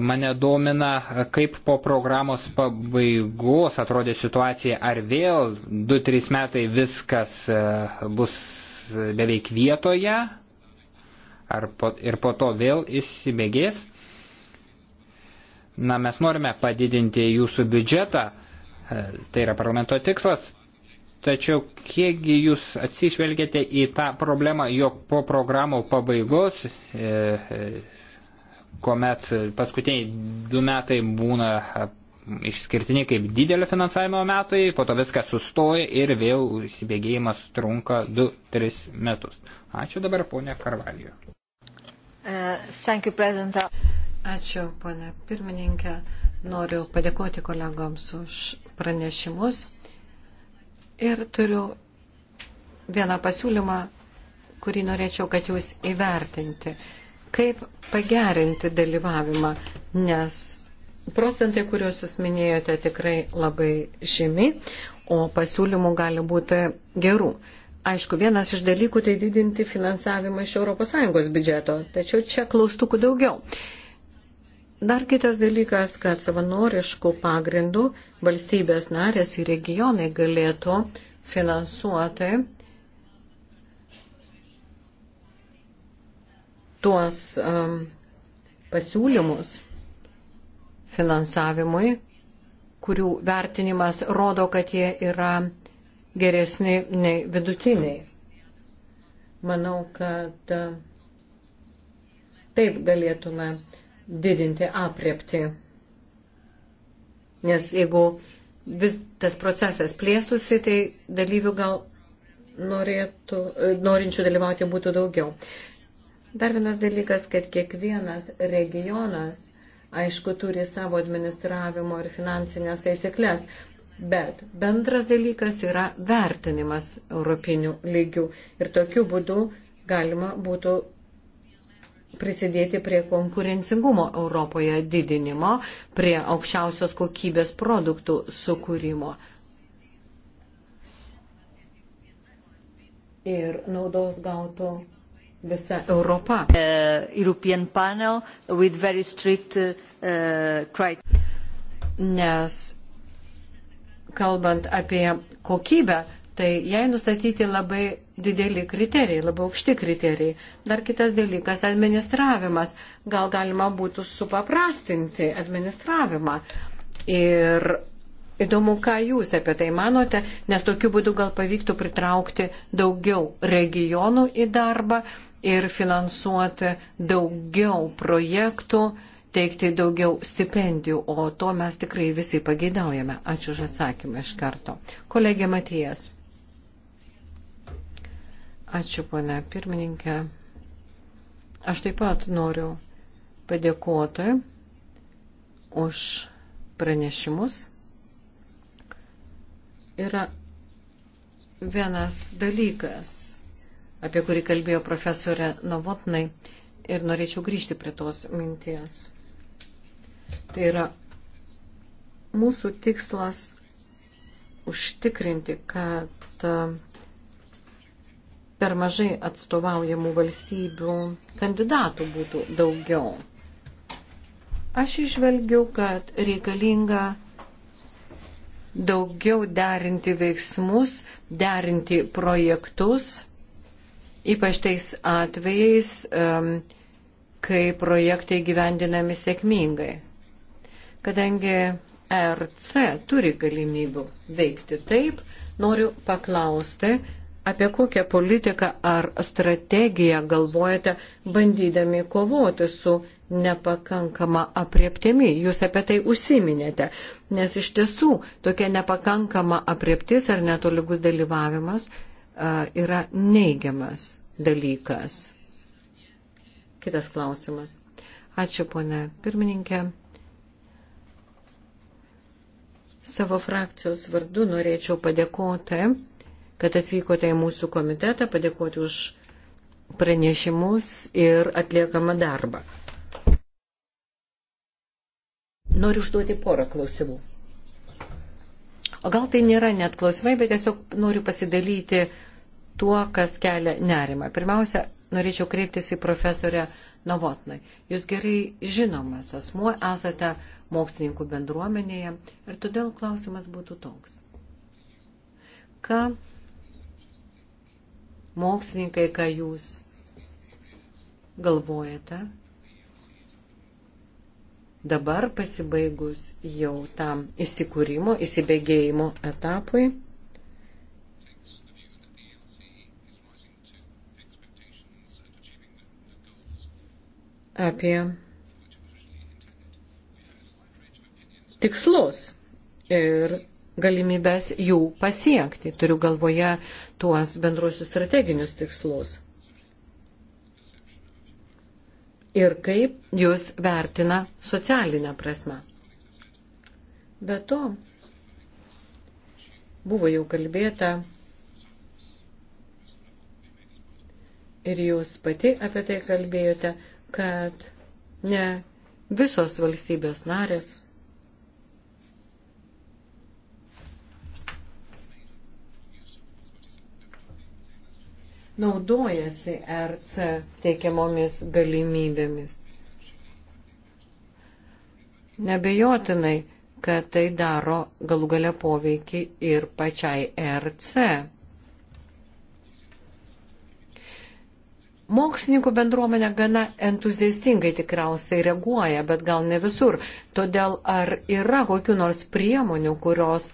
Mane domina, kaip po programos pabaigos atrodė situacija, ar vėl 2-3 metai viskas e, bus beveik vietoje, ar po, ir po to vėl įsibėgės. Na, mes norime padidinti jūsų biudžetą, e, tai yra parlamento tikslas, tačiau kiekgi jūs atsižvelgėte į tą problemą, jog po programų pabaigos, e, e, kuomet paskutiniai du metai būna išskirtiniai kaip didelio finansavimo metai, po to viskas sustoja ir vėl įsibėgėjimas trunka 2-3 metus. Ačiū dabar, ponė Karvalijo. Uh, Ačiū, ponė pirmininkė. Noriu padėkoti kolegoms už pranešimus. Ir turiu vieną pasiūlymą, kurį norėčiau, kad jūs įvertinti. Kaip pagerinti dalyvavimą, nes procentai, kuriuos jūs minėjote, tikrai labai žymi, o pasiūlymų gali būti gerų. Aišku, vienas iš dalykų tai didinti finansavimą iš ES biudžeto, tačiau čia klaustukų daugiau. Dar kitas dalykas, kad savanoriškų pagrindų valstybės narės ir regionai galėtų finansuoti tuos um, pasiūlymus finansavimui, kurių vertinimas rodo, kad jie yra geresni nei vidutiniai. Manau, kad uh, taip galėtume uh, didinti apriepti. Nes jeigu vis tas procesas plėstusi, tai dalyvių gal norėtų, e, norinčių dalyvauti būtų daugiau. Dar vienas dalykas, kad kiekvienas regionas, aišku, turi savo administravimo ir finansinės taisyklės, bet bendras dalykas yra vertinimas europinių lygių ir tokiu būdu galima būtų prisidėti prie konkurencingumo Europoje didinimo, prie aukščiausios kokybės produktų sukūrimo. Ir naudos gautų visa Europa. Uh, strict, uh, Nes kalbant apie kokybę, tai jai nustatyti labai dideli kriterijai, labai aukšti kriterijai. Dar kitas dalykas - administravimas. Gal galima būtų supaprastinti administravimą. Ir įdomu, ką jūs apie tai manote, nes tokiu būdu gal pavyktų pritraukti daugiau regionų į darbą ir finansuoti daugiau projektų, teikti daugiau stipendijų, o to mes tikrai visi pageidaujame. Ačiū už atsakymą iš karto. Kolegė Matijas. Ačiū, ponia pirmininkė. Aš taip pat noriu padėkoti už pranešimus. Yra vienas dalykas, apie kurį kalbėjo profesorė Novotnai ir norėčiau grįžti prie tos minties. Tai yra mūsų tikslas užtikrinti, kad per mažai atstovaujamų valstybių kandidatų būtų daugiau. Aš išvelgiu, kad reikalinga daugiau derinti veiksmus, derinti projektus, ypač tais atvejais, kai projektai gyvendinami sėkmingai. Kadangi ERC turi galimybių veikti taip, noriu paklausti, apie kokią politiką ar strategiją galvojate, bandydami kovoti su nepakankama aprieptimi. Jūs apie tai užsiminėte, nes iš tiesų tokia nepakankama aprieptis ar netoligus dalyvavimas a, yra neigiamas dalykas. Kitas klausimas. Ačiū, ponė pirmininkė. Savo frakcijos vardu norėčiau padėkoti kad atvykote į mūsų komitetą, padėkoti už pranešimus ir atliekamą darbą. Noriu užduoti porą klausimų. O gal tai nėra net klausimai, bet tiesiog noriu pasidalyti tuo, kas kelia nerimą. Pirmiausia, norėčiau kreiptis į profesorę Novotnai. Jūs gerai žinomas asmuo, esate mokslininkų bendruomenėje ir todėl klausimas būtų toks. Ką mokslininkai, ką jūs galvojate dabar pasibaigus jau tam įsikūrimo, įsibėgėjimo etapui. apie tikslus. Ir galimybės jų pasiekti. Turiu galvoje tuos bendruosius strateginius tikslus. Ir kaip jūs vertina socialinę prasme. Be to, buvo jau kalbėta ir jūs pati apie tai kalbėjote, kad ne visos valstybės narės naudojasi RC teikiamomis galimybėmis. Nebejotinai, kad tai daro galų gale poveikį ir pačiai RC. Mokslininkų bendruomenė gana entuziastingai tikriausiai reaguoja, bet gal ne visur. Todėl ar yra kokiu nors priemonių, kurios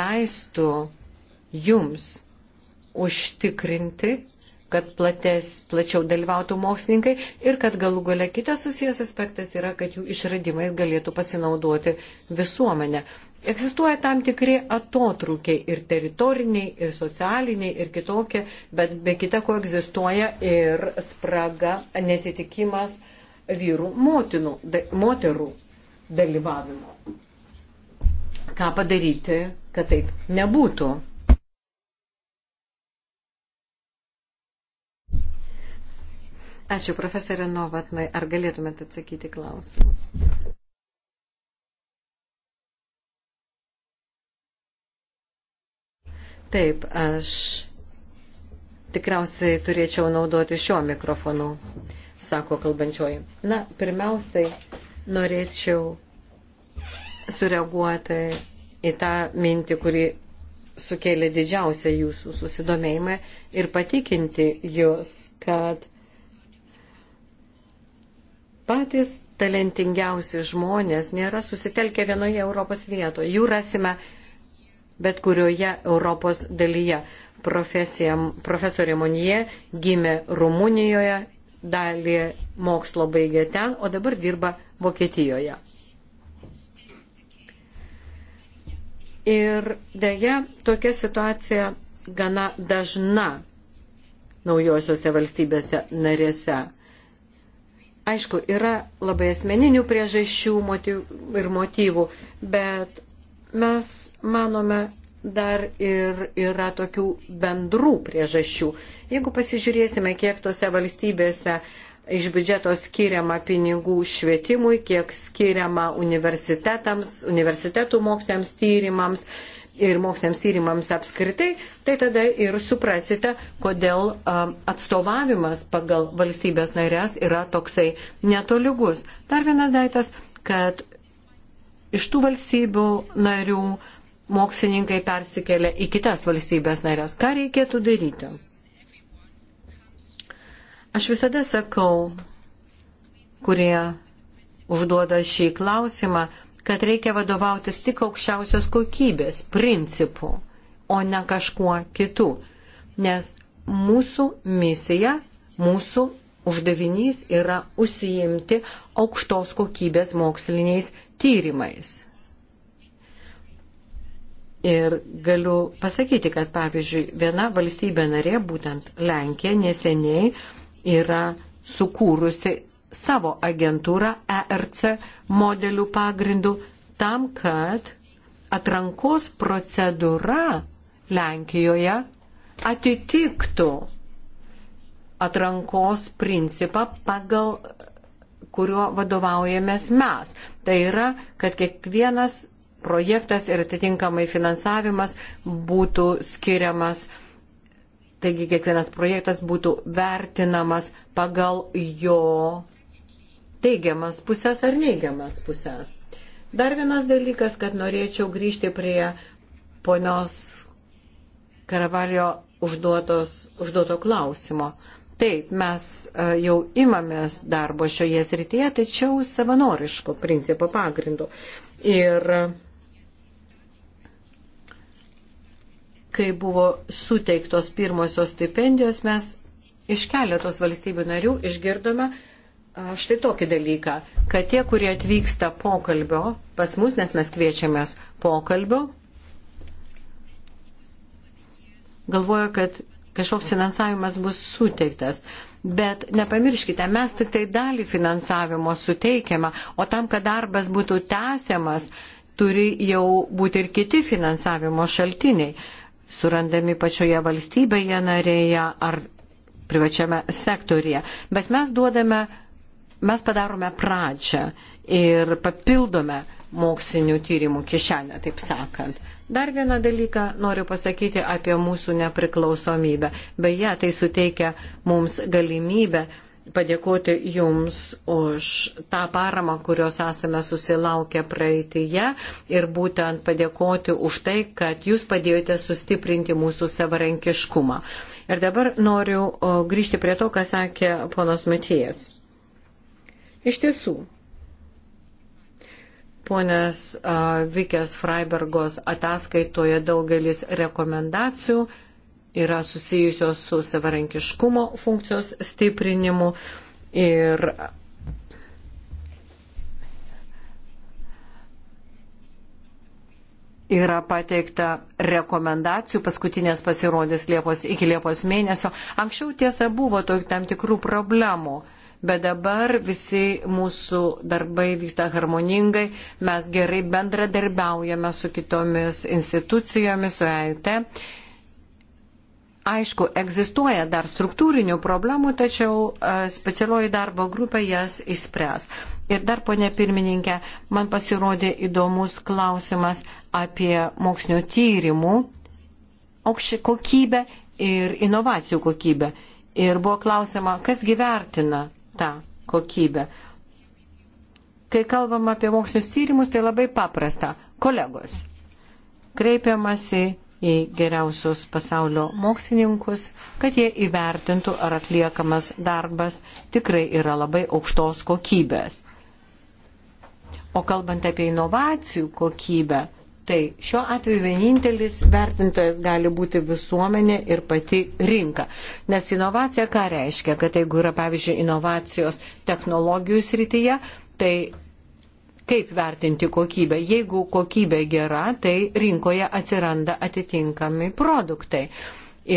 leistų jums užtikrinti, kad plates, plačiau dalyvautų mokslininkai ir kad galų gale kitas susijęs aspektas yra, kad jų išradimais galėtų pasinaudoti visuomenė. Egzistuoja tam tikri atotrukiai ir teritoriniai, ir socialiniai, ir kitokie, bet be kita ko egzistuoja ir spraga, netitikimas vyrų motinų, da, moterų dalyvavimo. Ką padaryti, kad taip nebūtų? Ačiū, profesorė Novatnai. Ar galėtumėte atsakyti klausimus? Taip, aš tikriausiai turėčiau naudoti šio mikrofonu, sako kalbančioji. Na, pirmiausiai norėčiau sureaguoti į tą mintį, kuri sukėlė didžiausią jūsų susidomėjimą ir patikinti jūs, kad patys talentingiausi žmonės nėra susitelkę vienoje Europos vietoje. Jų rasime bet kurioje Europos dalyje. Profesija, profesorė Monie gimė Rumunijoje, dalį mokslo baigė ten, o dabar dirba Vokietijoje. Ir dėja, tokia situacija gana dažna naujosiuose valstybėse narėse Aišku, yra labai asmeninių priežasčių ir motyvų, bet mes manome dar ir yra tokių bendrų priežasčių. Jeigu pasižiūrėsime, kiek tose valstybėse iš biudžeto skiriama pinigų švietimui, kiek skiriama universitetams, universitetų moksliniams tyrimams, ir moksliniams tyrimams apskritai, tai tada ir suprasite, kodėl atstovavimas pagal valstybės narės yra toksai netoligus. Dar vienas daiktas, kad iš tų valstybių narių mokslininkai persikelia į kitas valstybės narės. Ką reikėtų daryti? Aš visada sakau, kurie užduoda šį klausimą, kad reikia vadovautis tik aukščiausios kokybės principų, o ne kažkuo kitų. Nes mūsų misija, mūsų uždavinys yra užsiimti aukštos kokybės moksliniais tyrimais. Ir galiu pasakyti, kad pavyzdžiui, viena valstybė narė, būtent Lenkija, neseniai yra sukūrusi savo agentūrą ERC modelių pagrindų tam, kad atrankos procedūra Lenkijoje atitiktų atrankos principą, pagal kuriuo vadovaujamės mes. Tai yra, kad kiekvienas projektas ir atitinkamai finansavimas būtų skiriamas, taigi kiekvienas projektas būtų vertinamas pagal jo teigiamas pusės ar neigiamas pusės. Dar vienas dalykas, kad norėčiau grįžti prie ponios Karavalio užduotos, užduoto klausimo. Taip, mes e, jau imamės darbo šioje srityje, tačiau savanoriško principo pagrindu. Ir e, kai buvo suteiktos pirmosios stipendijos, mes iš keletos valstybių narių išgirdome, štai tokį dalyką, kad tie, kurie atvyksta pokalbio pas mus, nes mes kviečiamės pokalbio, galvoja, kad kažkoks finansavimas bus suteiktas. Bet nepamirškite, mes tik tai dalį finansavimo suteikiame, o tam, kad darbas būtų tęsiamas, turi jau būti ir kiti finansavimo šaltiniai, surandami pačioje valstybėje narėje ar privačiame sektorija. Bet mes duodame mes padarome pradžią ir papildome mokslinių tyrimų kišenę, taip sakant. Dar vieną dalyką noriu pasakyti apie mūsų nepriklausomybę. Beje, tai suteikia mums galimybę padėkoti Jums už tą paramą, kurios esame susilaukę praeitįje ir būtent padėkoti už tai, kad Jūs padėjote sustiprinti mūsų savarankiškumą. Ir dabar noriu grįžti prie to, ką sakė ponas Matijas. Iš tiesų, ponės Vikės Freibergos ataskaitoje daugelis rekomendacijų yra susijusios su savarankiškumo funkcijos stiprinimu ir yra pateikta rekomendacijų, paskutinės pasirodys Liepos iki Liepos mėnesio. Anksčiau tiesa buvo to, tam tikrų problemų bet dabar visi mūsų darbai vyksta harmoningai, mes gerai bendradarbiaujame su kitomis institucijomis, su EIT. Aišku, egzistuoja dar struktūrinių problemų, tačiau e, specialioji darbo grupė jas išspręs. Ir dar, ponė pirmininkė, man pasirodė įdomus klausimas apie mokslinio tyrimų kokybę ir inovacijų kokybę. Ir buvo klausima, kas gyvertina tą kokybę. Kai kalbam apie mokslinius tyrimus, tai labai paprasta. Kolegos, kreipiamasi į geriausius pasaulio mokslininkus, kad jie įvertintų, ar atliekamas darbas tikrai yra labai aukštos kokybės. O kalbant apie inovacijų kokybę, Tai šiuo atveju vienintelis vertintojas gali būti visuomenė ir pati rinka. Nes inovacija ką reiškia, kad jeigu yra, pavyzdžiui, inovacijos technologijų srityje, tai kaip vertinti kokybę. Jeigu kokybė gera, tai rinkoje atsiranda atitinkami produktai.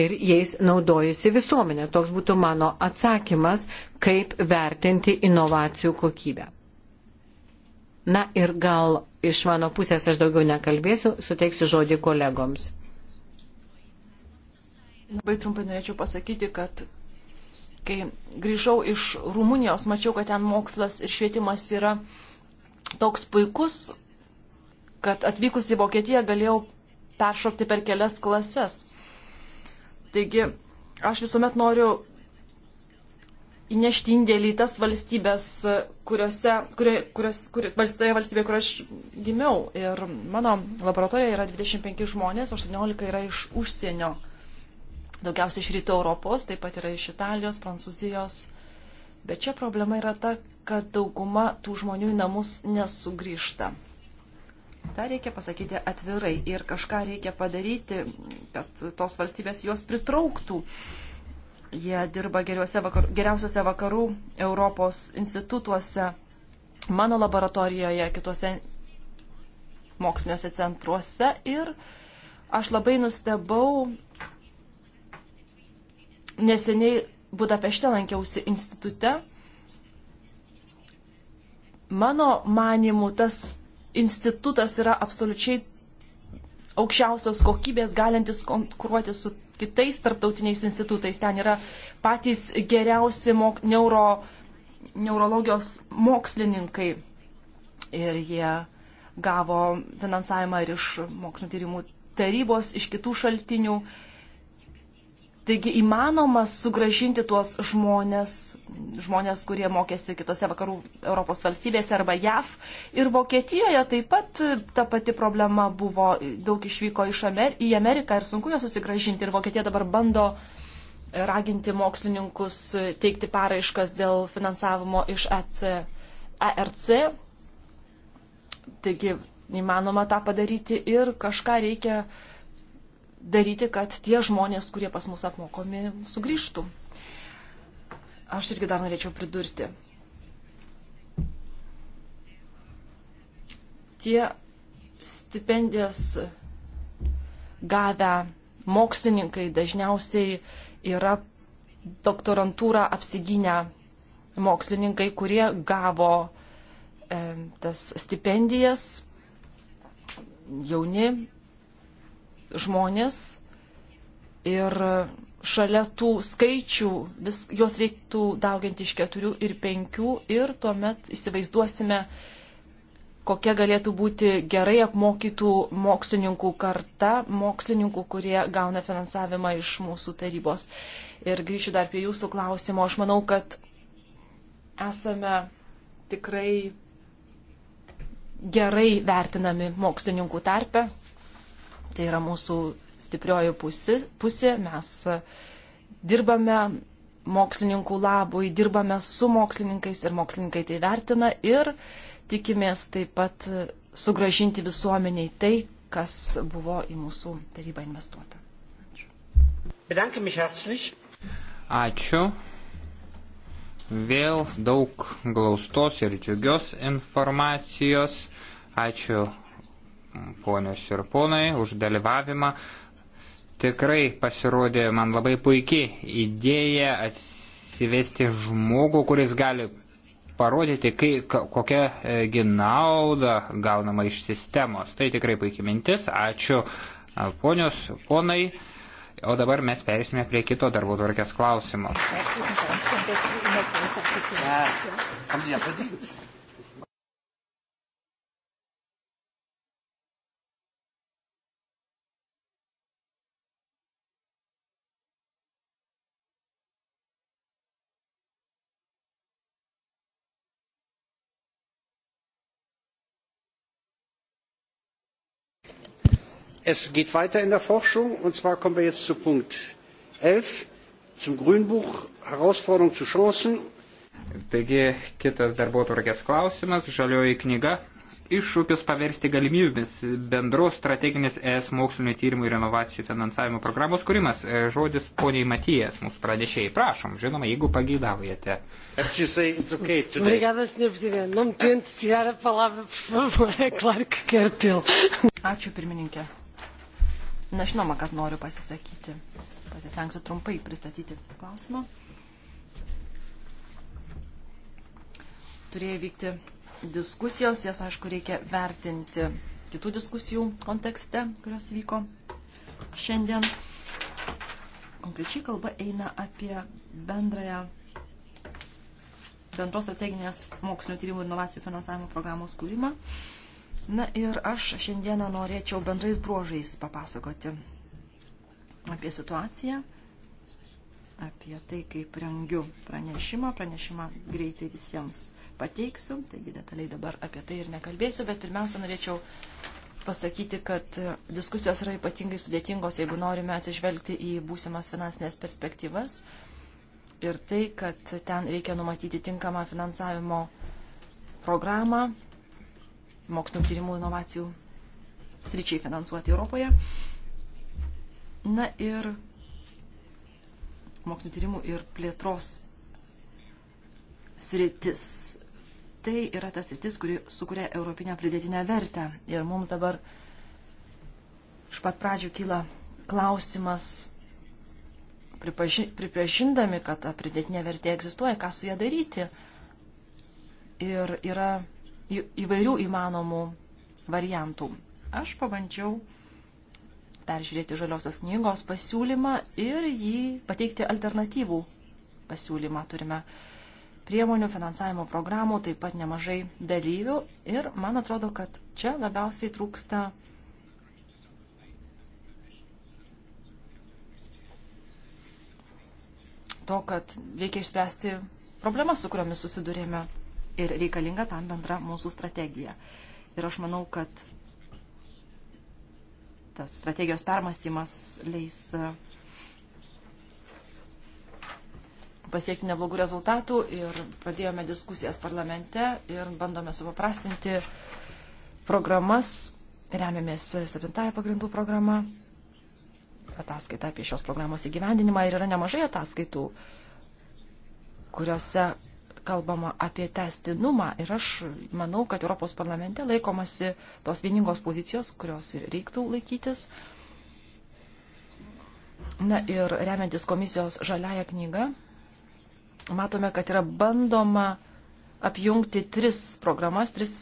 Ir jais naudojasi visuomenė. Toks būtų mano atsakymas, kaip vertinti inovacijų kokybę. Na ir gal iš mano pusės aš daugiau nekalbėsiu, suteiksiu žodį kolegoms. Labai trumpai norėčiau pasakyti, kad kai grįžau iš Rumunijos, mačiau, kad ten mokslas ir švietimas yra toks puikus, kad atvykus į Vokietiją galėjau peršokti per kelias klases. Taigi, aš visuomet noriu įnešti indėlį į tas valstybės, kuriuose, kurio, kurios, kur, toje valstybėje, kur aš gimiau. Ir mano laboratorijoje yra 25 žmonės, 18 yra iš užsienio. Daugiausiai iš rytų Europos, taip pat yra iš Italijos, Prancūzijos. Bet čia problema yra ta, kad dauguma tų žmonių į namus nesugrįžta. Ta reikia pasakyti atvirai ir kažką reikia padaryti, kad tos valstybės juos pritrauktų. Uh, Jie dirba vakar, geriausiose vakarų Europos institutuose, mano laboratorijoje, kituose moksliniuose centruose. Ir aš labai nustebau, neseniai Budapešte lankiausi institute. Mano manimų tas institutas yra absoliučiai aukščiausios kokybės, galintis konkuruoti su kitais tarptautiniais institutais. Ten yra patys geriausi mok, neuro, neurologijos mokslininkai. Ir jie gavo finansavimą ir iš mokslinio tyrimų tarybos, iš kitų šaltinių. Uh, Taigi įmanoma sugražinti tuos žmonės, žmonės, kurie mokėsi kitose vakarų Europos valstybėse arba JAV. Ir Vokietijoje taip pat ta pati problema buvo, daug išvyko iš Amer į Ameriką ir sunku juos susigražinti. Ir Vokietija dabar bando raginti mokslininkus teikti paraiškas dėl finansavimo iš EC, ERC. Taigi įmanoma tą padaryti ir kažką reikia daryti, kad tie žmonės, kurie pas mus apmokomi, sugrįžtų. Aš irgi dar norėčiau pridurti. Tie stipendijas gavę mokslininkai dažniausiai yra doktorantūrą apsigynę mokslininkai, kurie gavo e, tas stipendijas, jauni žmonės ir šalia tų skaičių vis, juos reiktų dauginti iš keturių ir penkių ir tuomet įsivaizduosime, kokia galėtų būti gerai apmokytų mokslininkų karta, mokslininkų, kurie gauna finansavimą iš mūsų tarybos. Ir grįšiu dar prie jūsų klausimo. Aš manau, kad esame tikrai gerai vertinami mokslininkų tarpe. Tai yra mūsų stiprioji pusė, pusė. mes e, dirbame mokslininkų labui, dirbame su mokslininkais ir mokslininkai tai vertina ir tikimės taip pat e, sugražinti visuomeniai tai, kas buvo į mūsų tarybą investuota. Ačiū. Ačiū. Vėl daug glaustos ir džiugios informacijos. Ačiū ponios ir ponai, už dalyvavimą. Tikrai pasirodė man labai puikiai idėja atsivesti žmogų, kuris gali parodyti, kai, kokią e, ginaudą gaunama iš sistemos. Tai tikrai puikiai mintis. Ačiū e, ponios, ponai. O dabar mes perėsime prie kito darbo tvarkės klausimo. Ja. es geht weiter in der Forschung. Und zwar kommen wir jetzt zu Punkt 11, zum Grünbuch Herausforderungen zu Chancen. Taigi kitas darbo tvarkės klausimas, žalioji knyga, iššūkius paversti galimybėmis bendros strateginės ES mokslinio tyrimų ir inovacijų finansavimo programos kūrimas. E, žodis poniai Matijas, mūsų pranešėjai. Prašom, žinoma, jeigu pageidaujate. Ačiū pirmininkė. Na, žinoma, kad noriu pasisakyti. Pasistengsiu trumpai pristatyti klausimą. Turėjo vykti diskusijos, jas, aišku, reikia vertinti kitų diskusijų kontekste, kurios vyko šiandien. Konkrečiai kalba eina apie bendrąją bendros strateginės mokslinio tyrimų ir inovacijų finansavimo programos kūrimą. Uh, Na ir aš šiandieną norėčiau bendrais bruožais papasakoti apie situaciją, apie tai, kaip rengiu pranešimą. Pranešimą greitai visiems pateiksiu, taigi detaliai dabar apie tai ir nekalbėsiu, bet pirmiausia norėčiau pasakyti, kad diskusijos yra ypatingai sudėtingos, jeigu norime atsižvelgti į būsimas finansinės perspektyvas ir tai, kad ten reikia numatyti tinkamą finansavimo programą mokslinio tyrimų inovacijų sričiai finansuoti Europoje. Na ir mokslinio tyrimų ir plėtros sritis. Tai yra ta sritis, kuri sukuria europinę pridėtinę vertę. Ir mums dabar iš pat pradžių kyla klausimas, pripaži, pripažindami, kad ta pridėtinė vertė egzistuoja, ką su ją daryti. Ir yra įvairių įmanomų variantų. Aš pabandžiau peržiūrėti žaliosios knygos pasiūlymą ir jį pateikti alternatyvų pasiūlymą. Turime priemonių, finansavimo programų, taip pat nemažai dalyvių ir man atrodo, kad čia labiausiai trūksta to, kad reikia išspręsti problemas, su kuriomis susidurėme ir reikalinga tam bendra mūsų strategija. Ir aš manau, kad tas strategijos permastymas leis uh, pasiekti neblogų rezultatų ir pradėjome diskusijas parlamente ir bandome supaprastinti programas, remiamės septintąją pagrindų programą, ataskaitą apie šios programos įgyvendinimą ir yra nemažai ataskaitų, kuriuose kalbama apie testinumą ir aš manau, kad Europos parlamente laikomasi tos vieningos pozicijos, kurios ir reiktų laikytis. Na ir remiantis komisijos žaliają knygą, matome, kad yra bandoma apjungti tris programas, tris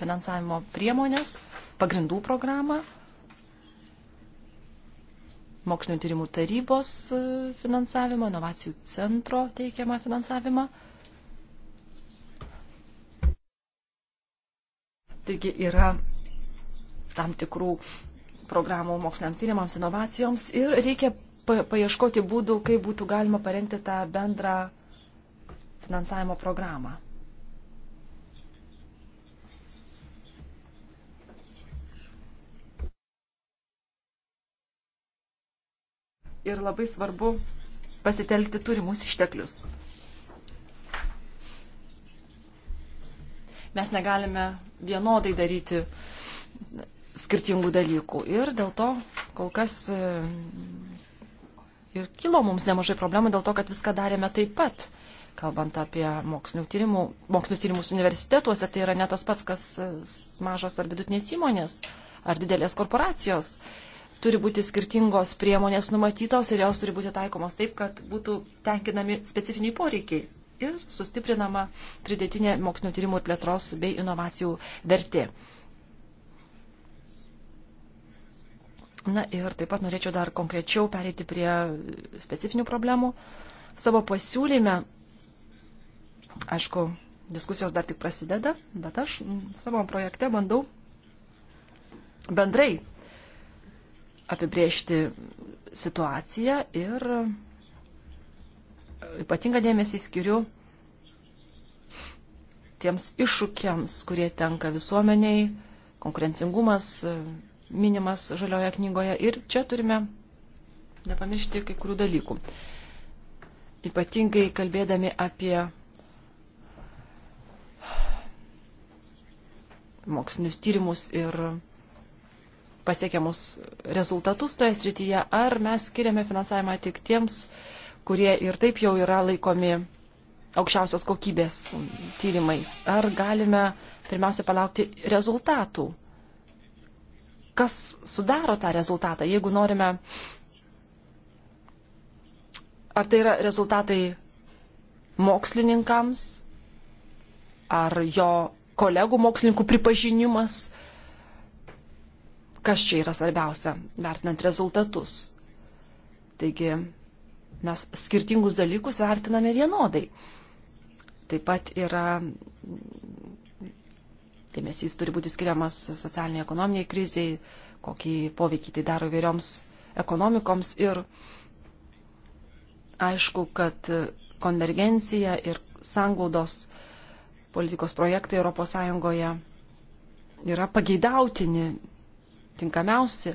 finansavimo priemonės, pagrindų programą, mokslinio tyrimų tarybos finansavimą, inovacijų centro teikiamą finansavimą. Taigi yra tam tikrų programų moksliniams tyrimams, inovacijoms ir reikia paieškoti būdų, kaip būtų galima parengti tą bendrą finansavimo programą. Ir labai svarbu pasitelkti turimus išteklius. Mes negalime vienodai daryti skirtingų dalykų. Ir dėl to kol kas e, ir kilo mums nemažai problemų dėl to, kad viską darėme taip pat. Kalbant apie mokslinių tyrimų, mokslinius tyrimus universitetuose, tai yra ne tas pats, kas e, mažos ar vidutinės įmonės ar didelės korporacijos. Turi būti skirtingos priemonės numatytos ir jos turi būti taikomos taip, kad būtų tenkinami specifiniai poreikiai ir sustiprinama pridėtinė mokslinio tyrimų ir plėtros bei inovacijų vertė. Na ir taip pat norėčiau dar konkrečiau pereiti prie specifinių problemų. Savo pasiūlyme, aišku, diskusijos dar tik prasideda, bet aš savo projekte bandau bendrai apibriežti situaciją ir ypatingą dėmesį skiriu tiems iššūkiams, kurie tenka visuomeniai, konkurencingumas minimas žalioje knygoje ir čia turime nepamiršti kai kurių dalykų. Ypatingai kalbėdami apie mokslinius tyrimus ir pasiekiamus rezultatus toje srityje, ar mes skiriame finansavimą tik tiems uh, kurie ir taip jau yra laikomi aukščiausios kokybės tyrimais? Ar galime pirmiausia palaukti rezultatų? Kas sudaro tą rezultatą, jeigu norime. Ar tai yra rezultatai mokslininkams, ar jo kolegų mokslininkų pripažinimas, kas čia yra svarbiausia, vertinant rezultatus. Taigi mes skirtingus dalykus vertiname vienodai. Taip pat yra dėmesys turi būti skiriamas socialiniai ekonominiai kriziai, kokį poveikį tai daro vėrioms ekonomikoms ir aišku, kad konvergencija ir sanglaudos politikos projektai ES yra pageidautini, tinkamiausi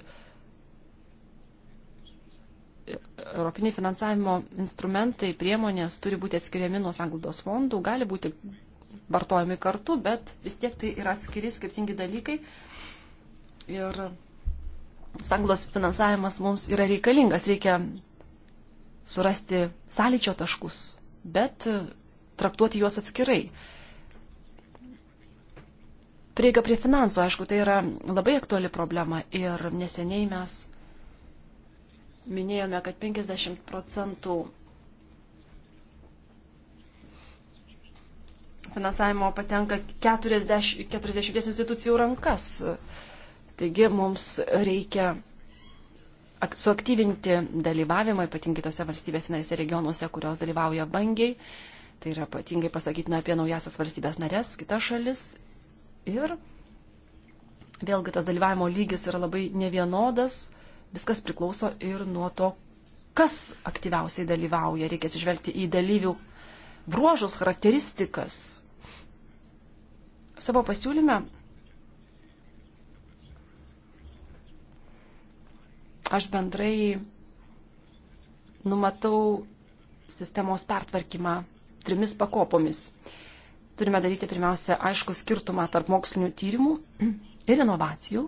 europiniai finansavimo instrumentai, priemonės turi būti atskiriami nuo sanglaudos fondų, gali būti vartojami kartu, bet vis tiek tai yra atskiri skirtingi dalykai. Ir sanglos finansavimas mums yra reikalingas, reikia surasti sąlyčio taškus, bet traktuoti juos atskirai. Prieiga prie finansų, aišku, tai yra labai aktuali problema ir neseniai mes minėjome, kad 50 procentų finansavimo patenka 40, 40 institucijų rankas. Taigi mums reikia suaktyvinti dalyvavimą, ypatingai tose valstybėse narėse regionuose, kurios dalyvauja vangiai. Tai yra ypatingai pasakytina apie naujasias valstybės narės, kitas šalis. Ir vėlgi tas dalyvavimo lygis yra labai nevienodas viskas priklauso ir nuo to, kas aktyviausiai dalyvauja. Reikia atsižvelgti į dalyvių bruožus, charakteristikas. Savo pasiūlyme aš bendrai numatau sistemos pertvarkymą trimis pakopomis. Turime daryti pirmiausia aišku skirtumą tarp mokslinių tyrimų ir inovacijų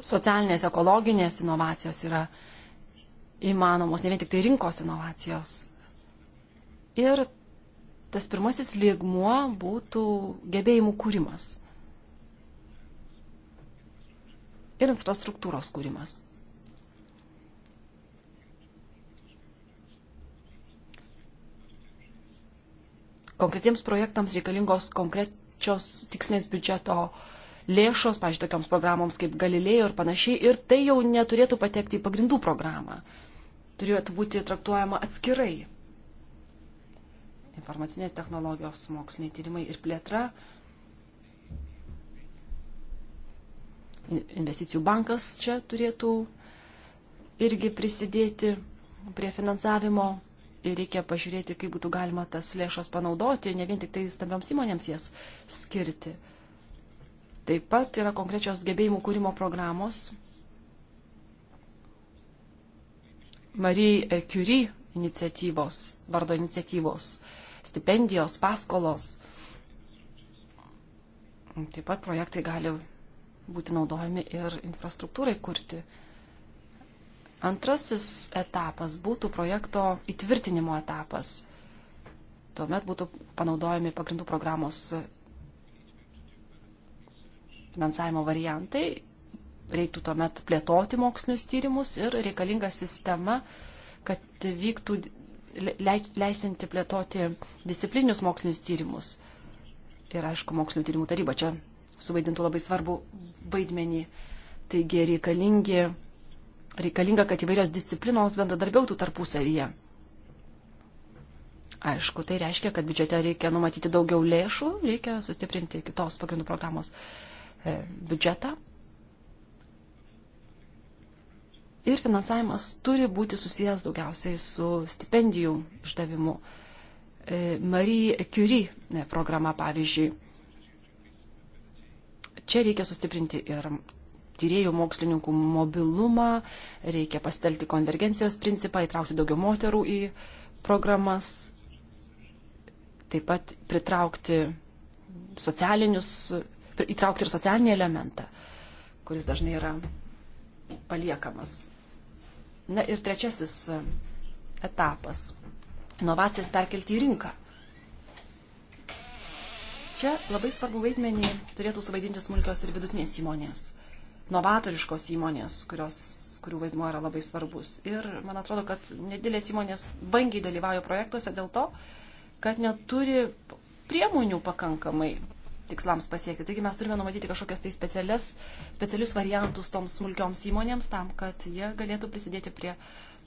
socialinės, ekologinės inovacijos yra įmanomos, ne vien tik tai rinkos inovacijos. Ir tas pirmasis lygmuo būtų gebėjimų kūrimas ir infrastruktūros kūrimas. Konkretiems projektams reikalingos konkrečios tikslinės biudžeto uh, lėšos, pažiūrėjau, tokioms programoms kaip Galilėjo ir panašiai, ir tai jau neturėtų patekti į pagrindų programą. Turėtų būti traktuojama atskirai. Informacinės technologijos, moksliniai tyrimai ir plėtra. Investicijų bankas čia turėtų irgi prisidėti prie finansavimo ir reikia pažiūrėti, kaip būtų galima tas lėšas panaudoti, ne vien tik tai stambioms įmonėms jas skirti. Taip pat yra konkrečios gebėjimų kūrimo programos. Marie Curie iniciatyvos, vardo iniciatyvos, stipendijos, paskolos. Taip pat projektai gali būti naudojami ir infrastruktūrai kurti. Antrasis etapas būtų projekto įtvirtinimo etapas. Tuomet būtų panaudojami pagrindų programos finansavimo variantai, reiktų tuomet plėtoti mokslinius tyrimus ir reikalinga sistema, kad vyktų leisinti plėtoti disciplinius mokslinius tyrimus. Ir aišku, mokslinio tyrimų taryba čia suvaidintų labai svarbu vaidmenį. Taigi reikalingi, reikalinga, kad įvairios disciplinos bendradarbiautų tarpusavyje. Aišku, tai reiškia, kad biudžete reikia numatyti daugiau lėšų, reikia sustiprinti kitos pagrindų programos uh, E, biudžetą. Ir finansavimas turi būti susijęs daugiausiai su stipendijų išdavimu. E, Marie Curie e, programa, pavyzdžiui. Čia reikia sustiprinti ir tyriejų mokslininkų mobilumą, reikia pastelti konvergencijos principą, įtraukti daugiau moterų į programas, taip pat pritraukti socialinius įtraukti ir socialinį elementą, kuris dažnai yra paliekamas. Na ir trečiasis e, etapas - inovacijas perkelti į rinką. Čia labai svarbu vaidmenį turėtų suvaidinti smulkios ir vidutinės įmonės, novatoriškos įmonės, kurios, kurių vaidmuo yra labai svarbus. Ir man atrodo, kad nedidelės įmonės vangiai dalyvauja projektuose dėl to, kad neturi priemonių pakankamai tikslams pasiekti. Taigi mes turime numatyti kažkokias tai specialias, specialius variantus toms smulkioms įmonėms tam, kad jie galėtų prisidėti prie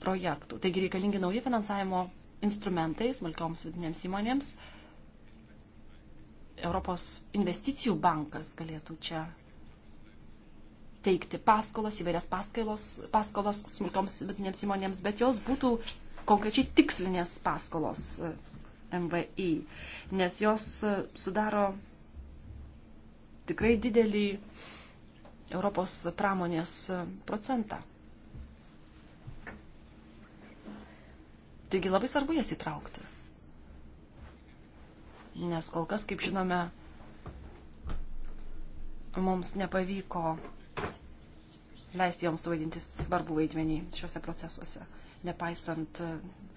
projektų. Taigi reikalingi nauji finansavimo instrumentai smulkioms vidinėms įmonėms. Europos investicijų bankas galėtų čia teikti paskolas, įvairias paskolos, paskolas smulkioms vidutinėms įmonėms, bet jos būtų konkrečiai tikslinės paskolos e, MVI, nes jos e, sudaro tikrai didelį Europos pramonės procentą. Taigi labai svarbu jas įtraukti. Nes kol kas, kaip žinome, mums nepavyko leisti joms suvaidinti svarbų vaidmenį šiuose procesuose, nepaisant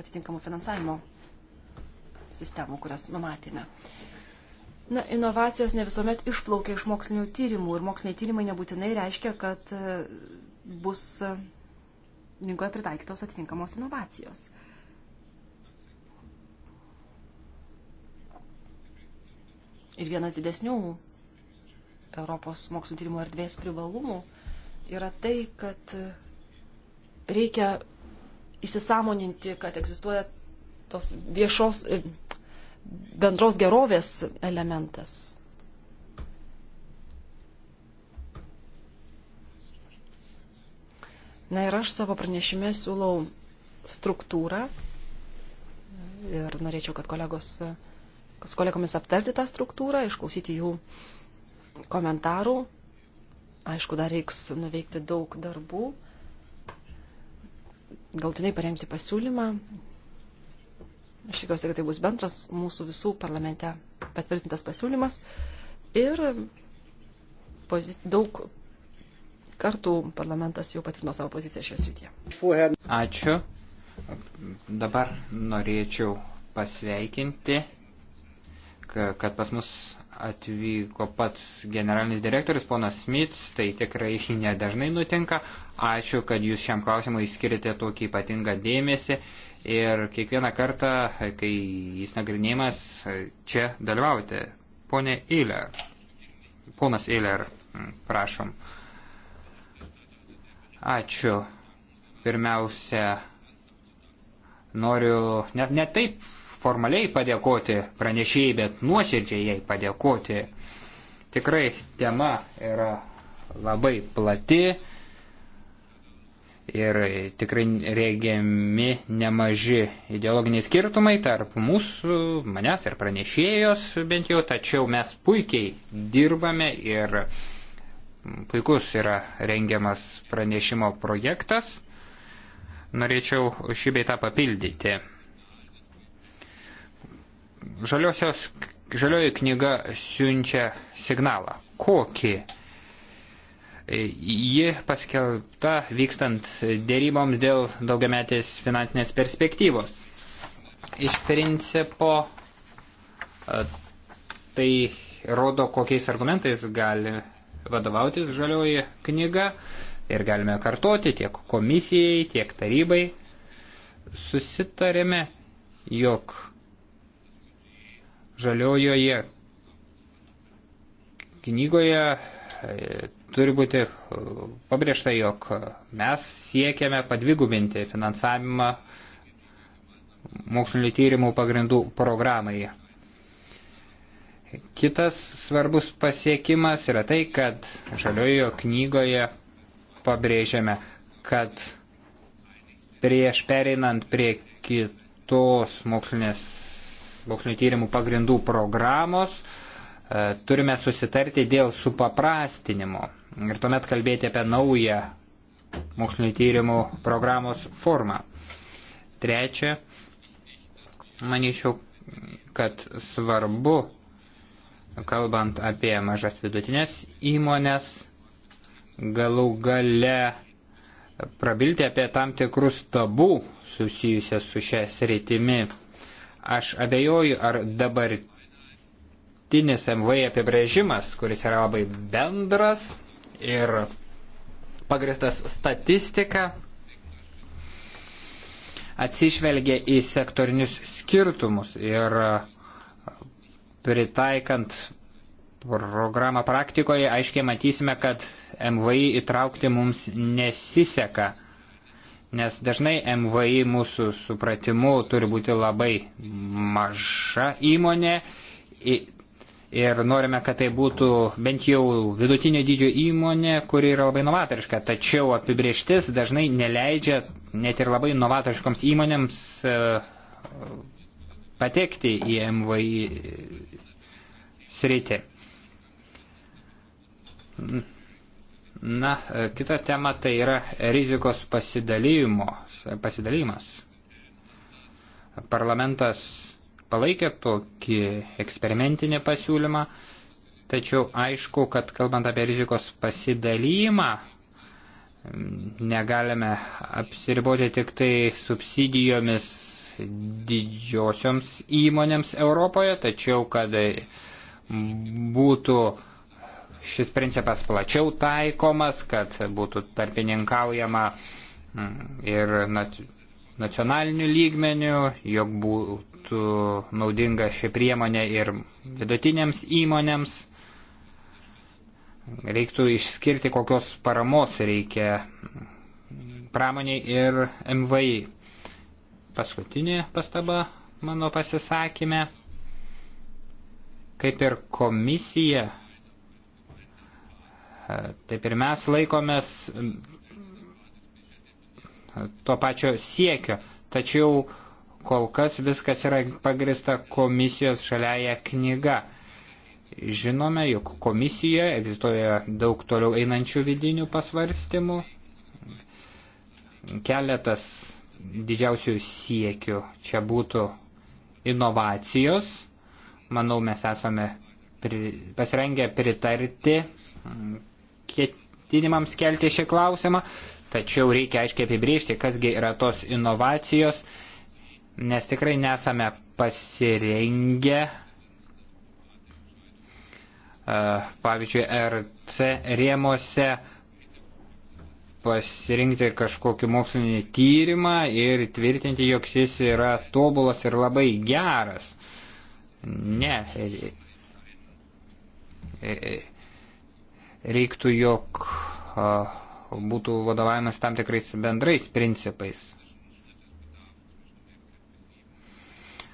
atitinkamų finansavimo sistemų, kurias numatėme. Uh, Na, inovacijos ne visuomet išplaukia iš mokslinių tyrimų ir moksliniai tyrimai nebūtinai reiškia, kad e, bus e, rinkoje pritaikytos atitinkamos inovacijos. Ir vienas didesnių Europos mokslinio tyrimų erdvės privalumų yra tai, kad e, reikia įsisamoninti, kad egzistuoja tos viešos bendros gerovės elementas. Na ir aš savo pranešime siūlau struktūrą ir norėčiau, kad kolegos, su kolegomis aptarti tą struktūrą, išklausyti jų komentarų. Aišku, dar reiks nuveikti daug darbų, galtinai parengti pasiūlymą, Aš tikiuosi, kad tai bus bendras mūsų visų parlamente patvirtintas pasiūlymas. Ir daug kartų parlamentas jau patvirtino savo poziciją šioje srityje. Ačiū. Dabar norėčiau pasveikinti, kad pas mus atvyko pats generalinis direktorius, ponas Smits, tai tikrai [laughs] nedažnai nutinka. Ačiū, kad jūs šiam klausimui skirite tokį ypatingą dėmesį ir kiekvieną kartą, kai jis nagrinėjimas, čia dalyvaujate. Pone Eiler, ponas Eiler, prašom. Ačiū. Pirmiausia, noriu net ne taip formaliai padėkoti pranešėjai, bet nuoširdžiai jai padėkoti. Tikrai tema yra labai plati ir tikrai reigiami nemaži ideologiniai skirtumai tarp mūsų, manęs ir pranešėjos bent jau, tačiau mes puikiai dirbame ir puikus yra rengiamas pranešimo projektas. Norėčiau šį beitą papildyti. Žaliosios, žalioji knyga siunčia signalą. Kokį? Ji paskelbta vykstant dėryboms dėl daugiametės finansinės perspektyvos. Iš principo tai rodo, kokiais argumentais gali vadovautis žalioji knyga ir galime kartoti tiek komisijai, tiek tarybai. Susitarėme, jog žaliojoje knygoje e, turi būti uh, pabrėžta, jog mes siekiame padvigubinti finansavimą mokslinio tyrimų pagrindų programai. Kitas svarbus pasiekimas yra tai, kad žaliojo knygoje pabrėžiame, kad prieš pereinant prie kitos mokslinės, mokslinio tyrimų pagrindų programos uh, turime susitarti dėl supaprastinimo ir tuomet kalbėti apie naują mokslinio tyrimų programos formą. Trečia, manyčiau, kad svarbu, kalbant apie mažas vidutinės įmonės, galų gale prabilti apie tam tikrus tabų susijusias su šia sritimi. Aš abejoju, ar dabartinis MV apibrėžimas, kuris yra labai bendras, ir pagristas statistika atsižvelgia į sektorinius skirtumus ir pritaikant programą praktikoje aiškiai matysime, kad MVI įtraukti mums nesiseka, nes dažnai MVI mūsų supratimu turi būti labai maža įmonė, ir norime, kad tai būtų bent jau vidutinio dydžio įmonė, kuri yra labai novatoriška, tačiau apibrieštis dažnai neleidžia net ir labai novatoriškoms įmonėms e, patekti į MVI sritį. Na, e, kita tema tai yra rizikos pasidalymas. Parlamentas palaikė tokį eksperimentinį pasiūlymą, tačiau aišku, kad kalbant apie rizikos pasidalymą, negalime apsiriboti tik tai subsidijomis didžiosioms įmonėms Europoje, tačiau kad būtų šis principas plačiau taikomas, kad būtų tarpininkaujama mm, ir nacionaliniu lygmeniu, jog būtų būtų naudinga ši priemonė ir vidutinėms įmonėms. Reiktų išskirti, kokios paramos reikia pramoniai ir MVI. Paskutinė pastaba mano pasisakymė. Kaip ir komisija, taip ir mes laikomės to pačio siekio. Tačiau kol kas viskas yra pagrista komisijos šaliaja knyga. Žinome, jog komisijoje egzistuoja daug toliau einančių vidinių pasvarstymų. Keletas didžiausių siekių čia būtų inovacijos. Manau, mes esame pri, pasirengę pritarti ketinimams kelti šį klausimą, tačiau reikia aiškiai apibriežti, kasgi yra tos inovacijos nes tikrai nesame pasirengę, e, pavyzdžiui, RC rėmose pasirinkti kažkokį mokslinį tyrimą ir tvirtinti, jog jis yra tobulas ir labai geras. Ne. E, e, reiktų, jog būtų vadovavimas tam tikrais bendrais principais.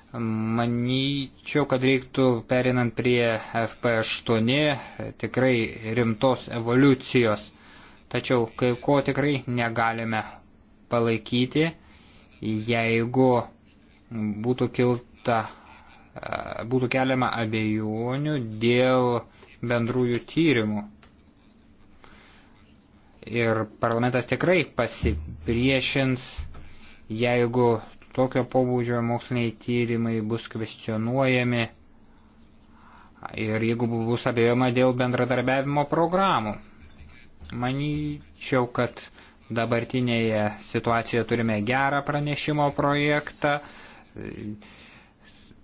Manyčiau, kad reiktų perinant prie FP8 tikrai rimtos evoliucijos. Tačiau kai ko tikrai negalime palaikyti, jeigu būtų, kilta, e, būtų keliama abejonių dėl bendrųjų tyrimų. Ir parlamentas tikrai pasipriešins, jeigu tokio pobūdžio moksliniai tyrimai bus kvestionuojami ir jeigu bus abejojama dėl bendradarbiavimo programų. Manyčiau, kad dabartinėje situacijoje turime gerą pranešimo projektą.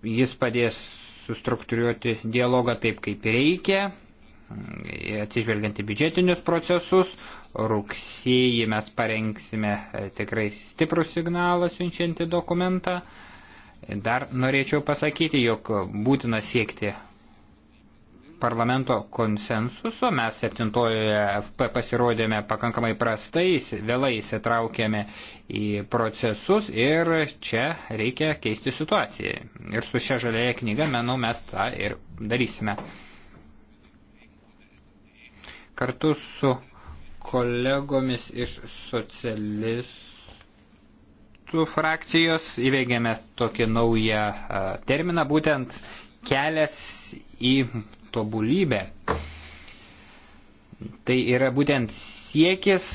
Jis padės sustruktūriuoti dialogą taip, kaip reikia, atsižvelgiant į biudžetinius procesus rugsėjį mes parengsime e, tikrai stiprų signalą siunčiantį dokumentą. Dar norėčiau pasakyti, jog būtina siekti parlamento konsensuso. Mes septintojoje FP pasirodėme pakankamai prastai, vėlai įsitraukėme į procesus ir čia reikia keisti situaciją. Ir su šia žalėje knyga, manau, mes tą ir darysime. Kartu su kolegomis iš socialistų frakcijos įveigėme tokį naują terminą, būtent kelias į tobulybę. Tai yra būtent siekis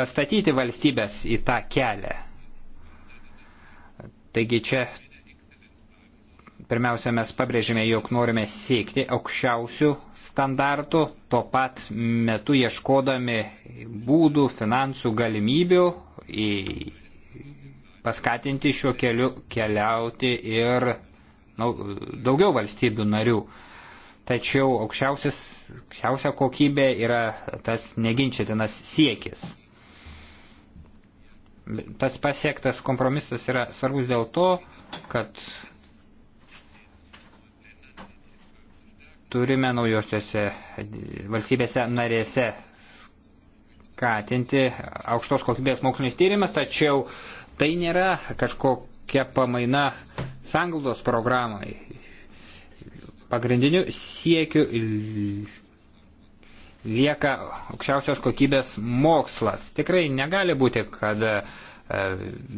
pastatyti valstybės į tą kelią. Taigi čia Pirmiausia, mes pabrėžėme, jog norime siekti aukščiausių standartų, tuo pat metu ieškodami būdų, finansų, galimybių į paskatinti šiuo keliu keliauti ir nu, daugiau valstybių narių. Tačiau aukščiausia kokybė yra tas neginčiatinas siekis. Tas pasiektas kompromisas yra svarbus dėl to, kad turime naujosiuose valstybėse narėse skatinti aukštos kokybės mokslinis tyrimas, tačiau tai nėra kažkokia pamaina sanglaudos programai. Pagrindiniu siekiu lieka aukščiausios kokybės mokslas. Tikrai negali būti, kad e,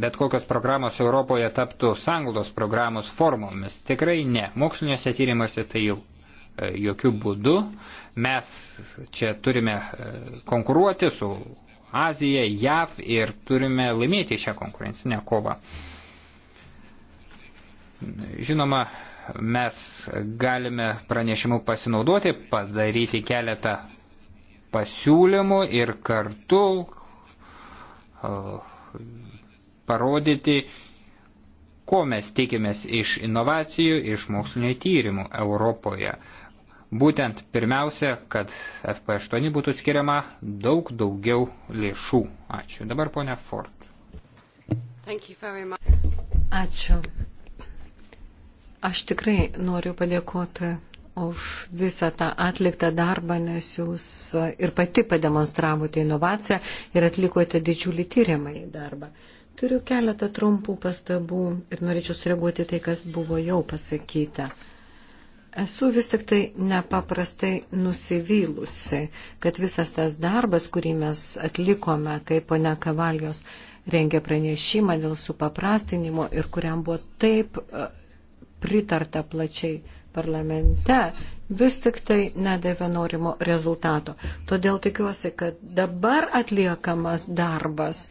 bet kokios programos Europoje taptų sanglaudos programos formomis. Tikrai ne. Moksliniuose tyrimuose tai jau E, jokių būdų. Mes čia turime e, konkuruoti su Azija, JAV ir turime laimėti šią konkurencinę kovą. Žinoma, mes galime pranešimu pasinaudoti, padaryti keletą pasiūlymų ir kartu parodyti, ko mes tikimės iš inovacijų, iš mokslinio tyrimų Europoje. Uh, Būtent pirmiausia, kad FP8 būtų skiriama daug daugiau lėšų. Ačiū. Dabar ponia Ford. Ačiū. Aš tikrai noriu padėkoti už visą tą atliktą darbą, nes jūs ir pati pademonstravote inovaciją ir atlikote didžiulį tyriamąjį darbą. Turiu keletą trumpų pastabų ir norėčiau sureaguoti tai, kas buvo jau pasakyta. Esu vis tik tai nepaprastai nusivylusi, kad visas tas darbas, kurį mes atlikome, kaip ponia Kavalijos rengė pranešimą dėl supaprastinimo ir kuriam buvo taip e, pritarta plačiai parlamente, vis tik tai nedavė norimo rezultato. Todėl tikiuosi, kad dabar atliekamas darbas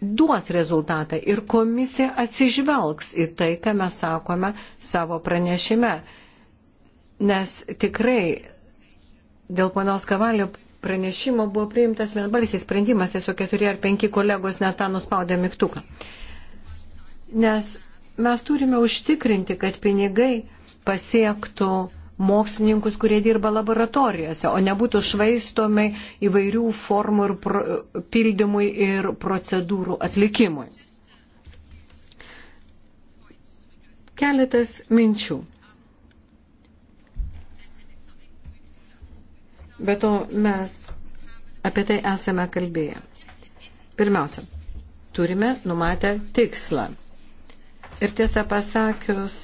duos rezultatą ir komisija atsižvelgs į tai, ką mes sakome savo pranešime. Nes tikrai dėl ponios Kavalio pranešimo buvo priimtas vienbalsis sprendimas, tiesiog keturi ar penki kolegos netą nuspaudė mygtuką. Nes mes turime užtikrinti, kad pinigai pasiektų mokslininkus, kurie dirba laboratorijose, o nebūtų švaistomi įvairių formų ir pro, pildymui ir procedūrų atlikimui. Keletas minčių. Be to mes apie tai esame kalbėję. Pirmiausia, turime numatę tikslą. Ir tiesą pasakius,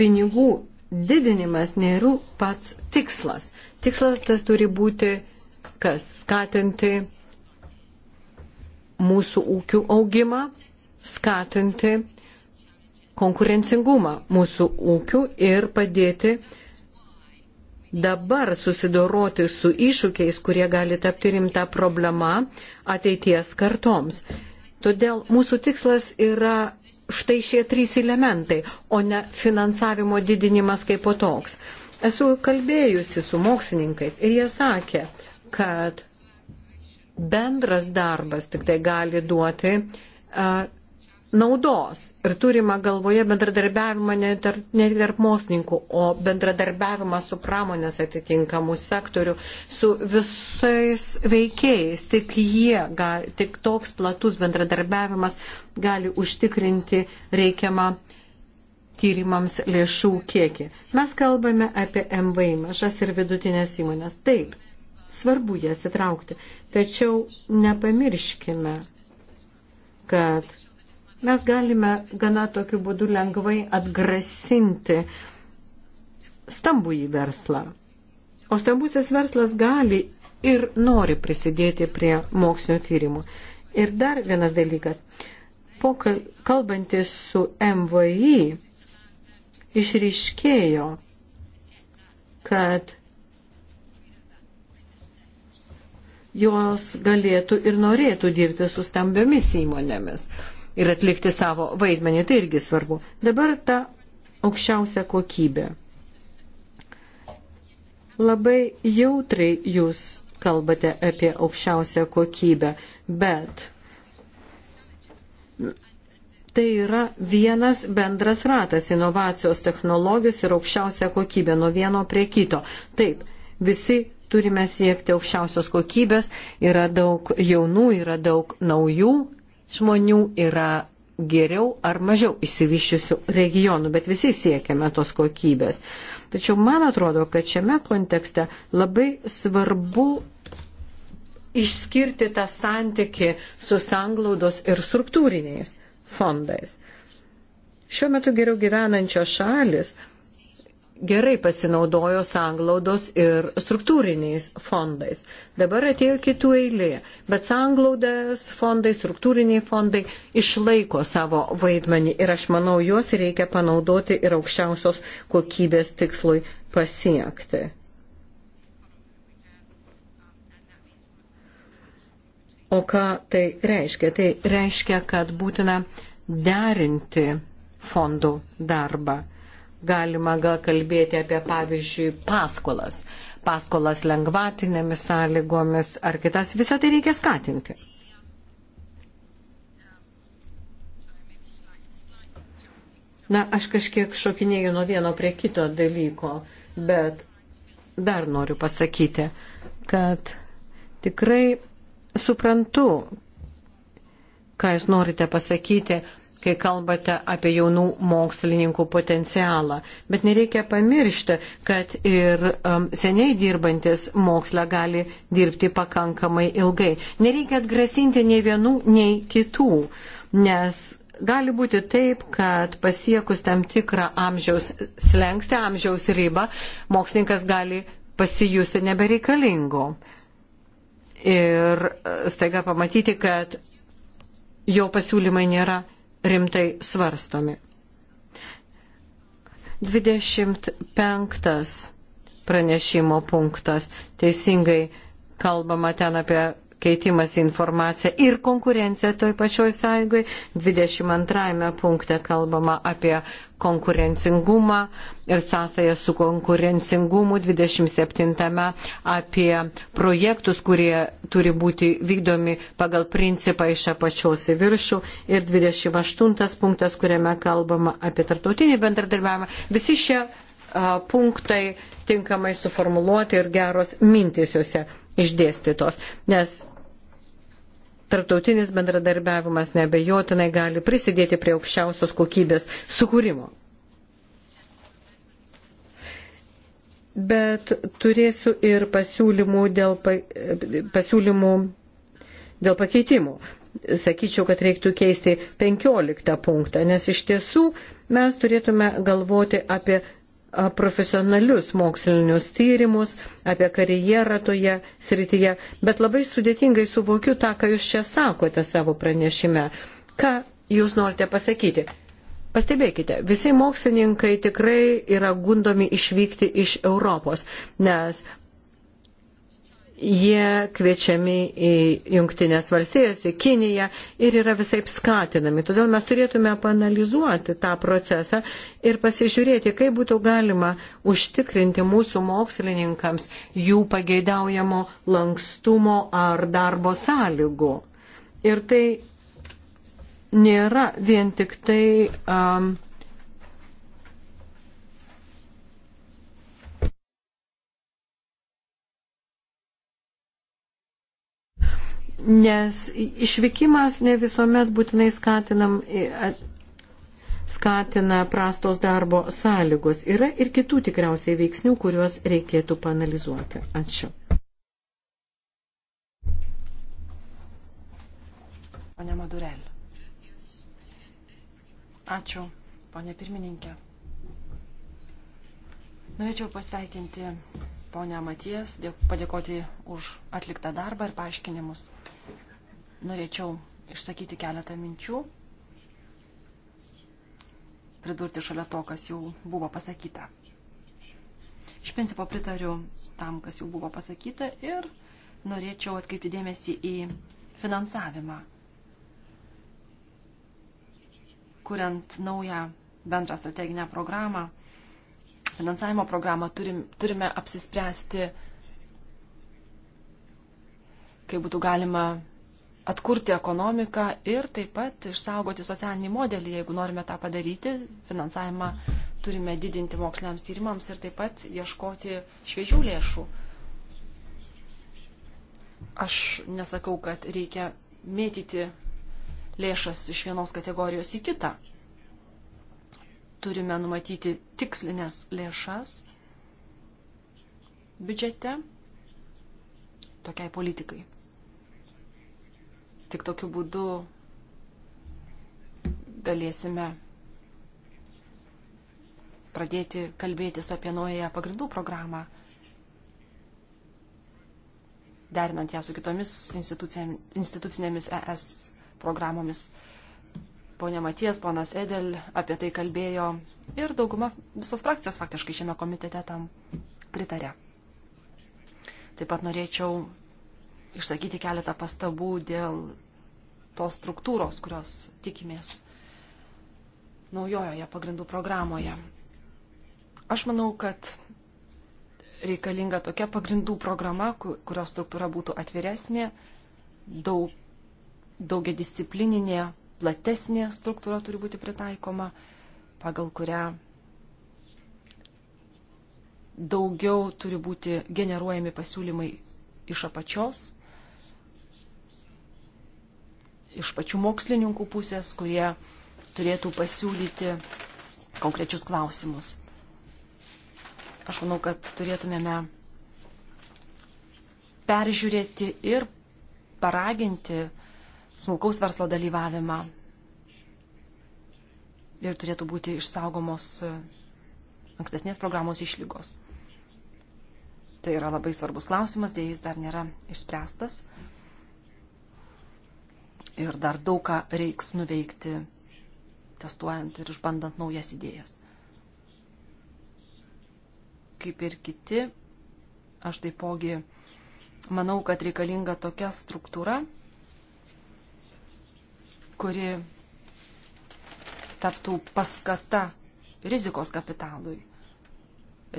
pinigų didinimas nėra pats tikslas. Tikslas tas turi būti, kas skatinti mūsų ūkių augimą, skatinti konkurencingumą mūsų ūkių ir padėti dabar susidoroti su iššūkiais, kurie gali tapti rimta problema ateities kartoms. Todėl mūsų tikslas yra štai šie trys elementai, o ne finansavimo didinimas kaip po toks. Esu kalbėjusi su mokslininkais ir jie sakė, kad bendras darbas tik tai gali duoti uh, naudos ir turima galvoje bendradarbiavimą ne tarp, ne tarp mokslininkų, o bendradarbiavimą su pramonės atitinkamų sektorių, su visais veikėjais. Tik, jie, gal, tik toks platus bendradarbiavimas gali užtikrinti reikiamą tyrimams lėšų kiekį. Mes kalbame apie MVI, mažas ir vidutinės įmonės. Taip, svarbu jas įtraukti. Tačiau nepamirškime, kad Mes galime gana tokiu būdu lengvai atgrasinti stambų į verslą. O stambusis verslas gali ir nori prisidėti prie mokslinio tyrimų. Ir dar vienas dalykas. Po kalbantis su MVI išryškėjo, kad jos galėtų ir norėtų dirbti su stambiomis įmonėmis ir atlikti savo vaidmenį. Tai irgi svarbu. Dabar ta aukščiausia kokybė. Labai jautrai jūs kalbate apie aukščiausią kokybę, bet tai yra vienas bendras ratas - inovacijos technologijos ir aukščiausia kokybė nuo vieno prie kito. Taip, visi turime siekti aukščiausios kokybės, yra daug jaunų, yra daug naujų žmonių yra geriau ar mažiau išsivyščiusių regionų, bet visi siekiame tos kokybės. Tačiau man atrodo, kad šiame kontekste labai svarbu išskirti tą santyki su sanglaudos ir struktūriniais fondais. Šiuo metu geriau gyvenančios šalis gerai pasinaudojo sanglaudos ir struktūriniais fondais. Dabar atėjo kitų eilė, bet sanglaudas fondai, struktūriniai fondai išlaiko savo vaidmenį ir aš manau, juos reikia panaudoti ir aukščiausios kokybės tikslui pasiekti. O ką tai reiškia? Tai reiškia, kad būtina derinti fondų darbą galima gal kalbėti apie, pavyzdžiui, paskolas, paskolas lengvatinėmis sąlygomis ar kitas, visą tai reikia skatinti. Na, aš kažkiek šokinėjau nuo vieno prie kito dalyko, bet dar noriu pasakyti, kad tikrai suprantu, ką jūs norite pasakyti, kai kalbate apie jaunų mokslininkų potencialą. Bet nereikia pamiršti, kad ir um, seniai dirbantis mokslą gali dirbti pakankamai ilgai. Nereikia atgrasinti nei vienų, nei kitų, nes gali būti taip, kad pasiekus tam tikrą amžiaus slengsti, amžiaus ribą, mokslininkas gali pasijusti nebereikalingu. Ir e, staiga pamatyti, kad jo pasiūlymai nėra rimtai svarstomi. 25 pranešimo punktas. Teisingai kalbama ten apie keitimas informacija ir konkurencija toj pačioj sąjungai. 22 punkte kalbama apie konkurencingumą ir sąsąją su konkurencingumu, 27 apie projektus, kurie turi būti vykdomi pagal principą iš apačios į viršų ir 28 punktas, kuriame kalbama apie tarptautinį bendradarbiavimą. Visi šie a, punktai tinkamai suformuluoti ir geros mintys juose išdėstytos, nes tarptautinis bendradarbiavimas nebejotinai gali prisidėti prie aukščiausios kokybės sukūrimo. Bet turėsiu ir pasiūlymų dėl, pa, pasiūlymų dėl pakeitimų. Sakyčiau, kad reiktų keisti 15 punktą, nes iš tiesų mes turėtume galvoti apie profesionalius mokslinius tyrimus, apie karjerą toje srityje, bet labai sudėtingai suvokiu tą, ką jūs čia sakote savo pranešime. Ką jūs norite pasakyti? Pastebėkite, visi mokslininkai tikrai yra gundomi išvykti iš Europos, nes jie kviečiami į Junktinės valstijas, į Kiniją ir yra visai skatinami. Todėl mes turėtume panalizuoti tą procesą ir pasižiūrėti, kaip būtų galima užtikrinti mūsų mokslininkams jų pageidaujamo lankstumo ar darbo sąlygų. Ir tai nėra vien tik tai um, nes išvykimas ne visuomet būtinai skatinam, e, skatina prastos darbo sąlygos. Yra ir kitų tikriausiai veiksnių, kuriuos reikėtų panalizuoti. Ačiū. Pane Madurel. Ačiū, ponė pirmininkė. Norėčiau pasveikinti ponę Maties, padėkoti už atliktą darbą ir paaiškinimus norėčiau išsakyti keletą minčių, pridurti šalia to, kas jau buvo pasakyta. Iš principo pritariu tam, kas jau buvo pasakyta ir norėčiau atkreipti dėmesį į finansavimą, kuriant naują bendrą strateginę programą. Finansavimo programą turim, turime apsispręsti, kaip būtų galima atkurti ekonomiką ir taip pat išsaugoti socialinį modelį. Jeigu norime tą padaryti, finansavimą turime didinti moksliniams tyrimams ir taip pat ieškoti šviežių lėšų. Aš nesakau, kad reikia mėtyti lėšas iš vienos kategorijos į kitą. Turime numatyti tikslinės lėšas biudžete tokiai politikai. Tik tokiu būdu galėsime pradėti kalbėtis apie naująją pagrindų programą, derinant ją su kitomis institucinėmis ES programomis. Pone Maties, ponas Edel apie tai kalbėjo ir dauguma visos frakcijos faktiškai šiame komitete tam pritarė. Taip pat norėčiau išsakyti keletą pastabų dėl tos struktūros, kurios tikimės naujojoje pagrindų programoje. Aš manau, kad reikalinga tokia pagrindų programa, kurios struktūra būtų atviresnė, daug, daugia disciplininė, platesnė struktūra turi būti pritaikoma, pagal kurią daugiau turi būti generuojami pasiūlymai iš apačios iš pačių mokslininkų pusės, kurie turėtų pasiūlyti konkrečius klausimus. Aš manau, kad turėtumėme peržiūrėti ir paraginti smulkaus verslo dalyvavimą. Ir turėtų būti išsaugomos ankstesnės programos išlygos. Tai yra labai svarbus klausimas, dėja jis dar nėra išspręstas ir dar daug ką reiks nuveikti, testuojant ir išbandant naujas idėjas. Kaip ir kiti, aš taipogi manau, kad reikalinga tokia struktūra, kuri taptų paskata rizikos kapitalui,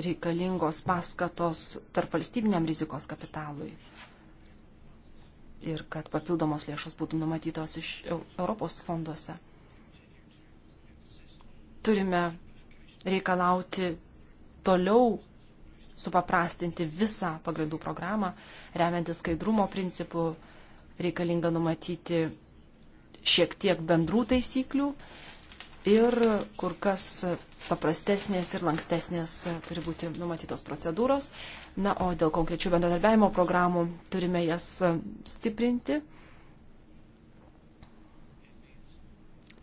reikalingos paskatos tarp valstybiniam rizikos kapitalui ir kad papildomos lėšos būtų numatytos iš Europos fonduose. Turime reikalauti toliau supaprastinti visą pagrindų programą, remiantis skaidrumo principų, reikalinga numatyti šiek tiek bendrų taisyklių ir kur kas paprastesnės ir lankstesnės turi būti numatytos procedūros. Na, o dėl konkrečių bendradarbiavimo programų turime jas stiprinti.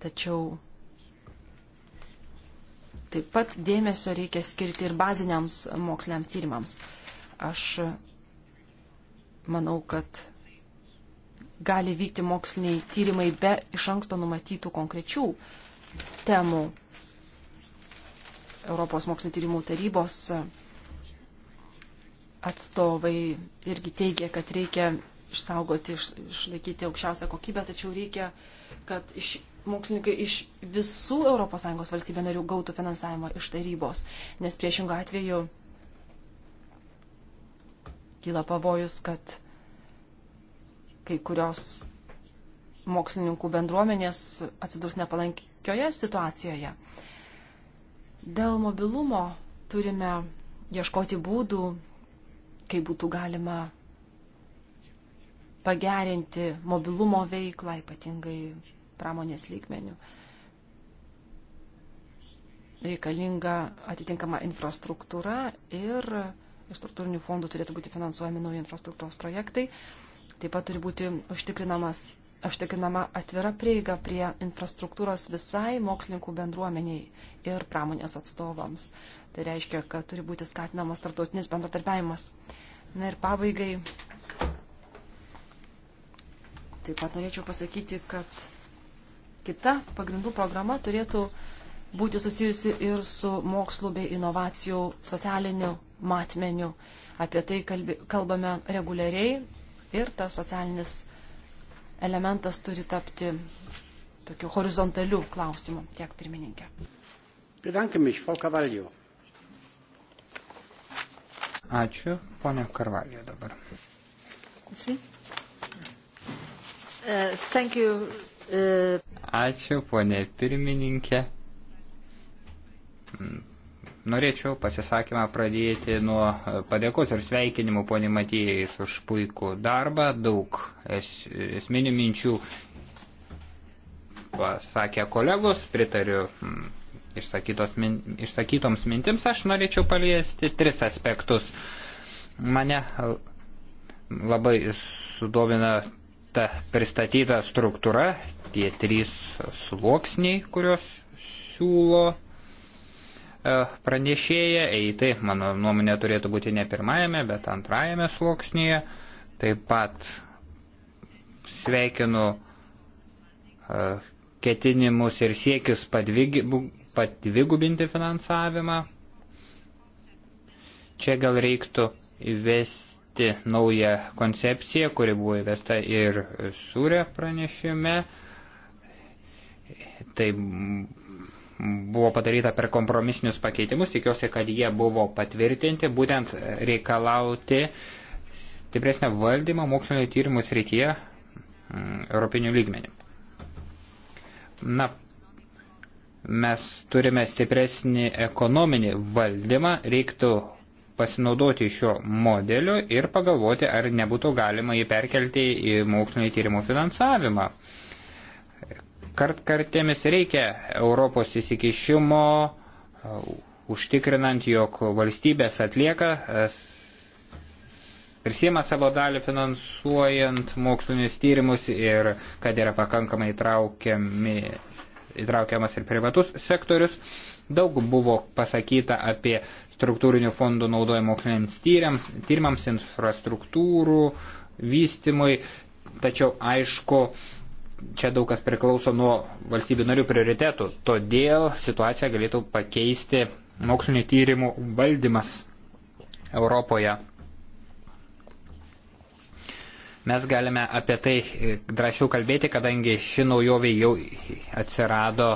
Tačiau taip pat dėmesio reikia skirti ir baziniams moksliniams tyrimams. Aš manau, kad gali vykti moksliniai tyrimai be iš anksto numatytų konkrečių temų Europos mokslinio tyrimų tarybos atstovai irgi teigia, kad reikia išsaugoti, iš, išlaikyti aukščiausią kokybę, tačiau reikia, kad iš, mokslininkai iš visų ES valstybė narių gautų finansavimą iš tarybos, nes priešingų atveju kyla pavojus, kad kai kurios mokslininkų bendruomenės atsidurs nepalankiai tokioje situacijoje. Dėl mobilumo turime ieškoti būdų, kaip būtų galima pagerinti mobilumo veiklą, ypatingai pramonės lygmenių. Reikalinga atitinkama infrastruktūra ir iš struktūrinių fondų turėtų būti finansuojami nauji infrastruktūros projektai. Taip pat turi būti užtikrinamas užtikrinama atvira prieiga prie infrastruktūros visai mokslininkų bendruomeniai ir pramonės atstovams. Tai reiškia, kad turi būti skatinamas tarptautinis bendradarbiavimas. Na ir pabaigai. Taip pat norėčiau pasakyti, kad kita pagrindų programa turėtų būti susijusi ir su mokslu bei inovacijų socialiniu matmeniu. Apie tai kalbame reguliariai ir tas socialinis elementas turi tapti tokiu horizontaliu klausimu. Tiek pirmininkė. Mich, Ačiū, ponia Karvalio dabar. Ačiū. Uh, thank you. Uh... Ačiū, ponė pirmininkė. Mm, Norėčiau pasisakymą pradėti nuo padėkos ir sveikinimų poni Matėjais už puikų darbą, daug es, esminių minčių pasakė kolegos, pritariu mm, min, išsakytoms mintims, aš norėčiau paliesti tris aspektus. Mane labai sudomina ta pristatyta struktūra, tie trys sluoksniai, kurios siūlo E, pranešėja, EIT, tai, mano nuomonė, turėtų būti ne pirmajame, bet antrajame sluoksnėje. Taip pat sveikinu e, ketinimus ir siekius padvigubinti finansavimą. Čia gal reiktų įvesti naują koncepciją, kuri buvo įvesta ir sūrė pranešime. Tai buvo padaryta per kompromisinius pakeitimus, tikiuosi, kad jie buvo patvirtinti, būtent reikalauti stipresnio valdymo mokslinio tyrimų srityje mm, europinių lygmenių. Na, mes turime stipresnį ekonominį valdymą, reiktų pasinaudoti šio modeliu ir pagalvoti, ar nebūtų galima jį perkelti į mokslinio tyrimų finansavimą. Uh, Kartkartėmis reikia Europos įsikišimo, e, užtikrinant, jog valstybės atlieka, e, prisima savo dalį finansuojant mokslinius tyrimus ir kad yra pakankamai įtraukiami, įtraukiamas ir privatus sektorius. Daug buvo pasakyta apie struktūrinių fondų naudojimą moksliniams tyriams, tyrimams, infrastruktūrų, vystimui, tačiau aišku, čia daug kas priklauso nuo valstybių narių prioritetų. Todėl situaciją galėtų pakeisti mokslinio tyrimų valdymas Europoje. Mes galime apie tai drąsiau kalbėti, kadangi ši naujovė jau atsirado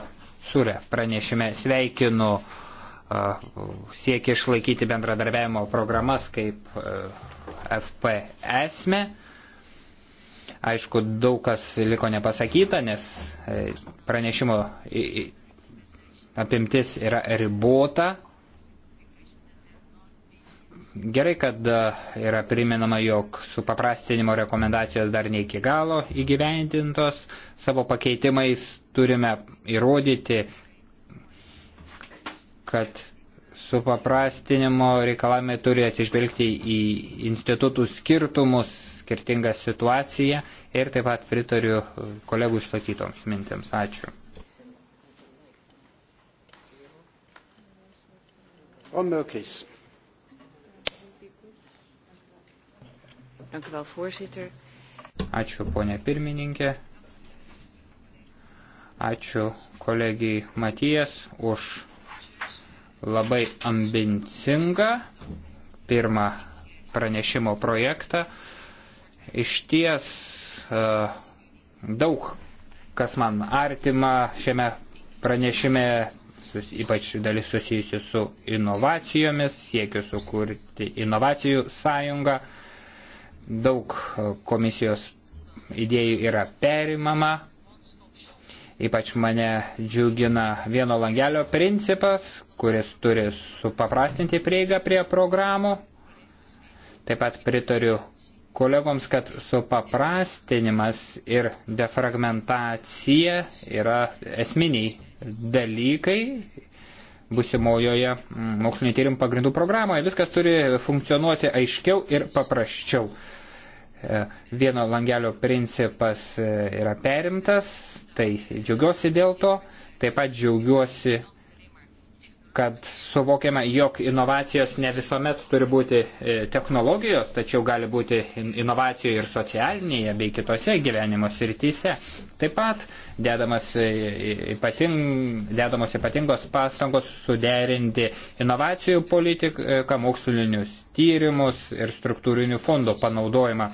surė pranešime. Sveikinu siekia išlaikyti bendradarbiavimo programas kaip FP esmė Aišku, daug kas liko nepasakyta, nes e, pranešimo apimtis yra ribota. Gerai, kad e, yra priminama, jog supaprastinimo rekomendacijos dar ne iki galo įgyvendintos. Savo pakeitimais turime įrodyti, kad supaprastinimo reikalavimai turi atsižvelgti į institutų skirtumus skirtingą situaciją ir taip pat pritariu kolegų išsakytoms mintims. Ačiū. Ačiū, ponė pirmininkė. Ačiū kolegijai Matijas už labai ambicingą pirmą pranešimo projektą. Iš ties e, daug kas man artima šiame pranešime, ypač dalis susijusi su inovacijomis, siekiu sukurti inovacijų sąjungą. Daug e, komisijos idėjų yra perimama. Ypač mane džiugina vieno langelio principas, kuris turi supaprastinti prieigą prie programų. Taip pat pritariu kolegoms, kad supaprastinimas ir defragmentacija yra esminiai dalykai busimojoje mm, mokslinio tyrimų pagrindų programoje. Viskas turi funkcionuoti aiškiau ir paprasčiau. E, vieno langelio principas e, yra perimtas, tai džiaugiuosi dėl to. Taip pat džiaugiuosi kad suvokiama, jog inovacijos ne visuomet turi būti e, technologijos, tačiau gali būti inovacijų ir socialinėje bei kitose gyvenimo srityse. Taip pat dedamos, e, e, ypating, dedamos ypatingos pastangos suderinti inovacijų politiką, mokslinius tyrimus ir struktūrinių fondų panaudojimą.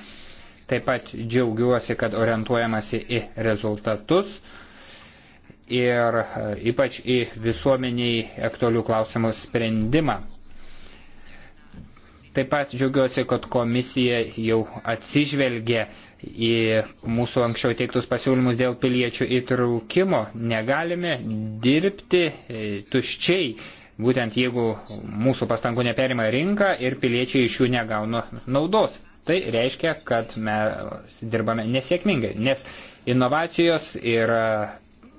Taip pat džiaugiuosi, kad orientuojamasi į rezultatus ir e, ypač į visuomeniai aktualių klausimų sprendimą. Taip pat džiaugiuosi, kad komisija jau atsižvelgia į mūsų anksčiau teiktus pasiūlymus dėl piliečių įtraukimo. Negalime dirbti e, tuščiai, būtent jeigu mūsų pastangų neperima rinka ir piliečiai iš jų negauna naudos. Tai reiškia, kad mes dirbame nesėkmingai, nes inovacijos yra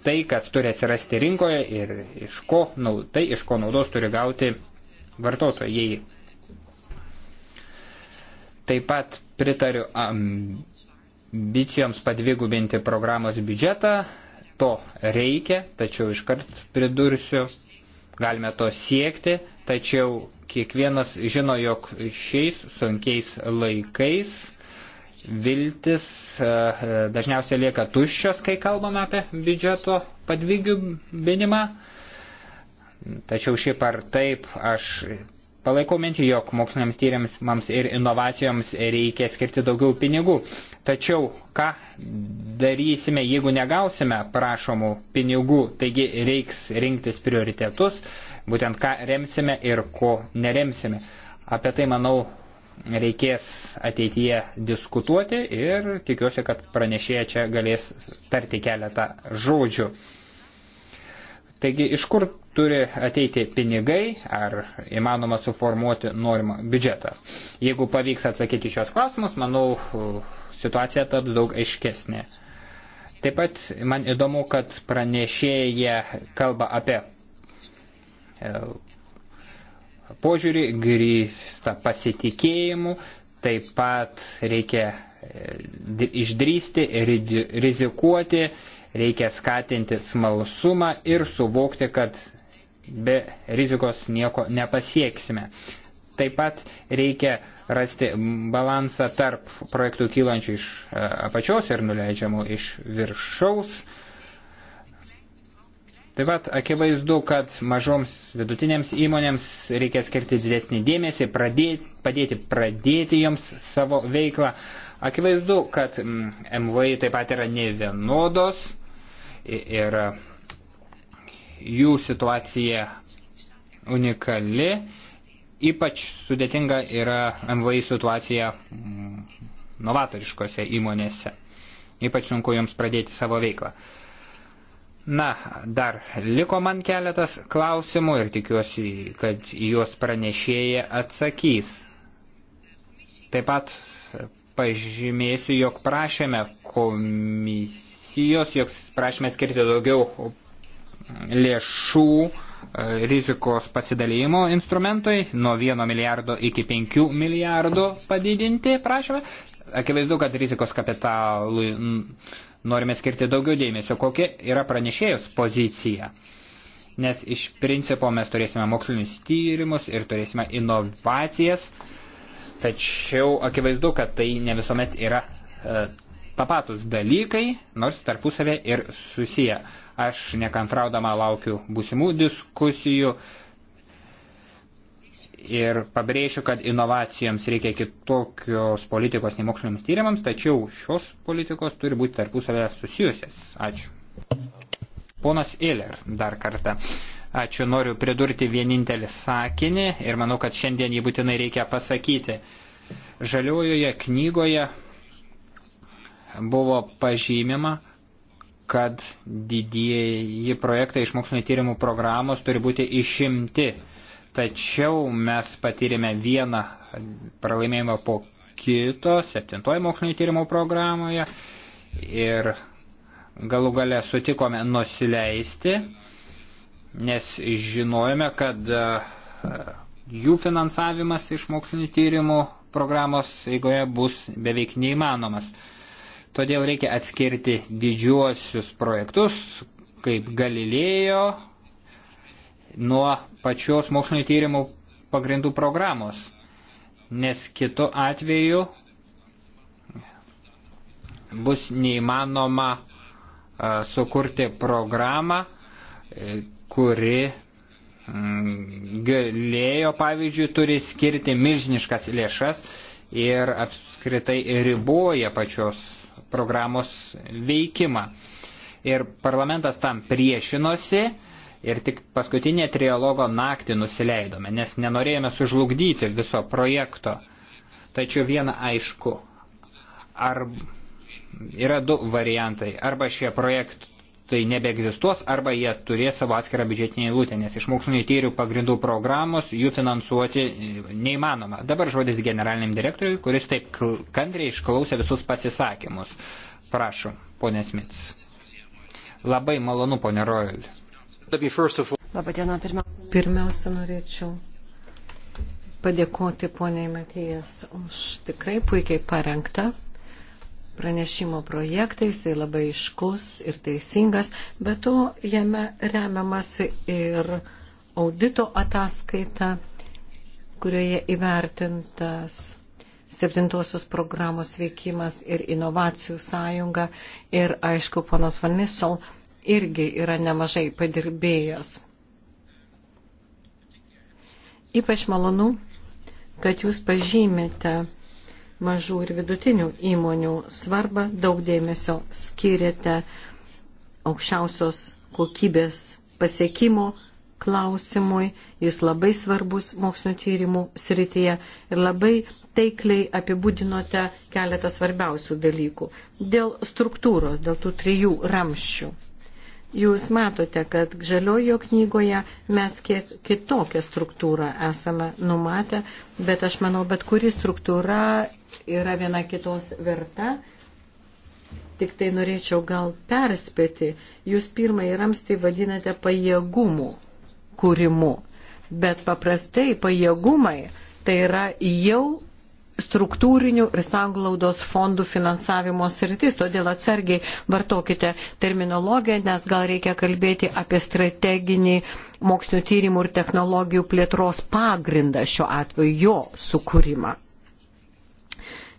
tai, kas turi atsirasti rinkoje ir iš ko, tai, iš ko naudos turi gauti vartotojai. Taip pat pritariu ambicijoms padvigubinti programos biudžetą, to reikia, tačiau iškart pridursiu, galime to siekti, tačiau kiekvienas žino, jog šiais sunkiais laikais viltis e, e, dažniausiai lieka tuščios, kai kalbame apie biudžeto padvigubinimą. Tačiau šiaip ar taip aš palaikau mintį, jog moksliniams tyrimams ir inovacijoms reikia skirti daugiau pinigų. Tačiau ką darysime, jeigu negausime prašomų pinigų, taigi reiks rinktis prioritetus, būtent ką remsime ir ko neremsime. Apie tai, manau, reikės ateityje diskutuoti ir tikiuosi, kad pranešėja čia galės tarti keletą žodžių. Taigi, iš kur turi ateiti pinigai, ar įmanoma suformuoti norimą biudžetą? Jeigu pavyks atsakyti šios klausimus, manau, situacija taps daug aiškesnė. Taip pat man įdomu, kad pranešėja kalba apie požiūrį, grįsta pasitikėjimu, taip pat reikia e, išdrysti ir rizikuoti, reikia skatinti smalsumą ir suvokti, kad be rizikos nieko nepasieksime. Taip pat reikia rasti balansą tarp projektų kylančių iš e, apačios ir nuleidžiamų iš viršaus. Taip pat akivaizdu, kad mažoms vidutinėms įmonėms reikia skirti didesnį dėmesį, pradėti, padėti pradėti joms savo veiklą. Akivaizdu, kad MVI mm, taip pat yra ne vienodos ir jų situacija unikali. Ypač sudėtinga yra MVI situacija mm, novatoriškose įmonėse. Ypač sunku joms pradėti savo veiklą. Na, dar liko man keletas klausimų ir tikiuosi, kad juos pranešėja atsakys. Taip pat pažymėsiu, jog prašėme komisijos, jog prašėme skirti daugiau lėšų e, rizikos pasidalymo instrumentui nuo 1 milijardo iki 5 milijardo padidinti, prašome. Akivaizdu, kad rizikos kapitalui norime skirti daugiau dėmesio. Kokia yra pranešėjos pozicija? Nes iš principo mes turėsime mokslinius tyrimus ir turėsime inovacijas, tačiau akivaizdu, kad tai ne visuomet yra e, tapatus dalykai, nors tarpusavė ir susiję. Aš nekantraudama laukiu būsimų diskusijų ir pabrėšiu, kad inovacijoms reikia kitokios politikos nei moksliniams tyrimams, tačiau šios politikos turi būti tarpusavę susijusias. Ačiū. Ponas Iller dar kartą. Ačiū, noriu pridurti vienintelį sakinį ir manau, kad šiandien jį būtinai reikia pasakyti. Žaliojoje knygoje buvo pažymima, kad didieji projektai iš mokslinio tyrimų programos turi būti išimti Tačiau mes patyrėme vieną pralaimėjimą po kito septintojo mokslinio tyrimo programoje ir galų gale sutikome nusileisti, nes žinojome, kad e, jų finansavimas iš mokslinio tyrimų programos eigoje bus beveik neįmanomas. Todėl reikia atskirti didžiuosius projektus, kaip Galilėjo, nuo pačios mokslinio tyrimų pagrindų programos, nes kitu atveju bus neįmanoma sukurti programą, e, kuri galėjo, pavyzdžiui, turi skirti milžiniškas lėšas ir apskritai riboja pačios programos veikimą. Ir parlamentas tam priešinosi, ir tik paskutinę trialogo naktį nusileidome, nes nenorėjome sužlugdyti viso projekto. Tačiau viena aišku, ar yra du variantai. Arba šie projektai nebeegzistuos, arba jie turės savo atskirą biudžetinį eilutę, nes iš mokslinio tyrių pagrindų programos jų finansuoti neįmanoma. Dabar žodis generaliniam direktoriui, kuris taip kantriai išklausė visus pasisakymus. Prašom, ponė Smits. Labai malonu, ponė Royal. Labadiena, pirmiausia. Pirmiausia, norėčiau padėkoti poniai Matijas už tikrai puikiai parengtą pranešimo projektą, jisai labai iškus ir teisingas, bet to jame remiamasi ir audito ataskaita, kurioje įvertintas septintosios programos veikimas ir inovacijų sąjunga ir, aišku, ponas Vanisol irgi yra nemažai padirbėjęs. Ypač malonu, kad jūs pažymėte mažų ir vidutinių įmonių svarbą, daug dėmesio skiriate aukščiausios kokybės pasiekimų klausimui, jis labai svarbus mokslinio tyrimų srityje ir labai taikliai apibūdinote keletą svarbiausių dalykų. Dėl struktūros, dėl tų trijų ramščių Jūs matote, kad žaliojo knygoje mes kiek kitokią struktūrą esame numatę, bet aš manau, bet kuri struktūra yra viena kitos verta. Tik tai norėčiau gal perspėti, jūs pirmąjį ramstį vadinate pajėgumų kūrimu, bet paprastai pajėgumai tai yra jau struktūrinių ir sanglaudos fondų finansavimo sritis, todėl atsargiai vartokite terminologiją, nes gal reikia kalbėti apie strateginį mokslinio tyrimų ir technologijų plėtros pagrindą šiuo atveju, jo sukūrimą.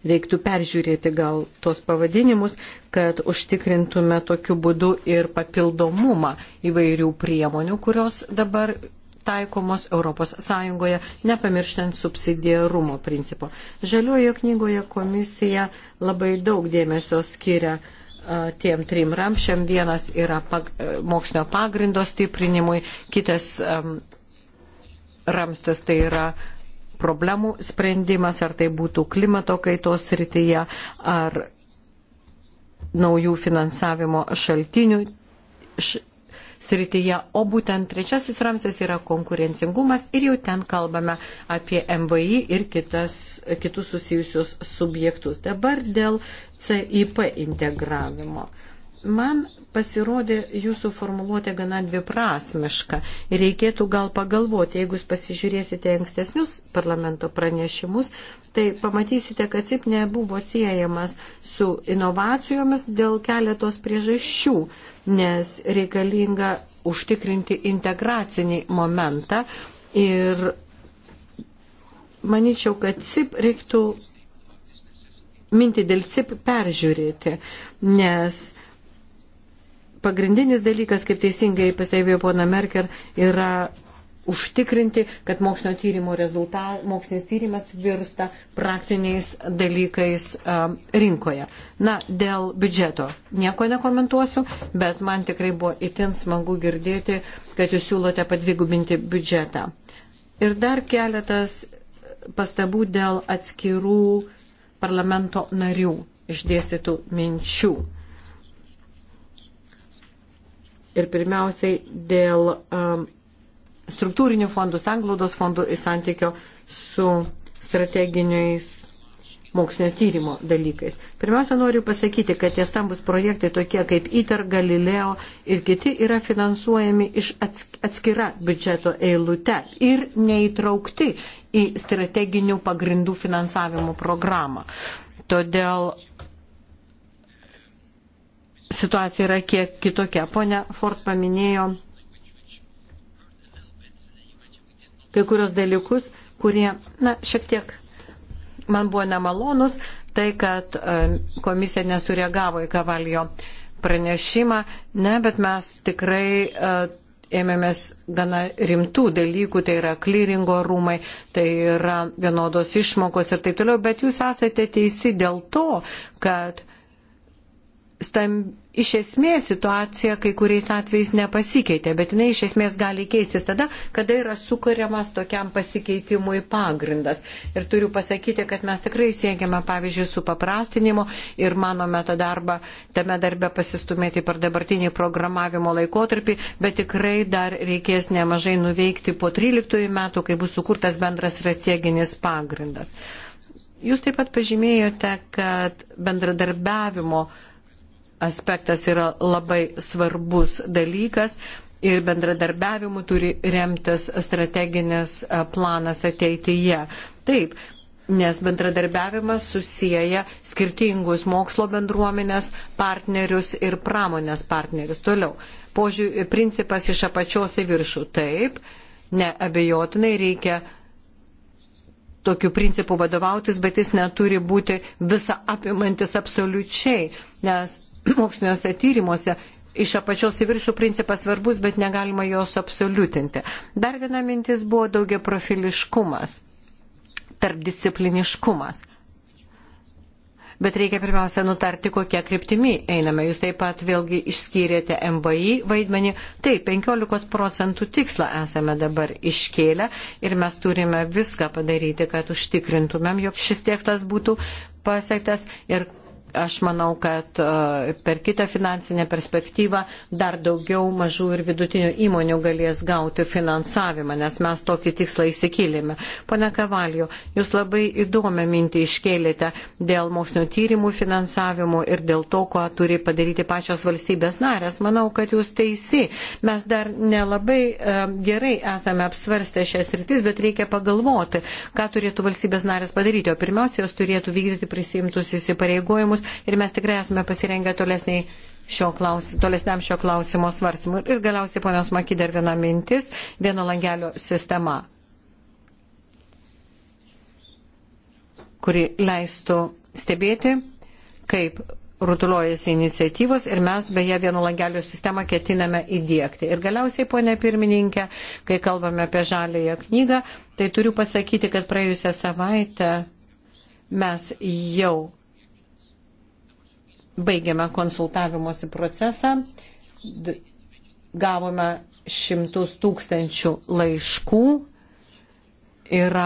Reiktų peržiūrėti gal tuos pavadinimus, kad užtikrintume tokiu būdu ir papildomumą įvairių priemonių, kurios dabar taikomos ES, nepamirštant subsidiarumo principo. Žaliojo knygoje komisija labai daug dėmesio skiria tiem trim ramšiam. Vienas yra pag, e, mokslinio pagrindo stiprinimui, kitas um, ramstas tai yra problemų sprendimas, ar tai būtų klimato kaitos srityje, ar naujų finansavimo šaltinių š, srityje, o būtent trečiasis ramstis yra konkurencingumas ir jau ten kalbame apie MVI ir kitas, kitus susijusius subjektus. Dabar dėl CIP integravimo. Man pasirodė jūsų formuluotė gana dviprasmiška. Ir reikėtų gal pagalvoti, jeigu jūs pasižiūrėsite ankstesnius parlamento pranešimus, tai pamatysite, kad CIP nebuvo siejamas su inovacijomis dėl keletos priežasčių, nes reikalinga užtikrinti integracinį momentą. Ir manyčiau, kad CIP reiktų mintį dėl CIP peržiūrėti, nes pagrindinis dalykas, kaip teisingai pastebėjo pona Merker, yra užtikrinti, kad mokslinio tyrimo rezultat, mokslinis tyrimas virsta praktiniais dalykais um, rinkoje. Na, dėl biudžeto nieko nekomentuosiu, bet man tikrai buvo itin smagu girdėti, kad jūs siūlote padvigubinti biudžetą. Ir dar keletas pastabų dėl atskirų parlamento narių išdėstytų minčių ir pirmiausiai dėl um, struktūrinių fondų, sanglaudos fondų į santykio su strateginiais mokslinio tyrimo dalykais. Pirmiausia, noriu pasakyti, kad tie stambus projektai tokie kaip ITER, Galileo ir kiti yra finansuojami iš atskira biudžeto eilute ir neįtraukti į strateginių pagrindų finansavimo programą. Todėl situacija yra kiek kitokia. Pone Ford paminėjo kai kurios dalykus, kurie, na, šiek tiek man buvo nemalonus, tai, kad e, komisija nesureagavo į kavalio pranešimą, ne, bet mes tikrai uh, ėmėmės gana rimtų dalykų, tai yra klyringo rūmai, tai yra vienodos išmokos ir taip toliau, bet jūs esate teisi dėl to, kad stamb, iš esmės situacija kai kuriais atvejais nepasikeitė, bet jinai iš esmės gali keistis tada, kada yra sukuriamas tokiam pasikeitimui pagrindas. Ir turiu pasakyti, kad mes tikrai siekiame, pavyzdžiui, su paprastinimu ir manome tą darbą, tame darbe pasistumėti per dabartinį programavimo laikotarpį, bet tikrai dar reikės nemažai nuveikti po 13 metų, kai bus sukurtas bendras strateginis pagrindas. Jūs taip pat pažymėjote, kad bendradarbiavimo aspektas yra labai svarbus dalykas ir bendradarbiavimu turi remtis strateginis e, planas ateityje. Taip, nes bendradarbiavimas susiję skirtingus mokslo bendruomenės partnerius ir pramonės partnerius. Toliau, požiūrį, principas iš apačios į viršų. Taip, neabejotinai reikia tokiu principu vadovautis, bet jis neturi būti visa apimantis absoliučiai, nes [clears throat] moksliniuose tyrimuose iš apačios į viršų principas svarbus, bet negalima jos absoliutinti. Dar viena mintis buvo daugia profiliškumas, tarpdiscipliniškumas. Bet reikia pirmiausia nutarti, kokie kryptimi einame. Jūs taip pat vėlgi išskyrėte MBI vaidmenį. Taip, 15 procentų tikslą esame dabar iškėlę ir mes turime viską padaryti, kad užtikrintumėm, jog šis tikslas būtų pasiektas ir Aš manau, kad e, per kitą finansinę perspektyvą dar daugiau mažų ir vidutinių įmonių galės gauti finansavimą, nes mes tokį tikslą įsikėlėme. Pone Kavalio, jūs labai įdomią mintį iškėlėte dėl mokslinio tyrimų finansavimo ir dėl to, ko turi padaryti pačios valstybės narės. Manau, kad jūs teisi. Mes dar nelabai e, gerai esame apsvarstę šias rytis, bet reikia pagalvoti, ką turėtų valstybės narės padaryti. O pirmiausia, jos turėtų vykdyti prisimtus įsipareigojimus klausimus ir mes tikrai esame pasirengę tolesniai šio klaus, tolesniam šio klausimo svarstymui. Ir galiausiai, ponios Maky, dar viena mintis - vieno langelio sistema, kuri leistų stebėti, kaip rutuliojasi iniciatyvos ir mes beje vieno langelio sistemą ketiname įdėkti. Ir galiausiai, ponė pirmininkė, kai kalbame apie žalėją knygą, tai turiu pasakyti, kad praėjusią savaitę mes jau baigiame konsultavimosi procesą, gavome šimtus tūkstančių laiškų, yra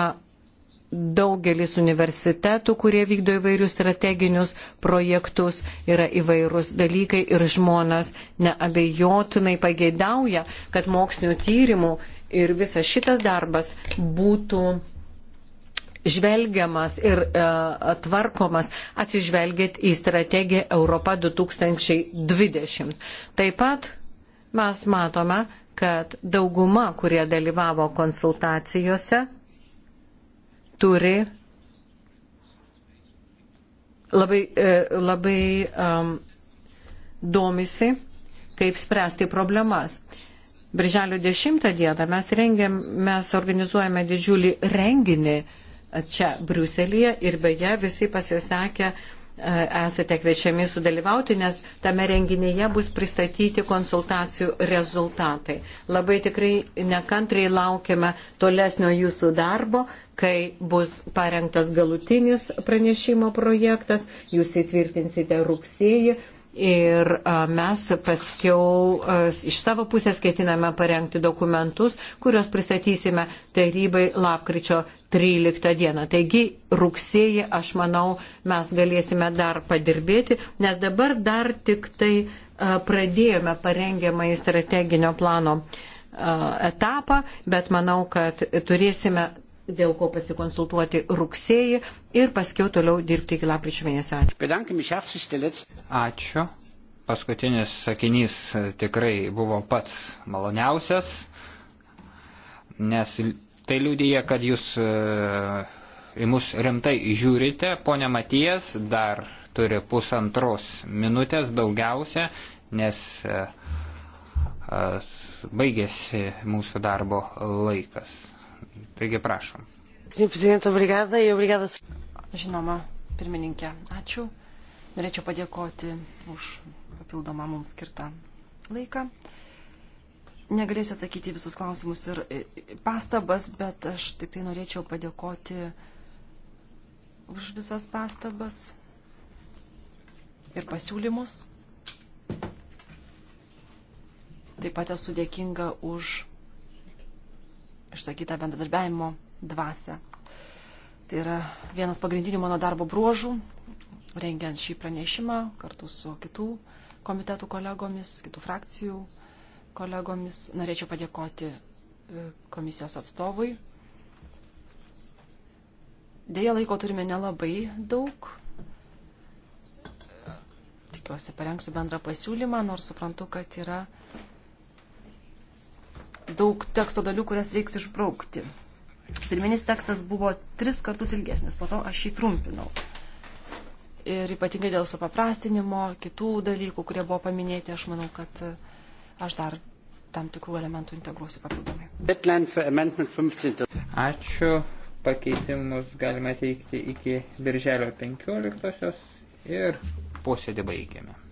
daugelis universitetų, kurie vykdo įvairius strateginius projektus, yra įvairūs dalykai ir žmonės neabejotinai pageidauja, kad mokslinio tyrimų ir visas šitas darbas būtų žvelgiamas ir uh, tvarkomas atsižvelgiant į strategiją Europa 2020. Taip pat mes matome, kad dauguma, kurie dalyvavo konsultacijose, turi labai, uh, labai um, domisi, kaip spręsti problemas. Birželio 10 dieną mes, rengiam, mes organizuojame didžiulį renginį uh, čia Briuselėje ir beje visi pasisakė, e, esate kviečiami sudalyvauti, nes tame renginyje bus pristatyti konsultacijų rezultatai. Labai tikrai nekantriai laukiame tolesnio jūsų darbo, kai bus parengtas galutinis pranešimo projektas, jūs įtvirtinsite rugsėjį ir mes paskiau iš savo pusės ketiname parengti dokumentus, kuriuos pristatysime tarybai lapkričio 13 dieną. Taigi rugsėjį, aš manau, mes galėsime dar padirbėti, nes dabar dar tik tai pradėjome parengiamą į strateginio plano etapą, bet manau, kad turėsime dėl ko pasikonsultuoti rugsėjį ir paskiau toliau dirbti iki lapkričio mėnesio. Ačiū. Ačiū. Paskutinis sakinys tikrai buvo pats maloniausias, nes tai liūdija, kad jūs e, į mus rimtai žiūrite. Pone Matijas dar turi pusantros minutės daugiausia, nes e, e, baigėsi mūsų darbo laikas. Taigi prašom. E Žinoma, pirmininkė, ačiū. Norėčiau padėkoti už papildomą mums skirtą laiką. Negalėsiu atsakyti visus klausimus ir pastabas, bet aš tik tai norėčiau padėkoti už visas pastabas ir pasiūlymus. Taip pat esu dėkinga už išsakytą bendradarbiavimo dvasę. Tai yra vienas pagrindinių mano darbo bruožų, rengiant šį pranešimą kartu su kitų komitetų kolegomis, kitų frakcijų kolegomis. Norėčiau padėkoti e, komisijos atstovui. Deja, laiko turime nelabai daug. Tikiuosi, parengsiu bendrą pasiūlymą, nors suprantu, kad yra daug teksto dalių, kurias reiks išbraukti. Pirminis tekstas buvo tris kartus ilgesnis, po to aš jį trumpinau. Ir ypatingai dėl supaprastinimo, kitų dalykų, kurie buvo paminėti, aš manau, kad e, aš dar tam tikrų elementų integruosiu papildomai. Ačiū. Pakeitimus galima teikti iki birželio 15 ir posėdį baigiame.